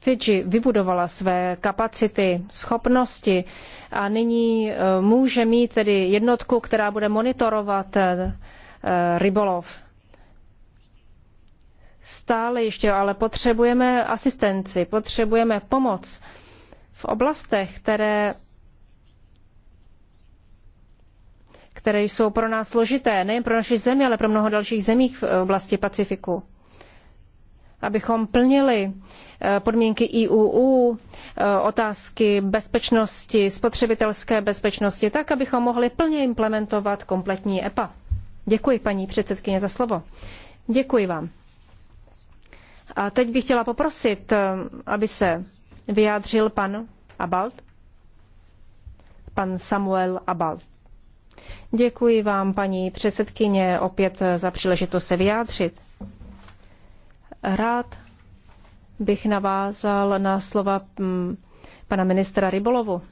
Fidži vybudovala své kapacity, schopnosti a nyní eh, může mít tedy jednotku, která bude monitorovat eh, rybolov stále ještě, ale potřebujeme asistenci, potřebujeme pomoc v oblastech, které které jsou pro nás složité, nejen pro naši zemi, ale pro mnoho dalších zemí v oblasti Pacifiku. Abychom plnili eh, podmínky IUU, eh, otázky bezpečnosti, spotřebitelské bezpečnosti, tak, abychom mohli plně implementovat kompletní EPA. Děkuji, paní předsedkyně, za slovo. Děkuji vám. A teď bych chtěla poprosit, eh, aby se vyjádřil pan Abalt, pan Samuel Abalt. Děkuji vám, paní předsedkyně, opět za příležitost se vyjádřit. Rád bych navázal na slova mm, pana ministra Rybolovu.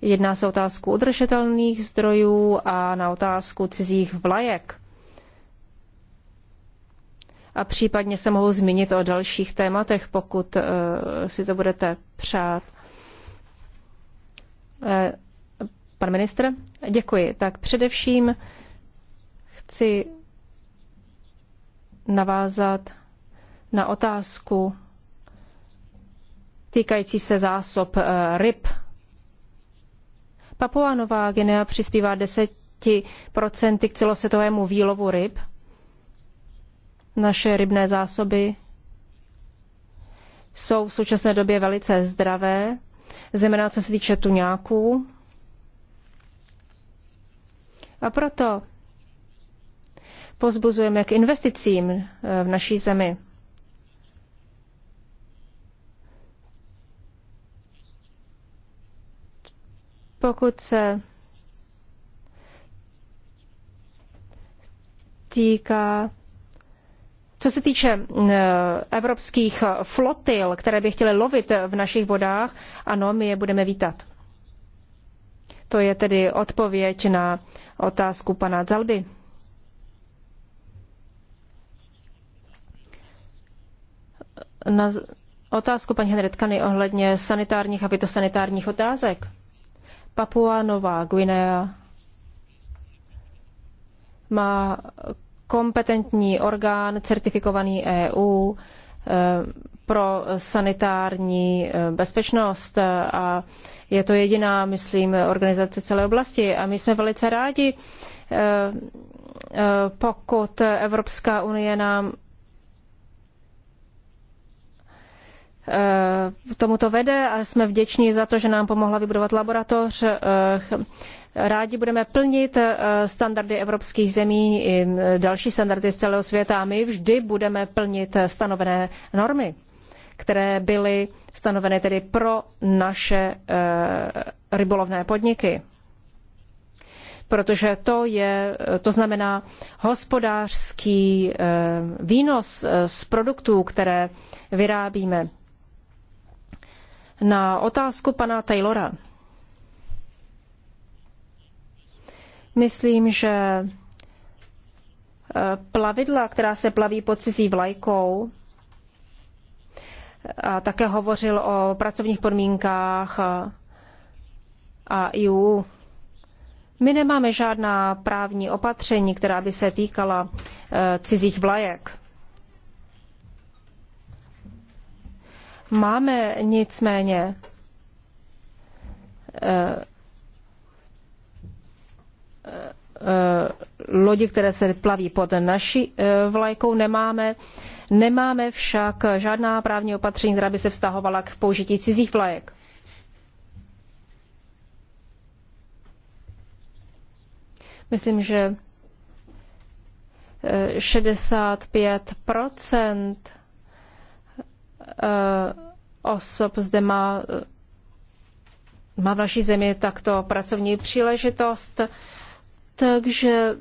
Jedná se o otázku udržitelných zdrojů a na otázku cizích vlajek a případně se mohu zmínit o dalších tématech, pokud eh, si to budete přát. Eh, pan ministr, děkuji. Tak především chci navázat na otázku týkající se zásob eh, ryb. Papua Nová Guinea přispívá 10% k celosvětovému výlovu ryb naše rybné zásoby jsou v současné době velice zdravé, zejména co se týče tuňáků. A proto pozbuzujeme k investicím eh, v naší zemi. Pokud se týká co se týče eh, evropských eh, flotil, které by chtěly lovit eh, v našich vodách, ano, my je budeme vítat. To je tedy odpověď na otázku pana Zalby. Na otázku paní Henretkany ohledně sanitárních a sanitárních otázek. Papua Nová Guinea má kompetentní orgán certifikovaný EU eh, pro sanitární eh, bezpečnost a je to jediná, myslím, organizace celé oblasti a my jsme velice rádi, eh, pokud Evropská unie nám tomuto vede a jsme vděční za to, že nám pomohla vybudovat laboratoř Rádi budeme plnit eh, standardy evropských zemí i eh, další standardy z celého světa a my vždy budeme plnit eh, stanovené normy, které byly stanoveny tedy pro naše rybolovné podniky protože to, je, to znamená hospodářský výnos z produktů, které vyrábíme. Na otázku pana Taylora. Myslím, že eh, plavidla, která se plaví pod cizí vlajkou, a také hovořil o pracovních podmínkách eh, a EU. My nemáme žádná právní opatření, která by se týkala eh, cizích vlajek. Máme nicméně Eh, lodi, které se plaví pod naší eh, vlajkou, nemáme. Nemáme však žádná právní opatření, která by se vztahovala k použití cizích vlajek. Myslím, že 65 eh, osob zde má, má v naší zemi takto pracovní příležitost. Takže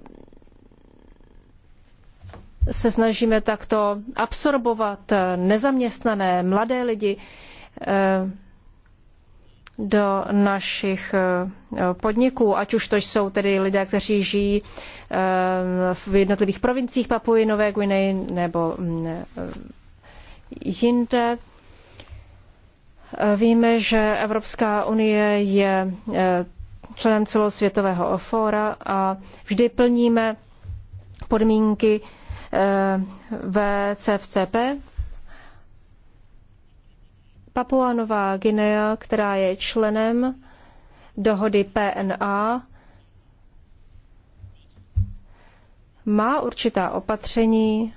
se snažíme takto absorbovat nezaměstnané mladé lidi eh, do našich eh, podniků, ať už to jsou tedy lidé, kteří žijí eh, v jednotlivých provinciích Papuji Nové Guiney nebo mm, jinde. Víme, že Evropská unie je členem celosvětového fóra a vždy plníme podmínky eh, VCFCP. Papua Nová Guinea, která je členem dohody PNA, má určitá opatření,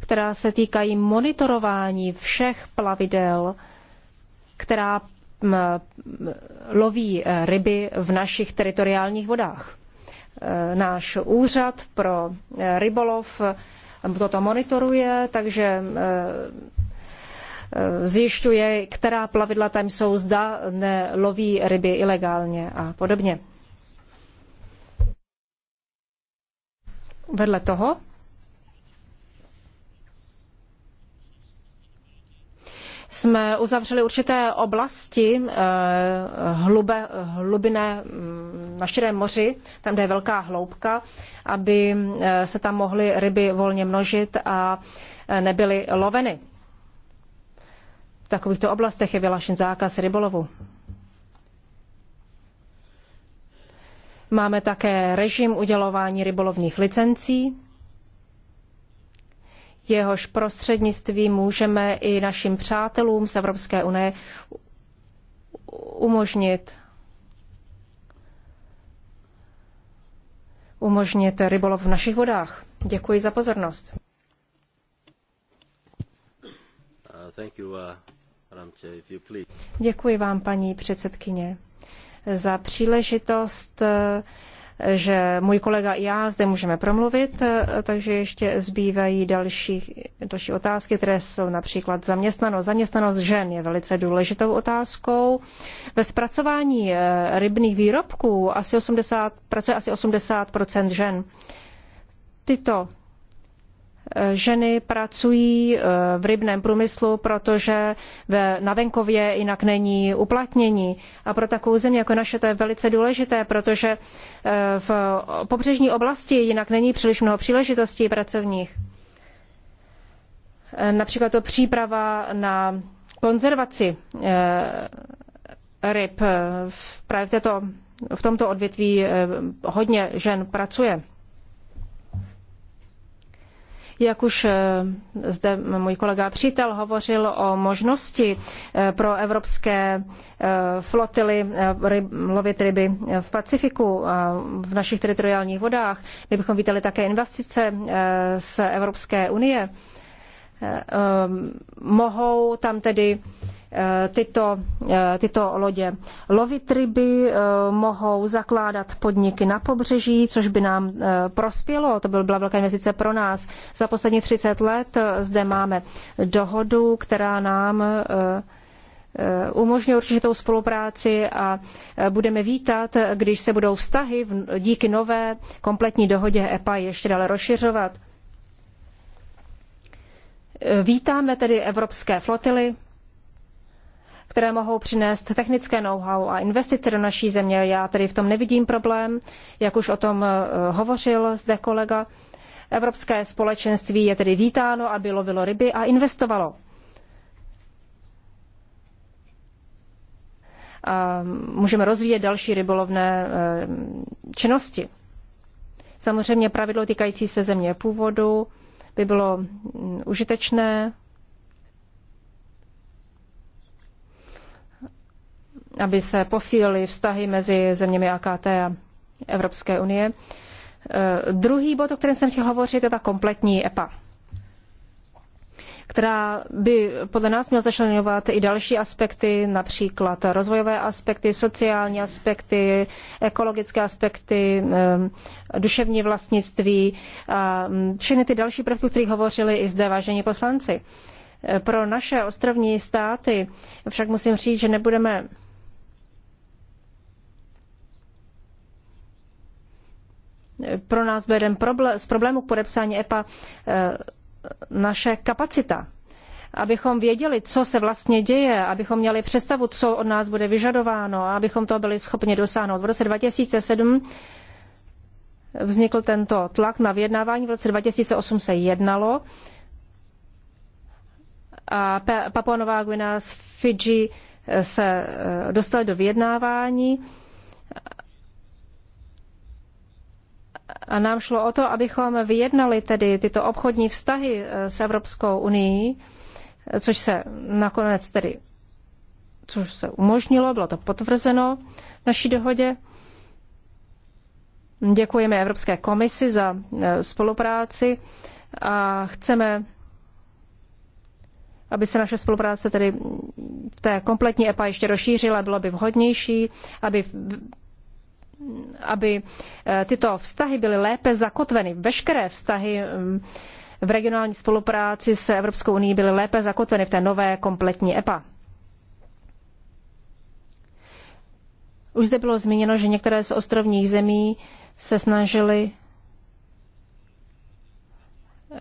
která se týkají monitorování všech plavidel, která loví e, ryby v našich teritoriálních vodách. E, náš úřad pro e, rybolov toto monitoruje, takže zjišťuje, která plavidla tam jsou, zda neloví ryby ilegálně a podobně. Vedle toho jsme uzavřeli určité oblasti eh, hlube, hlubiné mm, na širém moři, tam, kde je velká hloubka, aby eh, se tam mohly ryby volně množit a eh, nebyly loveny. V takovýchto oblastech je vylašen zákaz rybolovu. Máme také režim udělování rybolovních licencí jehož prostřednictvím můžeme i našim přátelům z Evropské unie umožnit umožnit rybolov v našich vodách. Děkuji za pozornost. Uh, uh, Děkuji vám, paní předsedkyně, za příležitost uh, že můj kolega i já zde můžeme promluvit, e, takže ještě zbývají další, další otázky, které jsou například zaměstnanost. Zaměstnanost žen je velice důležitou otázkou. Ve zpracování e, rybných výrobků asi 80, pracuje asi 80 žen. Tyto Eh, ženy pracují eh, v rybném průmyslu, protože na venkově jinak není uplatnění. A pro takovou zemi jako naše to je velice důležité, protože eh, v pobřežní oblasti jinak není příliš mnoho příležitostí pracovních. Například to příprava na konzervaci ryb. Právě v, této, v tomto odvětví hodně žen pracuje. Jak už eh, zde můj kolega přítel hovořil o možnosti eh, pro evropské eh, flotily lovit ryby v Pacifiku, v našich teritoriálních vodách, my bychom vítali také investice z Evropské unie. Eh, eh, mohou tam tedy eh, tyto, tyto lodě lovit ryby, mohou zakládat podniky na pobřeží, což by nám prospělo. To byla velká investice pro nás. Za poslední 30 let zde máme dohodu, která nám umožňuje určitou spolupráci a budeme vítat, když se budou vztahy díky nové kompletní dohodě EPA ještě dále rozšiřovat. Vítáme tedy evropské flotily, které mohou přinést technické know-how a investice do naší země. Já tedy v tom nevidím problém, jak už o tom eh, hovořil zde kolega. Evropské společenství je tedy vítáno, aby lovilo ryby a investovalo. A můžeme rozvíjet další rybolovné eh, činnosti. Samozřejmě pravidlo týkající se země původu by bylo mm, užitečné, aby se posílily vztahy mezi zeměmi AKT a Evropské unie. Eh, druhý bod, o kterém jsem chtěl hovořit, je ta kompletní EPA která by podle nás měla začlenovat i další aspekty, například rozvojové aspekty, sociální aspekty, ekologické aspekty, duševní vlastnictví a mm, všechny ty další prvky, o kterých hovořili i zde vážení poslanci. E, pro naše ostrovní státy však musím říct, že nebudeme pro nás byl jeden problém, z problému k podepsání EPA e, naše kapacita. Abychom věděli, co se vlastně děje, abychom měli představu, co od nás bude vyžadováno, abychom to byli schopni dosáhnout. V roce 2007 vznikl tento tlak na vyjednávání, v roce 2008 se jednalo a Papua Nová Guinea s Fidži se eh, dostali do vyjednávání A nám šlo o to, abychom vyjednali tedy tyto obchodní vztahy eh, s Evropskou unii, eh, což se nakonec tedy což se umožnilo, bylo to potvrzeno naší dohodě. Děkujeme Evropské komisi za eh, spolupráci a chceme, aby se naše spolupráce tedy v té kompletní EPA ještě rozšířila, bylo by vhodnější, aby aby eh, tyto vztahy byly lépe zakotveny. Veškeré vztahy mm, v regionální spolupráci s Evropskou unii byly lépe zakotveny v té nové kompletní EPA. Už zde bylo zmíněno, že některé z ostrovních zemí se snažily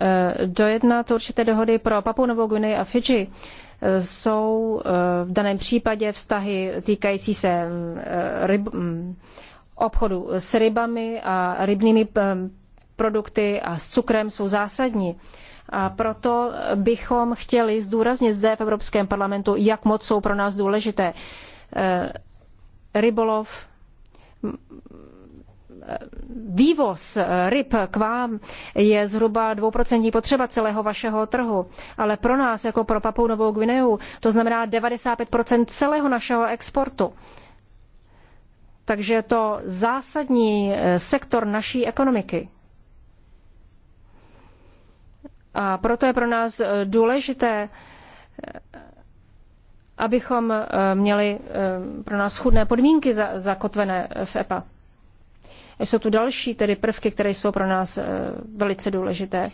eh, dojednat určité dohody pro Papu Novou Guinei a Fidži. Eh, jsou v daném případě vztahy týkající se mm, ryb, mm, obchodu s rybami a rybnými eh, produkty a s cukrem jsou zásadní. A proto bychom chtěli zdůraznit zde v Evropském parlamentu, jak moc jsou pro nás důležité. Eh, rybolov, eh, vývoz ryb k vám je zhruba dvouprocentní potřeba celého vašeho trhu, ale pro nás jako pro Papou Novou Gvineu to znamená 95% celého našeho exportu. Takže je to zásadní eh, sektor naší ekonomiky. A proto je pro nás eh, důležité, eh, abychom měli pro nás chudné podmínky zakotvené v EPA. Jsou tu další tedy prvky, které jsou pro nás velice důležité.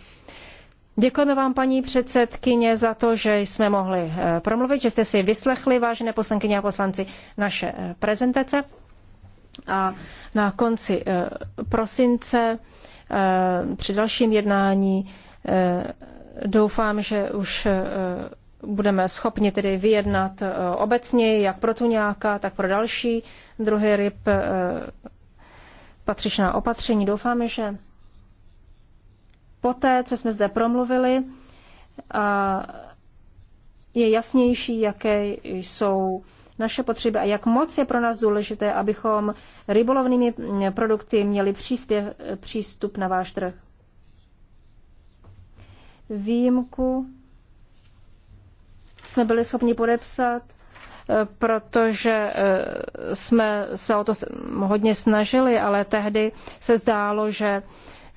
Děkujeme vám, paní předsedkyně, za to, že jsme mohli promluvit, že jste si vyslechli, vážené poslankyně a poslanci, naše prezentace. A na konci eh, prosince eh, při dalším jednání eh, doufám, že už budeme schopni tedy vyjednat obecně, jak pro tuňáka, tak pro další druhy ryb patřičná opatření. Doufáme, že poté, co jsme zde promluvili, je jasnější, jaké jsou naše potřeby a jak moc je pro nás důležité, abychom rybolovnými eh, produkty měli příspěv, přístup na váš trh. Výjimku jsme byli schopni podepsat, eh, protože eh, jsme se o to hodně snažili, ale tehdy se zdálo, že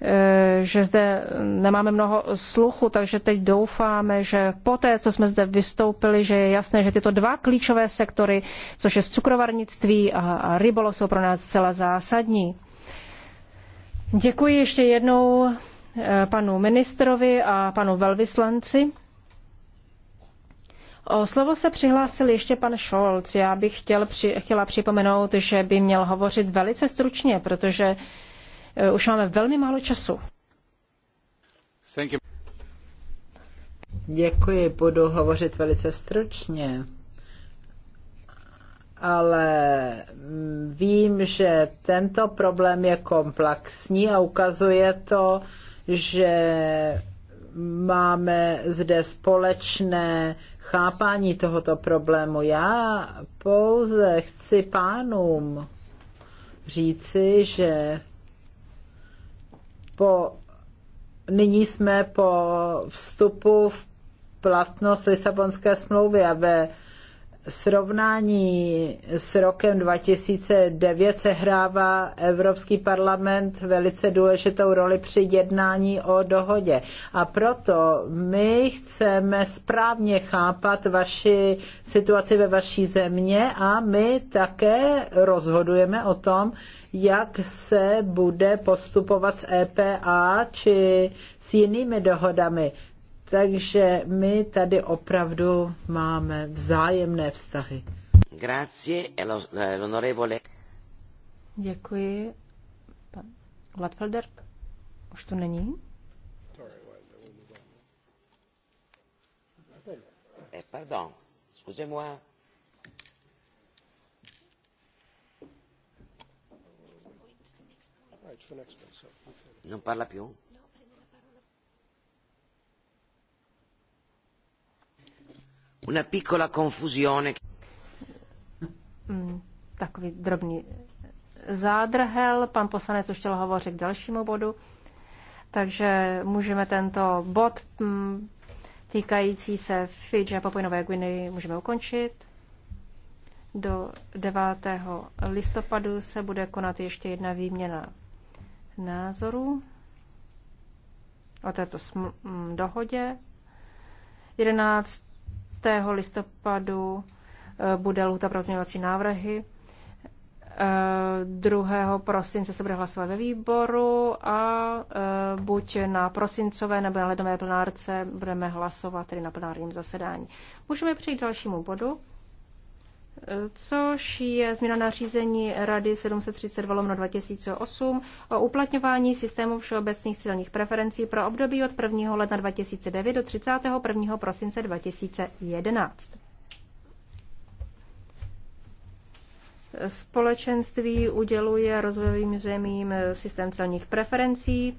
Eh, že zde nemáme mnoho sluchu, takže teď doufáme, že poté, co jsme zde vystoupili, že je jasné, že tyto dva klíčové sektory, což je cukrovarnictví a rybolo, jsou pro nás zcela zásadní. Děkuji ještě jednou eh, panu ministrovi a panu velvyslanci. O slovo se přihlásil ještě pan Scholz. Já bych chtěl, chtěla připomenout, že by měl hovořit velice stručně, protože Eh, už máme velmi málo času. Děkuji, budu hovořit velice stručně. Ale mm, vím, že tento problém je komplexní a ukazuje to, že máme zde společné chápání tohoto problému. Já pouze chci pánům říci, že po, nyní jsme po vstupu v platnost Lisabonské smlouvy a ve srovnání s rokem 2009 hrává Evropský parlament velice důležitou roli při jednání o dohodě. A proto my chceme správně chápat vaši situaci ve vaší země a my také rozhodujeme o tom, jak se bude postupovat s EPA či s jinými dohodami. Takže my tady opravdu máme vzájemné vztahy. Grazie, eh, Děkuji. Pan Gladfelder už tu není. Eh, pardon, excusez-moi. Non parla più? Una piccola confusione. Mm, takový drobný zádrhel. Pan poslanec už chtěl hovořit k dalšímu bodu. Takže můžeme tento bod mm, týkající se Fidži a Papuinové Guiny můžeme ukončit. Do 9. listopadu se bude konat ještě jedna výměna názoru o této mm, dohodě. 11. listopadu e, bude lůta pro návrhy. 2. E, prosince se bude hlasovat ve výboru a e, buď na prosincové nebo na ledové plenárce budeme hlasovat tedy na plenárním zasedání. Můžeme přejít k dalšímu bodu což je změna nařízení Rady 732 2008 o uplatňování systému všeobecných silných preferencí pro období od 1. ledna 2009 do 31. prosince 2011. Společenství uděluje rozvojovým zemím systém celních preferencí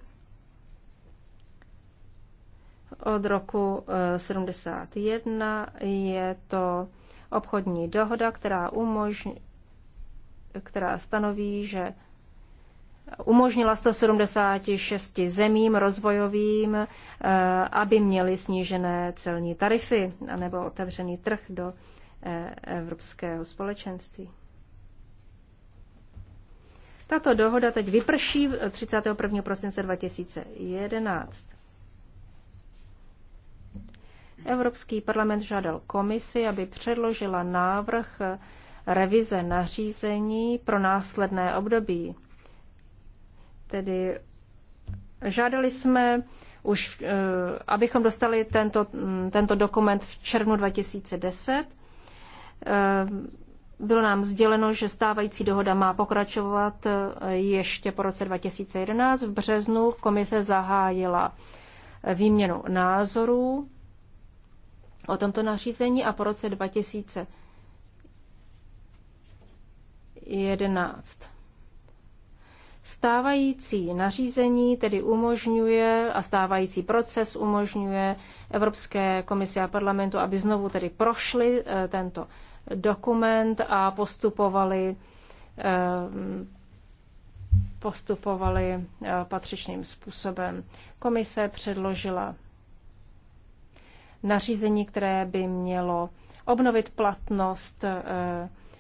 od roku 71. Eh, je to obchodní dohoda, která, umožň, která stanoví, že umožnila 176 zemím rozvojovým, eh, aby měly snížené celní tarify nebo otevřený trh do eh, Evropského společenství. Tato dohoda teď vyprší 31. prosince 2011. Evropský parlament žádal komisi, aby předložila návrh revize nařízení pro následné období. Tedy žádali jsme už, eh, abychom dostali tento, mm, tento dokument v červnu 2010. Eh, bylo nám sděleno, že stávající dohoda má pokračovat eh, ještě po roce 2011. V březnu komise zahájila výměnu názorů o tomto nařízení a po roce 2011. Stávající nařízení tedy umožňuje a stávající proces umožňuje Evropské komisi a parlamentu, aby znovu tedy prošli eh, tento dokument a postupovali eh, postupovali eh, patřičným způsobem. Komise předložila nařízení, které by mělo obnovit platnost eh,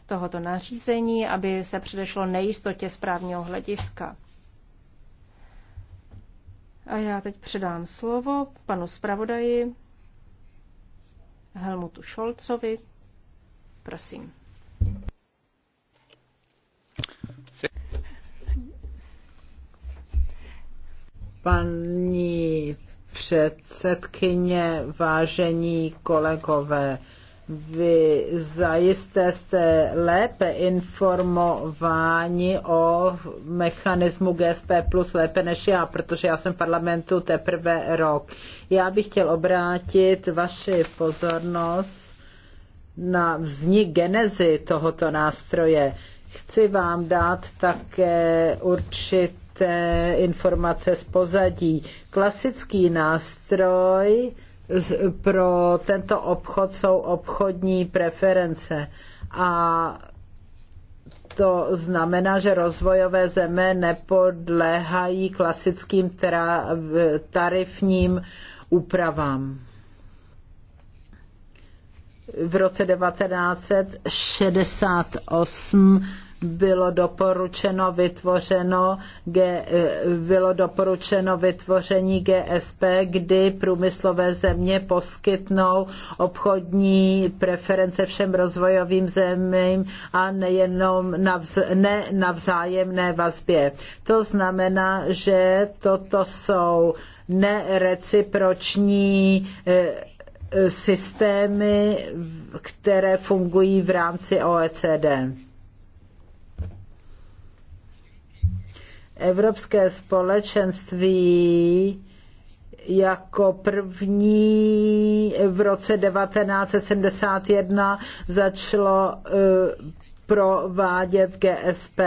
tohoto nařízení, aby se předešlo nejistotě z hlediska. A já teď předám slovo panu zpravodaji Helmutu Šolcovi. Prosím. Paní předsedkyně, vážení kolegové. Vy zajisté jste lépe informováni o mechanismu GSP plus lépe než já, protože já jsem v parlamentu teprve rok. Já bych chtěl obrátit vaši pozornost na vznik genezy tohoto nástroje. Chci vám dát také určit té informace z pozadí. Klasický nástroj pro tento obchod jsou obchodní preference. A to znamená, že rozvojové země nepodléhají klasickým tarifním úpravám. V roce 1968 bylo doporučeno vytvořeno, eh, bylo doporučeno vytvoření GSP, kdy průmyslové země poskytnou obchodní preference všem rozvojovým zemím a nejenom navz, ne na vzájemné vazbě. To znamená, že toto jsou nereciproční eh, eh, systémy, které fungují v rámci OECD. Evropské společenství jako první v roce 1971 začalo eh, provádět GSP.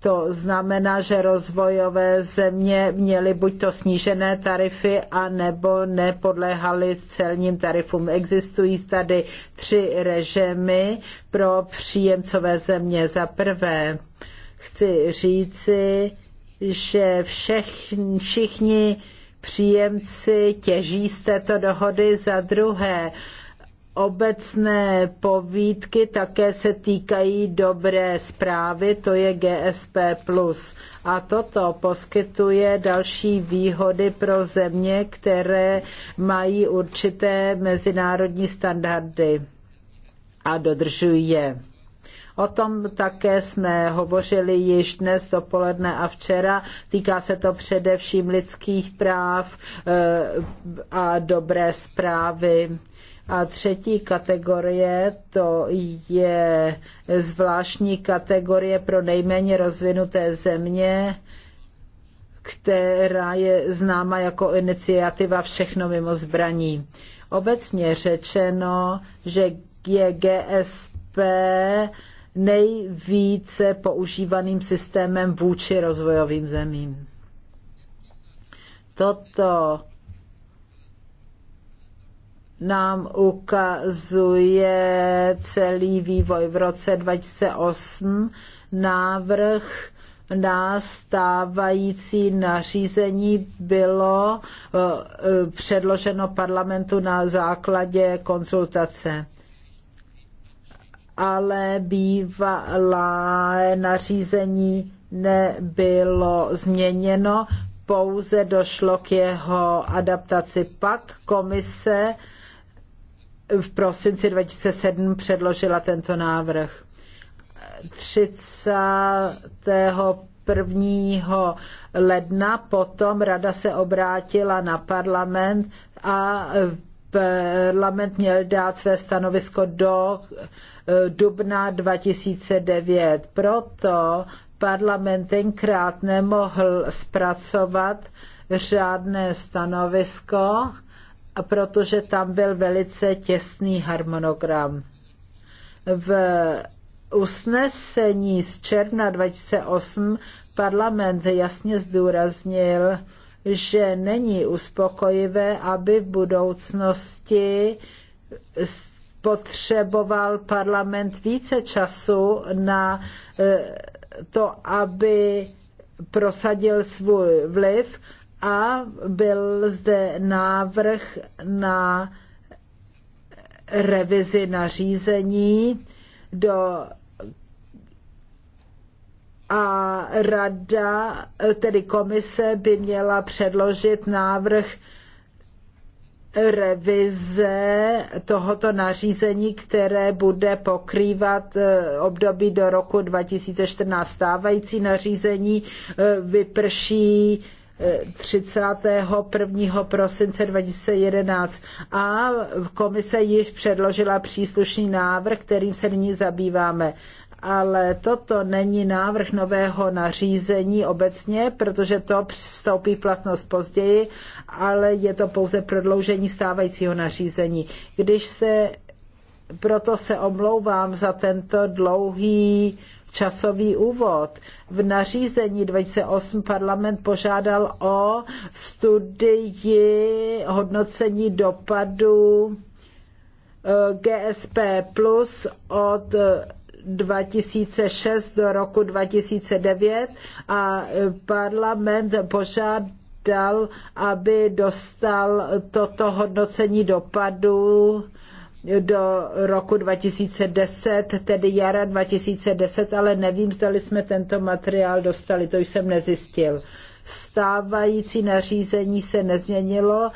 To znamená, že rozvojové země měly buď to snížené tarify, anebo nepodléhaly celním tarifům. Existují tady tři režimy pro příjemcové země. Za prvé chci říci, že všech, všichni příjemci těží z této dohody za druhé. Obecné povídky také se týkají dobré zprávy, to je GSP+. A toto poskytuje další výhody pro země, které mají určité mezinárodní standardy a dodržují je. O tom také jsme hovořili již dnes dopoledne a včera. Týká se to především lidských práv eh, a dobré zprávy. A třetí kategorie to je zvláštní kategorie pro nejméně rozvinuté země, která je známa jako iniciativa Všechno mimo zbraní. Obecně řečeno, že je GSP nejvíce používaným systémem vůči rozvojovým zemím. Toto nám ukazuje celý vývoj. V roce 2008 návrh na stávající nařízení bylo eh, eh, předloženo parlamentu na základě konzultace ale bývalá nařízení nebylo změněno, pouze došlo k jeho adaptaci. Pak komise v prosinci 2007 předložila tento návrh. 31. ledna potom rada se obrátila na parlament a parlament měl dát své stanovisko do dubna 2009. Proto parlament tenkrát nemohl zpracovat řádné stanovisko, protože tam byl velice těsný harmonogram. V usnesení z června 2008 parlament jasně zdůraznil, že není uspokojivé, aby v budoucnosti potřeboval parlament více času na eh, to, aby prosadil svůj vliv a byl zde návrh na revizi nařízení do a rada, tedy komise by měla předložit návrh revize tohoto nařízení, které bude pokrývat eh, období do roku 2014. Stávající nařízení eh, vyprší 31. Eh, prosince 2011 a komise již předložila příslušný návrh, kterým se nyní zabýváme ale toto není návrh nového nařízení obecně, protože to vstoupí v platnost později, ale je to pouze prodloužení stávajícího nařízení. Když se, proto se omlouvám za tento dlouhý časový úvod. V nařízení 2008 parlament požádal o studii hodnocení dopadu eh, GSP plus od 2006 do roku 2009 a e, parlament požádal, aby dostal toto hodnocení dopadu do roku 2010, tedy jara 2010, ale nevím, zdali jsme tento materiál dostali, to jsem nezjistil. Stávající nařízení se nezměnilo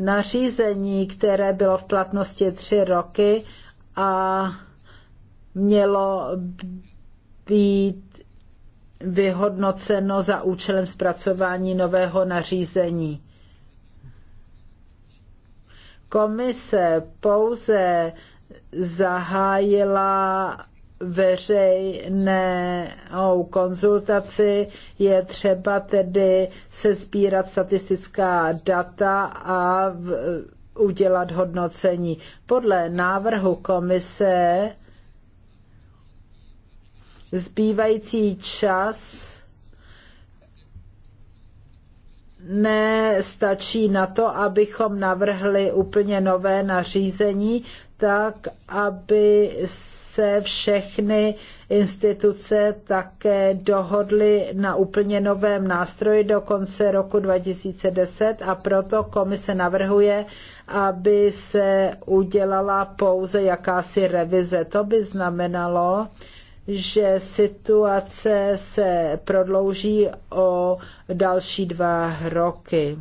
nařízení, které bylo v platnosti tři roky a mělo být vyhodnoceno za účelem zpracování nového nařízení. Komise pouze zahájila veřejnou konzultaci, je třeba tedy se sbírat statistická data a v, udělat hodnocení. Podle návrhu komise zbývající čas nestačí na to, abychom navrhli úplně nové nařízení, tak aby se všechny instituce také dohodly na úplně novém nástroji do konce roku 2010 a proto komise navrhuje, aby se udělala pouze jakási revize. To by znamenalo, že situace se prodlouží o další dva roky.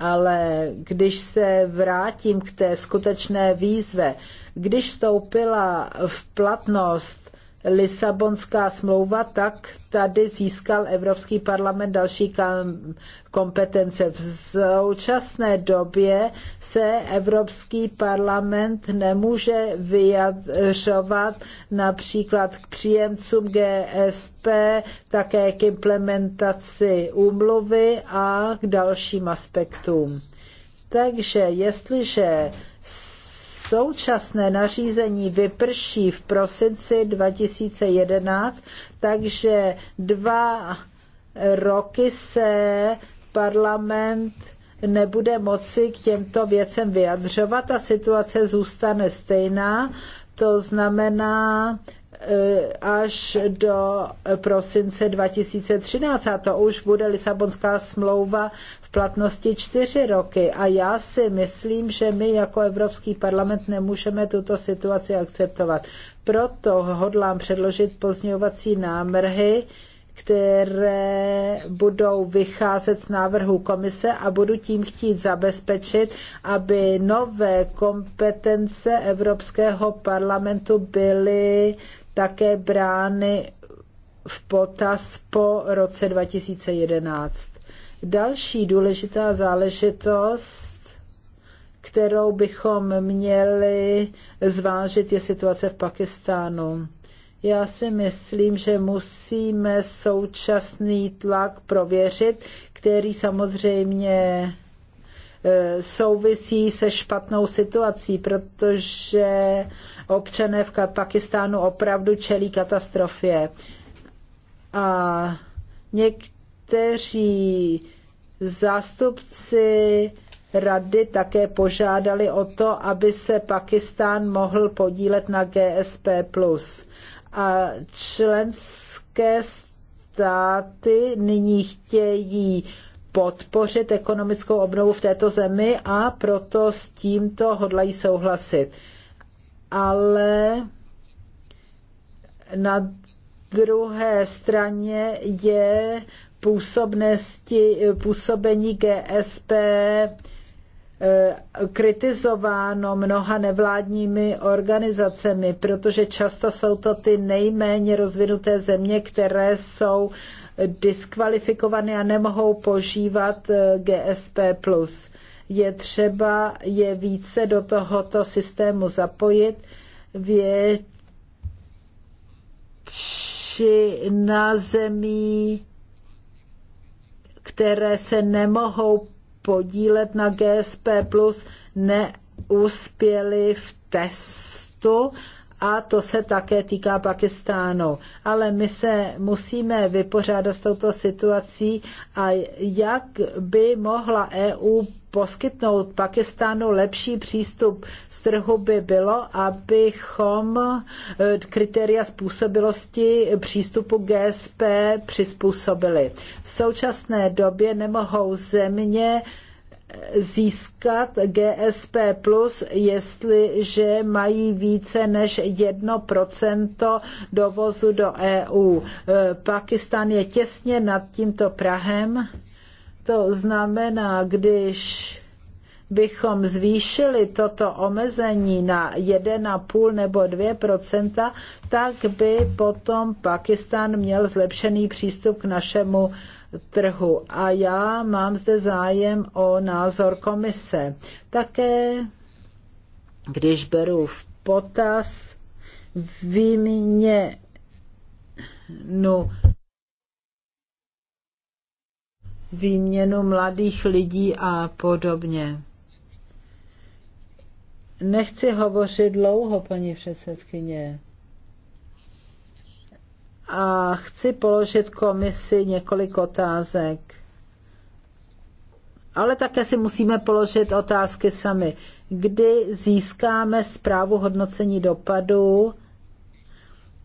Ale když se vrátím k té skutečné výzve, když vstoupila v platnost Lisabonská smlouva, tak tady získal Evropský parlament další kompetence. V současné době se Evropský parlament nemůže vyjadřovat například k příjemcům GSP, také k implementaci úmluvy a k dalším aspektům. Takže jestliže Současné nařízení vyprší v prosinci 2011, takže dva roky se parlament nebude moci k těmto věcem vyjadřovat a situace zůstane stejná. To znamená, Eh, až do prosince 2013 a to už bude Lisabonská smlouva v platnosti čtyři roky a já si myslím, že my jako Evropský parlament nemůžeme tuto situaci akceptovat. Proto hodlám předložit pozměňovací námrhy, které budou vycházet z návrhu komise a budu tím chtít zabezpečit, aby nové kompetence Evropského parlamentu byly také brány v potaz po roce 2011. Další důležitá záležitost, kterou bychom měli zvážit, je situace v Pakistánu. Já si myslím, že musíme současný tlak prověřit, který samozřejmě E, souvisí se špatnou situací, protože občané v Pakistánu opravdu čelí katastrofě. A někteří zástupci rady také požádali o to, aby se Pakistán mohl podílet na GSP+. A členské státy nyní chtějí podpořit ekonomickou obnovu v této zemi a proto s tímto hodlají souhlasit. Ale na druhé straně je působnosti, působení GSP eh, kritizováno mnoha nevládními organizacemi, protože často jsou to ty nejméně rozvinuté země, které jsou diskvalifikovány a nemohou požívat eh, GSP+. Je třeba je více do tohoto systému zapojit. Většina zemí, které se nemohou podílet na GSP+, neuspěly v testu a to se také týká Pakistánu. Ale my se musíme vypořádat s touto situací a jak by mohla EU poskytnout Pakistánu lepší přístup z trhu by bylo, abychom eh, kritéria způsobilosti přístupu GSP přizpůsobili. V současné době nemohou země získat GSP+, plus, jestliže mají více než 1% dovozu do EU. E, Pakistan je těsně nad tímto Prahem. To znamená, když bychom zvýšili toto omezení na 1,5 nebo 2 tak by potom Pakistan měl zlepšený přístup k našemu trhu. A já mám zde zájem o názor komise. Také, když beru v potaz výměně no, výměnu mladých lidí a podobně. Nechci hovořit dlouho, paní předsedkyně a chci položit komisi několik otázek. Ale také si musíme položit otázky sami. Kdy získáme zprávu hodnocení dopadů,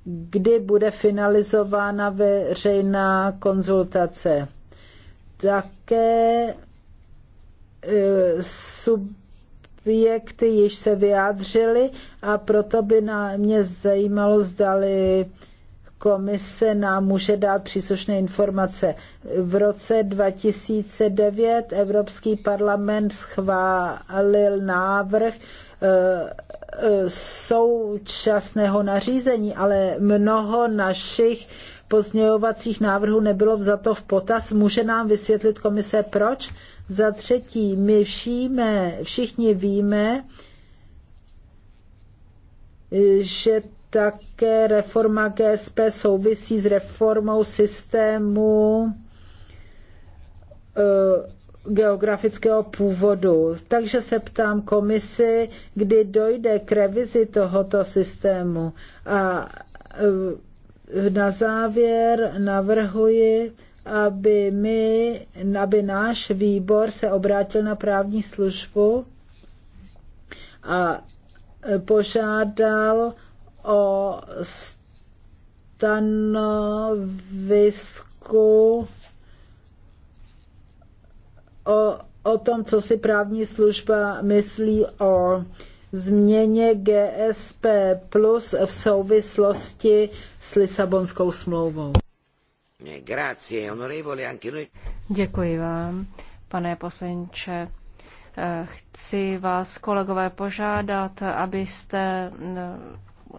kdy bude finalizována veřejná konzultace. Také eh, subjekty již se vyjádřily a proto by na mě zajímalo, zdali komise nám může dát příslušné informace. V roce 2009 Evropský parlament schválil návrh eh, současného nařízení, ale mnoho našich pozměňovacích návrhů nebylo vzato v potaz. Může nám vysvětlit komise proč? Za třetí, my všíme, všichni víme, že také reforma GSP souvisí s reformou systému eh, geografického původu. Takže se ptám komisi, kdy dojde k revizi tohoto systému. A eh, na závěr navrhuji, aby, my, aby náš výbor se obrátil na právní službu a eh, požádal o stanovisku o, o tom, co si právní služba myslí o změně GSP plus v souvislosti s Lisabonskou smlouvou. Eh, Děkuji vám, pane poslanče. Eh, chci vás, kolegové, požádat, abyste eh,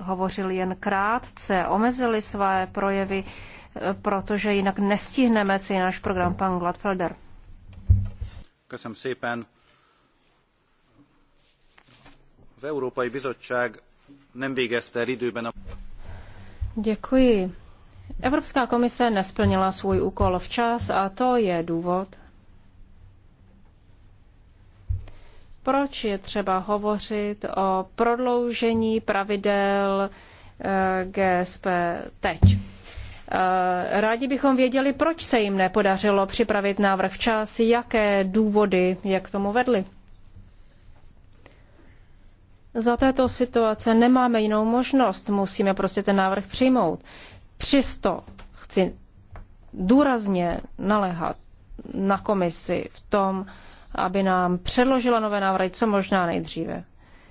hovořil jen krátce, omezili své projevy, eh, protože jinak nestihneme celý náš program, pan Gladfelder. Děkuji. Evropská komise nesplnila svůj úkol včas a to je důvod, proč je třeba hovořit o prodloužení pravidel eh, GSP teď. Eh, rádi bychom věděli, proč se jim nepodařilo připravit návrh včas, jaké důvody jak k tomu vedly. Za této situace nemáme jinou možnost, musíme prostě ten návrh přijmout. Přesto chci důrazně naléhat na komisi v tom, aby nám předložila nové návrhy co možná nejdříve.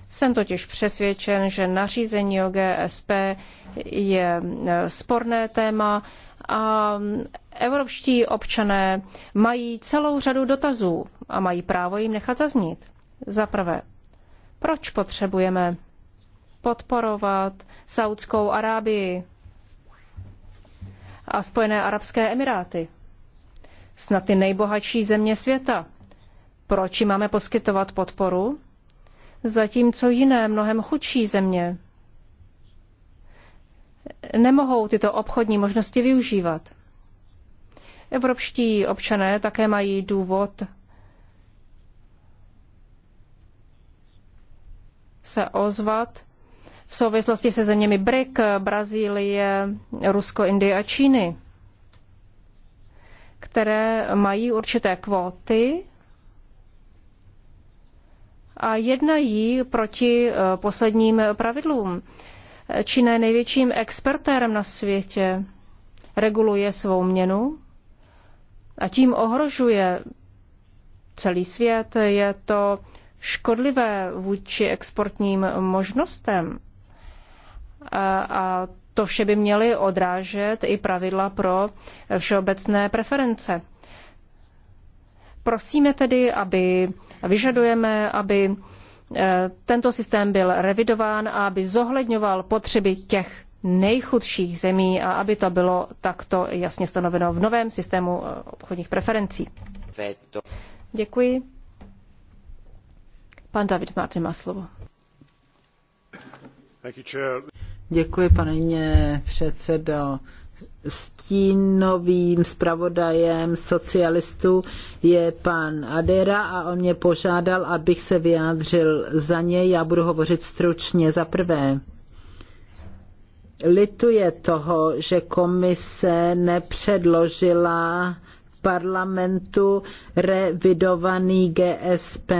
Jsem totiž přesvědčen, že nařízení o GSP je e, sporné téma a evropští občané mají celou řadu dotazů a mají právo jim nechat zaznít. Za prvé, proč potřebujeme podporovat Saudskou Arábii a Spojené Arabské Emiráty? Snad ty nejbohatší země světa proč jim máme poskytovat podporu, zatímco jiné, mnohem chudší země nemohou tyto obchodní možnosti využívat. Evropští občané také mají důvod se ozvat v souvislosti se zeměmi BRIC, Brazílie, Rusko, Indie a Číny, které mají určité kvóty a jednají proti eh, posledním pravidlům. Čína je největším exportérem na světě, reguluje svou měnu a tím ohrožuje celý svět. Je to škodlivé vůči exportním možnostem. A, a to vše by měly odrážet i pravidla pro všeobecné preference. Prosíme tedy, aby vyžadujeme, aby eh, tento systém byl revidován a aby zohledňoval potřeby těch nejchudších zemí a aby to bylo takto jasně stanoveno v novém systému eh, obchodních preferencí. Děkuji. Pan David Martin má slovo. Děkuji, pane předsedo stínovým zpravodajem socialistů je pan Adera a on mě požádal, abych se vyjádřil za něj. Já budu hovořit stručně. Za prvé, lituje toho, že komise nepředložila parlamentu revidovaný GSP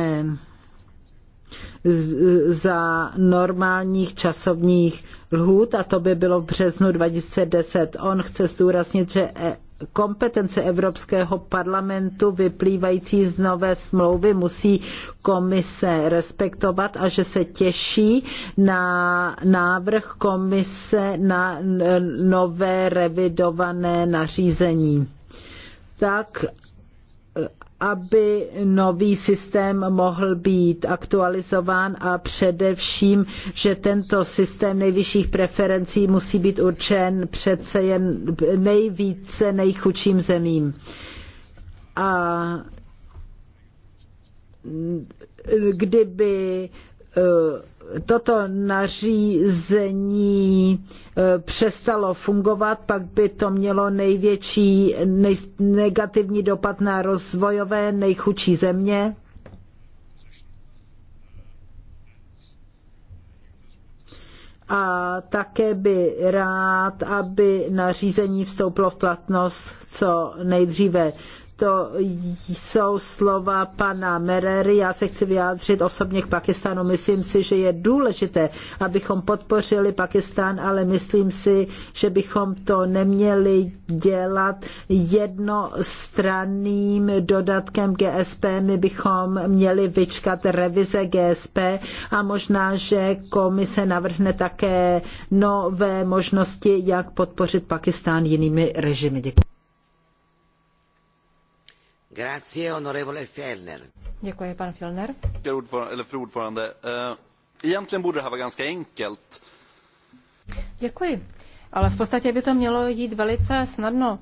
za normálních časovních lhůt a to by bylo v březnu 2010. On chce zdůraznit, že e- kompetence Evropského parlamentu vyplývající z nové smlouvy musí komise respektovat a že se těší na návrh komise na nové revidované nařízení tak, aby nový systém mohl být aktualizován a především, že tento systém nejvyšších preferencí musí být určen přece jen nejvíce nejchudším zemím. A kdyby eh, toto nařízení eh, přestalo fungovat, pak by to mělo největší nej, negativní dopad na rozvojové nejchudší země. A také by rád, aby nařízení vstoupilo v platnost co nejdříve to jsou slova pana Merery. Já se chci vyjádřit osobně k Pakistanu. Myslím si, že je důležité, abychom podpořili Pakistan, ale myslím si, že bychom to neměli dělat jednostranným dodatkem GSP. My bychom měli vyčkat revize GSP a možná, že komise navrhne také nové možnosti, jak podpořit Pakistan jinými režimy. Děkuji. Fru ordförande, eh, egentligen borde det här vara ganska enkelt. Děkuji, ale v podstatě by to mělo jít velice snadno.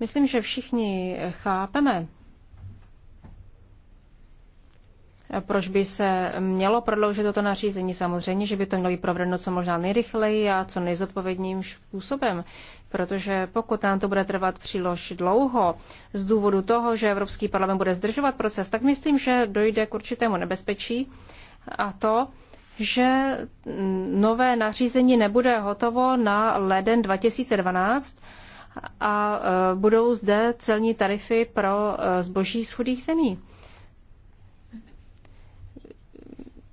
Myslím, že všichni chápeme, proč by se mělo prodloužit toto nařízení. Samozřejmě, že by to mělo být provedeno co možná nejrychleji a co nejzodpovědnějším způsobem protože pokud nám to bude trvat příliš dlouho z důvodu toho, že Evropský parlament bude zdržovat proces, tak myslím, že dojde k určitému nebezpečí a to, že nové nařízení nebude hotovo na leden 2012 a e, budou zde celní tarify pro e, zboží z chudých zemí.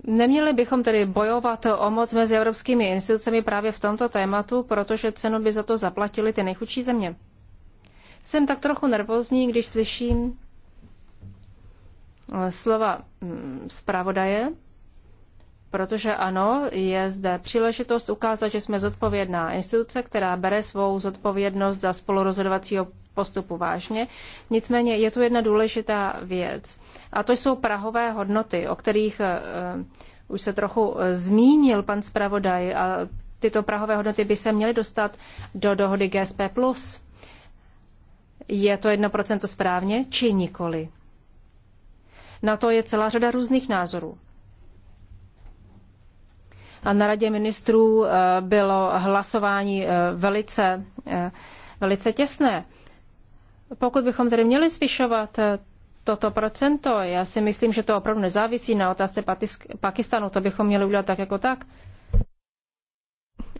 Neměli bychom tedy bojovat o moc mezi evropskými institucemi právě v tomto tématu, protože cenu by za to zaplatili ty nejchudší země. Jsem tak trochu nervózní, když slyším eh, slova mm, zpravodaje, protože ano, je zde příležitost ukázat, že jsme zodpovědná instituce, která bere svou zodpovědnost za spolurozhodovacího postupu vážně. Nicméně je tu jedna důležitá věc. A to jsou prahové hodnoty, o kterých eh, eh, už se trochu eh, zmínil pan zpravodaj a tyto prahové hodnoty by se měly dostat do dohody GSP+. Je to 1% správně či nikoli? Na to je celá řada různých názorů. A na radě ministrů bylo hlasování velice, velice těsné. Pokud bychom tedy měli zvyšovat eh, toto procento, já si myslím, že to opravdu nezávisí na otázce Pakistanu, to bychom měli udělat tak jako tak.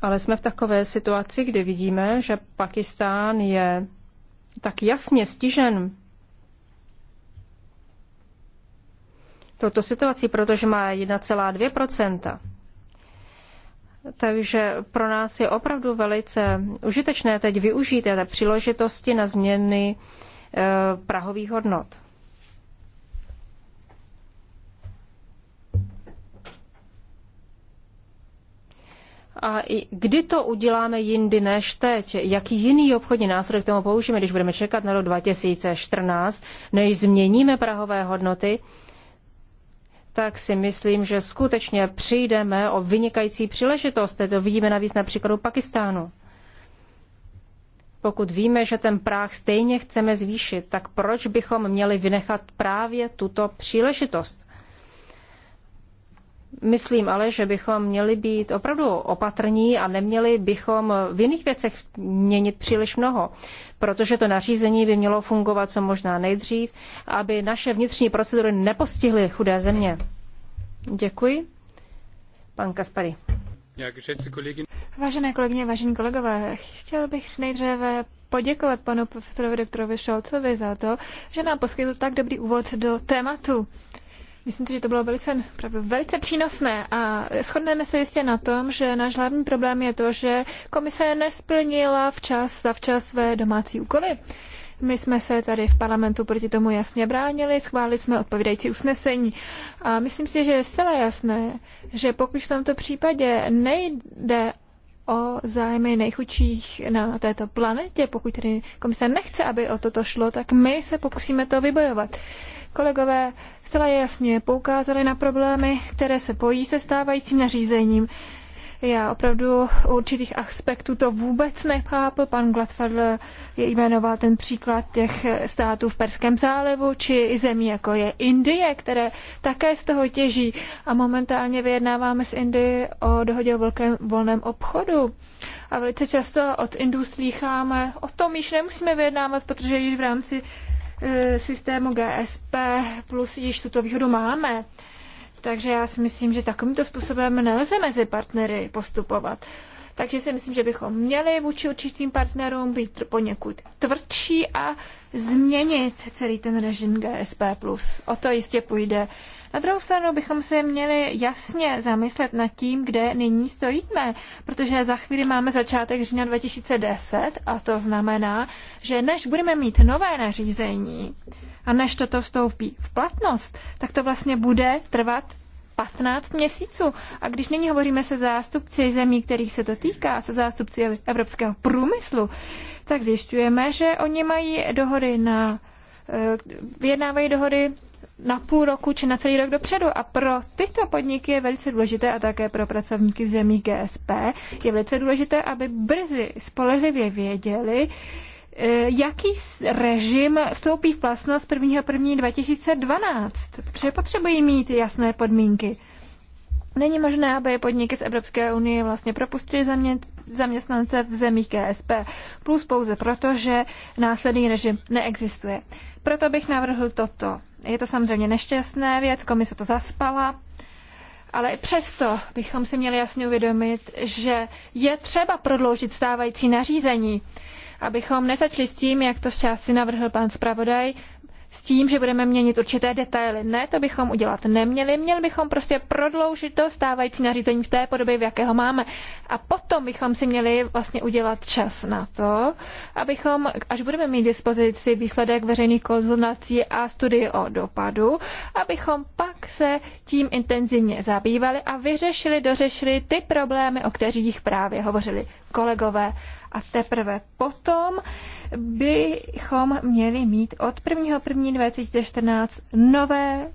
Ale jsme v takové situaci, kdy vidíme, že Pakistán je tak jasně stižen touto situací, protože má takže pro nás je opravdu velice užitečné teď využít té příležitosti na změny eh, prahových hodnot. A kdy to uděláme jindy než teď? Jaký jiný obchodní nástroj k tomu použijeme, když budeme čekat na rok 2014, než změníme prahové hodnoty? tak si myslím, že skutečně přijdeme o vynikající příležitost. To vidíme navíc na příkladu Pakistánu. Pokud víme, že ten práh stejně chceme zvýšit, tak proč bychom měli vynechat právě tuto příležitost? Myslím ale, že bychom měli být opravdu opatrní a neměli bychom v jiných věcech měnit příliš mnoho, protože to nařízení by mělo fungovat co možná nejdřív, aby naše vnitřní procedury nepostihly chudé země. Děkuji. Pan Kaspary. Vážené kolegyně, vážení kolegové, chtěl bych nejdříve poděkovat panu profesorovi doktorovi Šolcovi za to, že nám poskytl tak dobrý úvod do tématu. Myslím si, že to bylo velice, pravdu, velice přínosné a shodneme se jistě na tom, že náš hlavní problém je to, že komise nesplnila včas za včas své domácí úkoly. My jsme se tady v parlamentu proti tomu jasně bránili, schválili jsme odpovídající usnesení. A myslím si, že je zcela jasné, že pokud v tomto případě nejde o zájmy nejchudších na této planetě, pokud tedy komise nechce, aby o toto šlo, tak my se pokusíme to vybojovat. Kolegové zcela jasně poukázali na problémy, které se pojí se stávajícím nařízením. Já opravdu u určitých aspektů to vůbec nechápu. Pan je jmenoval ten příklad těch států v Perském zálivu, či i zemí jako je Indie, které také z toho těží. A momentálně vyjednáváme s Indii o dohodě o velkém volném obchodu. A velice často od Indů slýcháme, o tom již nemusíme vyjednávat, protože již v rámci E, systému GSP, plus již tuto výhodu máme. Takže já si myslím, že takovýmto způsobem nelze mezi partnery postupovat. Takže si myslím, že bychom měli vůči určitým partnerům být poněkud tvrdší a změnit celý ten režim GSP+. O to jistě půjde. Na druhou stranu bychom se měli jasně zamyslet nad tím, kde nyní stojíme, protože za chvíli máme začátek října 2010 a to znamená, že než budeme mít nové nařízení a než toto vstoupí v platnost, tak to vlastně bude trvat 15 měsíců. A když nyní hovoříme se zástupci zemí, kterých se to týká, se zástupci evropského průmyslu, tak zjišťujeme, že oni mají dohody na eh, vyjednávají dohody na půl roku či na celý rok dopředu. A pro tyto podniky je velice důležité a také pro pracovníky v zemích GSP je velice důležité, aby brzy spolehlivě věděli, eh, jaký režim vstoupí v platnost 1.1.2012, 2012. Protože potřebují mít jasné podmínky. Není možné, aby podniky z Evropské unie vlastně propustily zaměstnance v zemích GSP, plus pouze proto, že následný režim neexistuje. Proto bych navrhl toto. Je to samozřejmě nešťastné věc, komise to zaspala, ale i přesto bychom si měli jasně uvědomit, že je třeba prodloužit stávající nařízení, abychom nezačali s tím, jak to z části navrhl pan zpravodaj, s tím, že budeme měnit určité detaily. Ne, to bychom udělat neměli. Měli bychom prostě prodloužit to stávající nařízení v té podobě, v jakého máme. A potom bychom si měli vlastně udělat čas na to, abychom, až budeme mít dispozici výsledek veřejných konzultací a studie o dopadu, abychom pak se tím intenzivně zabývali a vyřešili, dořešili ty problémy, o kterých právě hovořili kolegové a teprve potom bychom měli mít od 1.1.2014 nové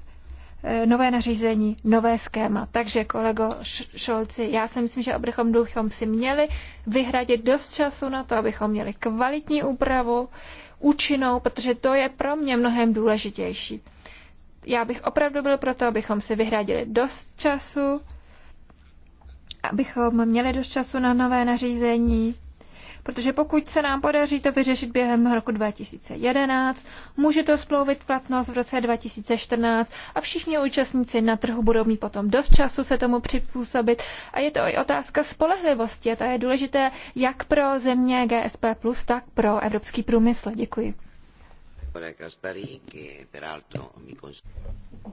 eh, nové nařízení, nové schéma. Takže, kolego Šolci, já si myslím, že abychom důchom si měli vyhradit dost času na to, abychom měli kvalitní úpravu, účinnou, protože to je pro mě mnohem důležitější. Já bych opravdu byl pro to, abychom si vyhradili dost času, abychom měli dost času na nové nařízení, Protože pokud se nám podaří to vyřešit během roku 2011, může to splouvit platnost v roce 2014 a všichni účastníci na trhu budou mít potom dost času se tomu připůsobit. A je to i otázka spolehlivosti a ta je důležité jak pro země GSP+, tak pro evropský průmysl. Děkuji.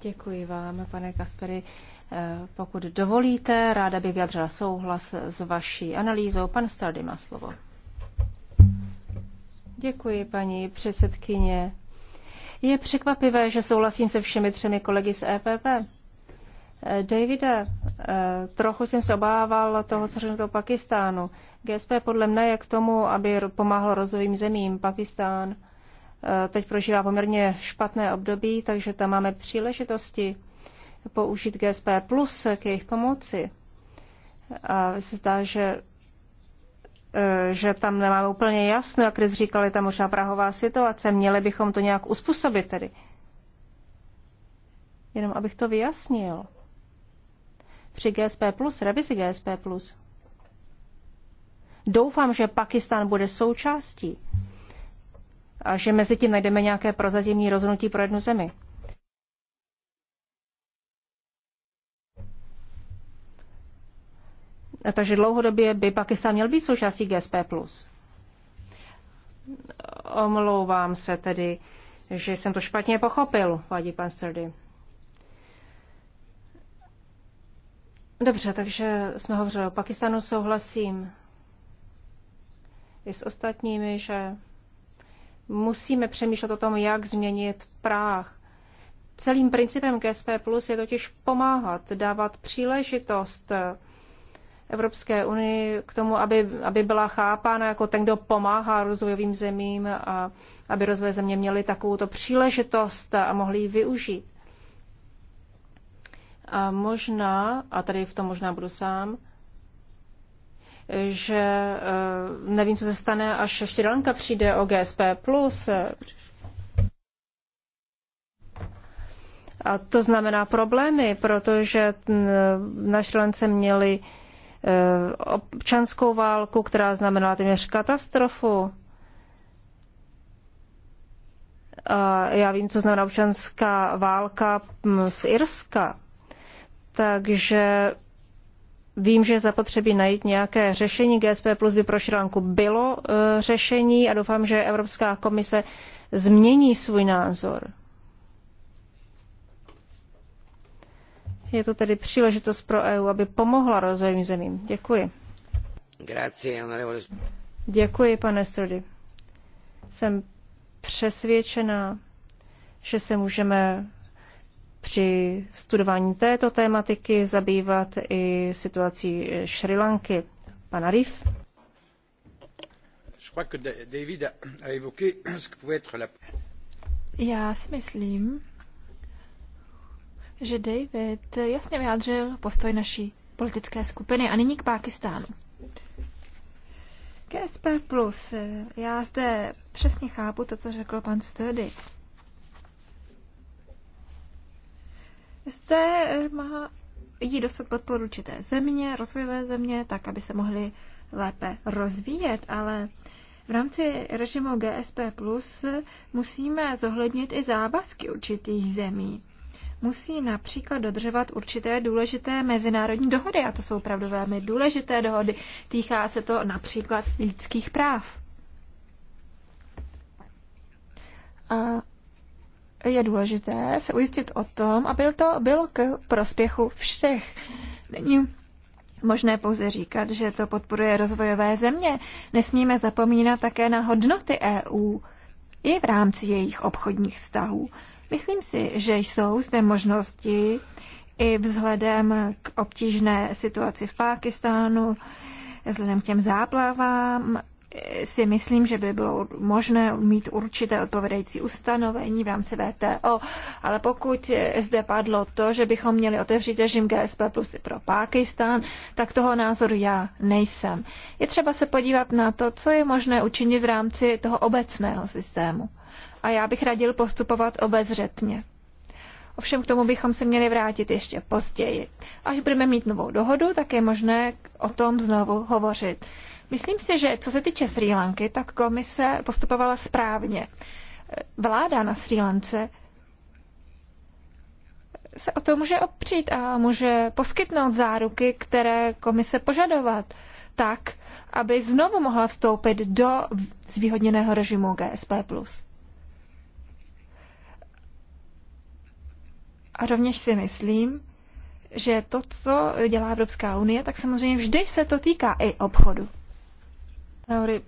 Děkuji vám, pane Kaspery. Eh, pokud dovolíte, ráda bych vyjadřila souhlas s vaší analýzou. Pan Stardy má slovo. Děkuji, paní předsedkyně. Je překvapivé, že souhlasím se všemi třemi kolegy z EPP. Eh, Davide, eh, trochu jsem se obával toho, co řekl to Pakistánu. GSP podle mne je k tomu, aby pomáhal rozvojím zemím. Pakistán eh, teď prožívá poměrně špatné období, takže tam máme příležitosti použít GSP plus k jejich pomoci. A se zdá, že Eh, že tam nemáme úplně jasno, jak Chris říkal, je tam možná prahová situace, měli bychom to nějak uspůsobit tedy. Jenom abych to vyjasnil. Při GSP+, plus, revizi GSP+, plus. doufám, že Pakistan bude součástí a že mezi tím najdeme nějaké prozatímní rozhodnutí pro jednu zemi. takže dlouhodobě by Pakistán měl být součástí GSP+. Omlouvám se tedy, že jsem to špatně pochopil, vadí pan Sturdy. Dobře, takže jsme hovořili o Pakistanu, souhlasím i s ostatními, že musíme přemýšlet o tom, jak změnit práh. Celým principem GSP Plus je totiž pomáhat, dávat příležitost Evropské unii k tomu, aby, aby byla chápána jako ten, kdo pomáhá rozvojovým zemím a aby rozvoje země měly takovouto příležitost a mohli ji využít. A možná, a tady v tom možná budu sám, že eh, nevím, co se stane, až Šri Lanka přijde o GSP+. A to znamená problémy, protože hm, na Šri měli Eh, občanskou válku, která znamenala téměř katastrofu. Já vím, co znamená občanská válka hm, z Irska. Takže Vím, že zapotřebí najít nějaké řešení. GSP plus by pro Šrilanku bylo eh, řešení a doufám, že Evropská komise změní svůj názor. Je to tedy příležitost pro EU, aby pomohla rozvojovým zemím. Děkuji. Děkuji, pane Strody. Jsem přesvědčená, že se můžeme při studování této tématiky zabývat i situací Šri Lanky. Pana Rif. Já si myslím, že David jasně vyjádřil postoj naší politické skupiny. A nyní k Pákistánu. KSP+, plus. já zde přesně chápu to, co řekl pan Sturdy. Zde má jí dostat podporu určité země, rozvojové země, tak, aby se mohly lépe rozvíjet, ale v rámci režimu GSP Plus musíme zohlednit i závazky určitých zemí musí například dodržovat určité důležité mezinárodní dohody, a to jsou opravdu velmi důležité dohody. Týká se to například lidských práv. A je důležité se ujistit o tom, aby to bylo k prospěchu všech. Není možné pouze říkat, že to podporuje rozvojové země. Nesmíme zapomínat také na hodnoty EU i v rámci jejich obchodních vztahů. Myslím si, že jsou zde možnosti i vzhledem k obtížné situaci v Pákistánu, vzhledem k těm záplavám, si myslím, že by bylo možné mít určité odpovědající ustanovení v rámci VTO, ale pokud zde padlo to, že bychom měli otevřít režim GSP plus i pro Pákistán, tak toho názoru já nejsem. Je třeba se podívat na to, co je možné učinit v rámci toho obecného systému a já bych radil postupovat obezřetně. Ovšem k tomu bychom se měli vrátit ještě později. Až budeme mít novou dohodu, tak je možné o tom znovu hovořit. Myslím si, že co se týče Sri Lanky, tak komise postupovala správně. Vláda na Sri Lance se o to může opřít a může poskytnout záruky, které komise požadovat, tak, aby znovu mohla vstoupit do zvýhodněného režimu GSP+. A rovněž si myslím, že to, co dělá Evropská unie, tak samozřejmě vždy se to týká i obchodu. Lauri,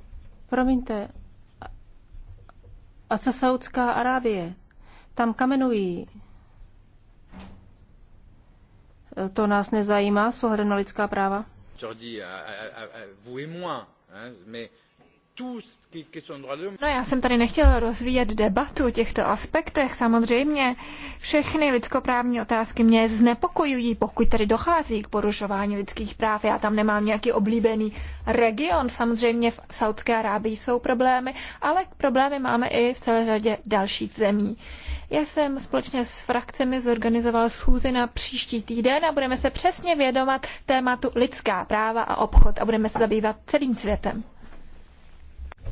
promiňte, a co Saudská Arábie? Tam kamenují. To nás nezajímá souhledem na lidská práva? Jordi, vous et moi, hein, mais No já jsem tady nechtěla rozvíjet debatu o těchto aspektech. Samozřejmě všechny lidskoprávní otázky mě znepokojují, pokud tady dochází k porušování lidských práv. Já tam nemám nějaký oblíbený region. Samozřejmě v Saudské Arábii jsou problémy, ale problémy máme i v celé řadě dalších zemí. Já jsem společně s frakcemi zorganizoval schůzi na příští týden a budeme se přesně vědomat tématu lidská práva a obchod a budeme se zabývat celým světem.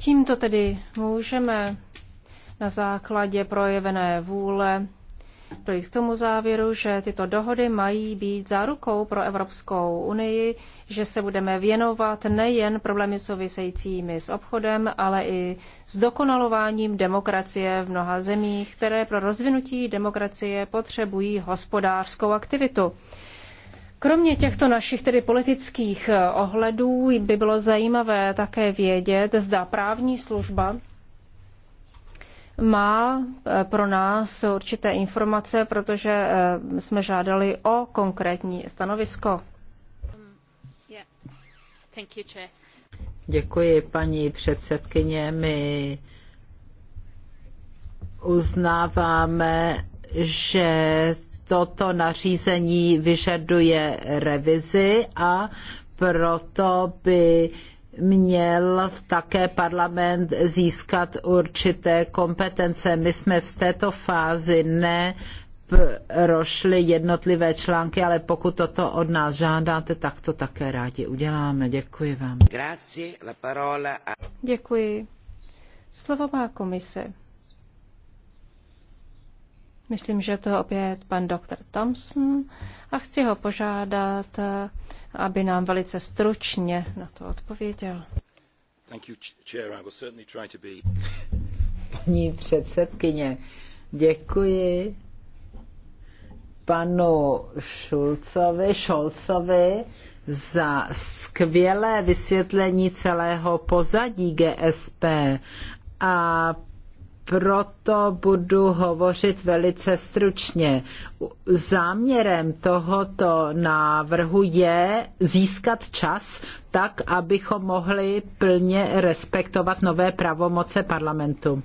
Tímto tedy můžeme na základě projevené vůle dojít k tomu závěru, že tyto dohody mají být zárukou pro Evropskou unii, že se budeme věnovat nejen problémy souvisejícími s obchodem, ale i s dokonalováním demokracie v mnoha zemích, které pro rozvinutí demokracie potřebují hospodářskou aktivitu. Kromě těchto našich tedy politických eh, ohledů by bylo zajímavé také vědět, zda právní služba má eh, pro nás určité informace, protože eh, jsme žádali o konkrétní stanovisko. Děkuji, paní předsedkyně. My uznáváme, že toto nařízení vyžaduje revizi a proto by měl také parlament získat určité kompetence. My jsme v této fázi ne prošli jednotlivé články, ale pokud toto od nás žádáte, tak to také rádi uděláme. Děkuji vám. Děkuji. Slovo má komise. Myslím, že to opět pan doktor Thompson a chci ho požádat, aby nám velice stručně na to odpověděl. Paní předsedkyně, děkuji panu Šulcovi, Šolcovi za skvělé vysvětlení celého pozadí GSP a proto budu hovořit velice stručně. Záměrem tohoto návrhu je získat čas tak, abychom mohli plně respektovat nové pravomoce parlamentu.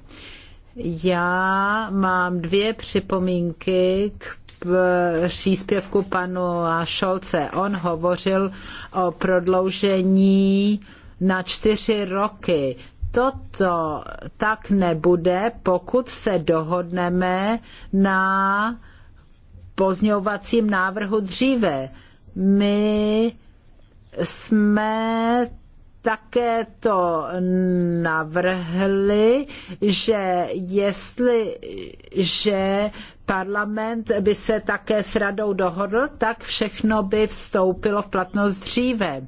Já mám dvě připomínky k příspěvku panu Šolce. On hovořil o prodloužení na čtyři roky toto tak nebude, pokud se dohodneme na pozňovacím návrhu dříve. My jsme také to navrhli, že jestli, že parlament by se také s radou dohodl, tak všechno by vstoupilo v platnost dříve.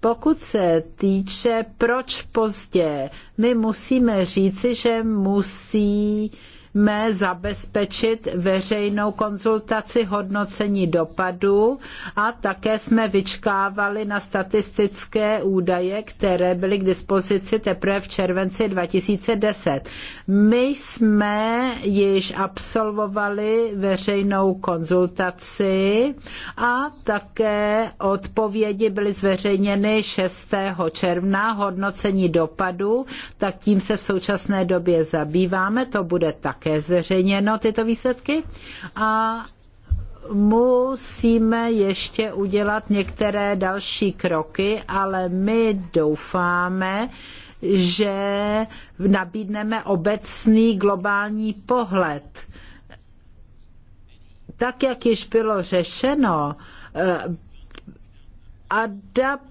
Pokud se týče, proč pozdě, my musíme říci, že musí musíme zabezpečit veřejnou konzultaci hodnocení dopadů a také jsme vyčkávali na statistické údaje, které byly k dispozici teprve v červenci 2010. My jsme již absolvovali veřejnou konzultaci a také odpovědi byly zveřejněny 6. června hodnocení dopadů. tak tím se v současné době zabýváme, to bude také také zveřejněno tyto výsledky a musíme ještě udělat některé další kroky, ale my doufáme, že nabídneme obecný globální pohled. Tak, jak již bylo řešeno, eh, adapt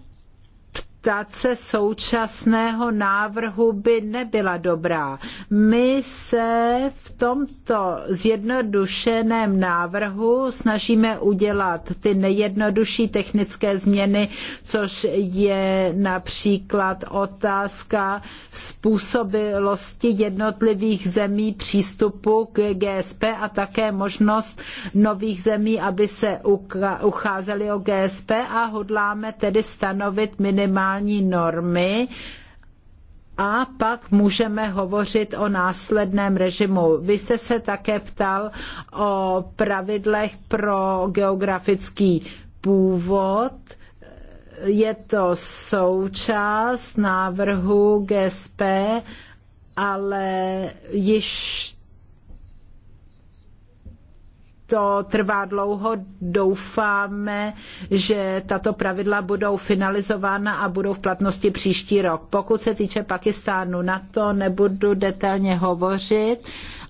adaptace současného návrhu by nebyla dobrá. My se v tomto zjednodušeném návrhu snažíme udělat ty nejjednodušší technické změny, což je například otázka způsobilosti jednotlivých zemí přístupu k GSP a také možnost nových zemí, aby se ucházeli o GSP a hodláme tedy stanovit minimální morální normy, a pak můžeme hovořit o následném režimu. Vy jste se také ptal o pravidlech pro geografický původ. Je to součást návrhu GSP, ale již to trvá dlouho. Doufáme, že tato pravidla budou finalizována a budou v platnosti příští rok. Pokud se týče Pakistánu, na to nebudu detailně hovořit,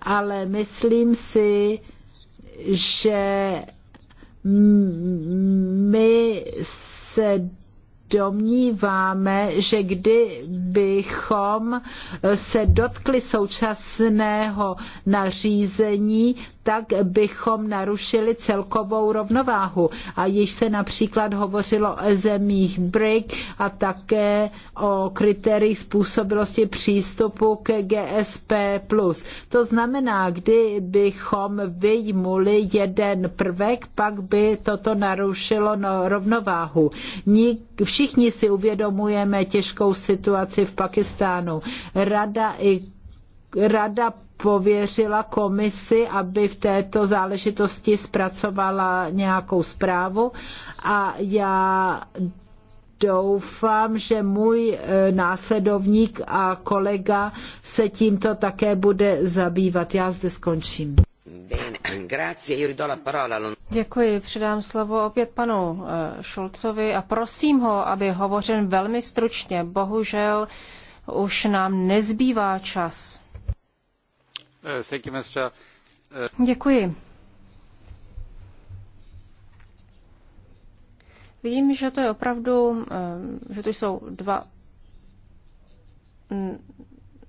ale myslím si, že my se domníváme, že kdybychom se dotkli současného nařízení, tak bychom narušili celkovou rovnováhu. A již se například hovořilo o zemích BRIC a také o kritériích způsobilosti přístupu k GSP+. To znamená, kdybychom vyjmuli jeden prvek, pak by toto narušilo no, rovnováhu. Nik, Všichni si uvědomujeme těžkou situaci v Pakistánu. Rada i Rada pověřila komisi, aby v této záležitosti zpracovala nějakou zprávu a já doufám, že můj e, následovník a kolega se tímto také bude zabývat. Já zde skončím. Děkuji, předám slovo opět panu eh, Šulcovi a prosím ho, aby hovořil velmi stručně. Bohužel už nám nezbývá čas. Eh, eh, Děkuji. Vidím, že to je opravdu, že tu jsou dva, mm,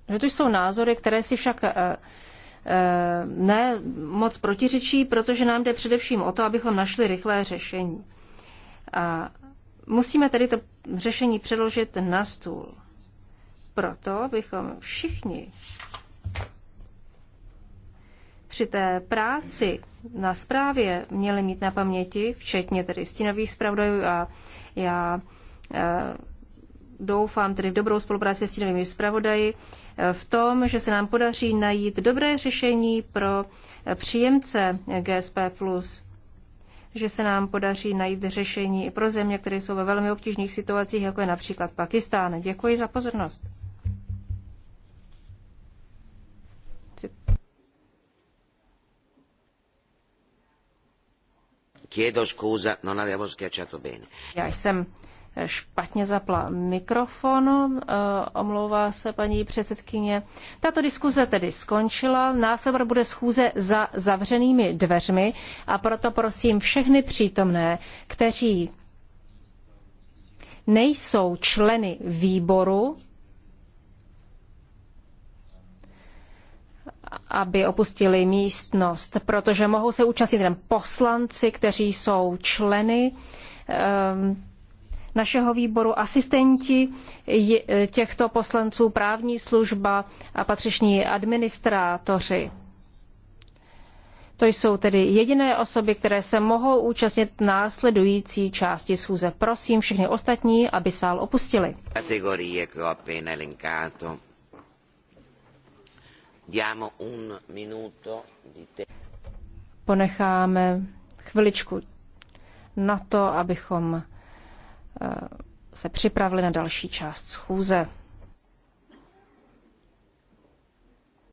že tu jsou názory, které si však Eh, ne moc protiřečí, protože nám jde především o to, abychom našli rychlé řešení. A musíme tedy to řešení předložit na stůl. Proto bychom všichni při té práci na zprávě měli mít na paměti, včetně tedy stinových zpravodajů a já eh, doufám tedy v dobrou spolupráci s stínovými zpravodaji, eh, v tom, že se nám podaří najít dobré řešení pro eh, příjemce eh, GSP+, že se nám podaří najít řešení i pro země, které jsou ve velmi obtížných situacích, jako je například Pakistán. Děkuji za pozornost. Chiedo scusa, non avevo schiacciato bene. Já jsem špatně zapla mikrofon. E, omlouvá se paní předsedkyně. Tato diskuze tedy skončila. Následovat bude schůze za zavřenými dveřmi a proto prosím všechny přítomné, kteří nejsou členy výboru, aby opustili místnost, protože mohou se účastnit jen poslanci, kteří jsou členy um, našeho výboru, asistenti e, těchto poslanců, právní služba a patřiční administrátoři. To jsou tedy jediné osoby, které se mohou účastnit následující části schůze. Prosím všechny ostatní, aby sál opustili. Kategorie, che elencato. Diamo un minuto di te. Ponecháme chviličku na to, abychom se připravili na další část schůze.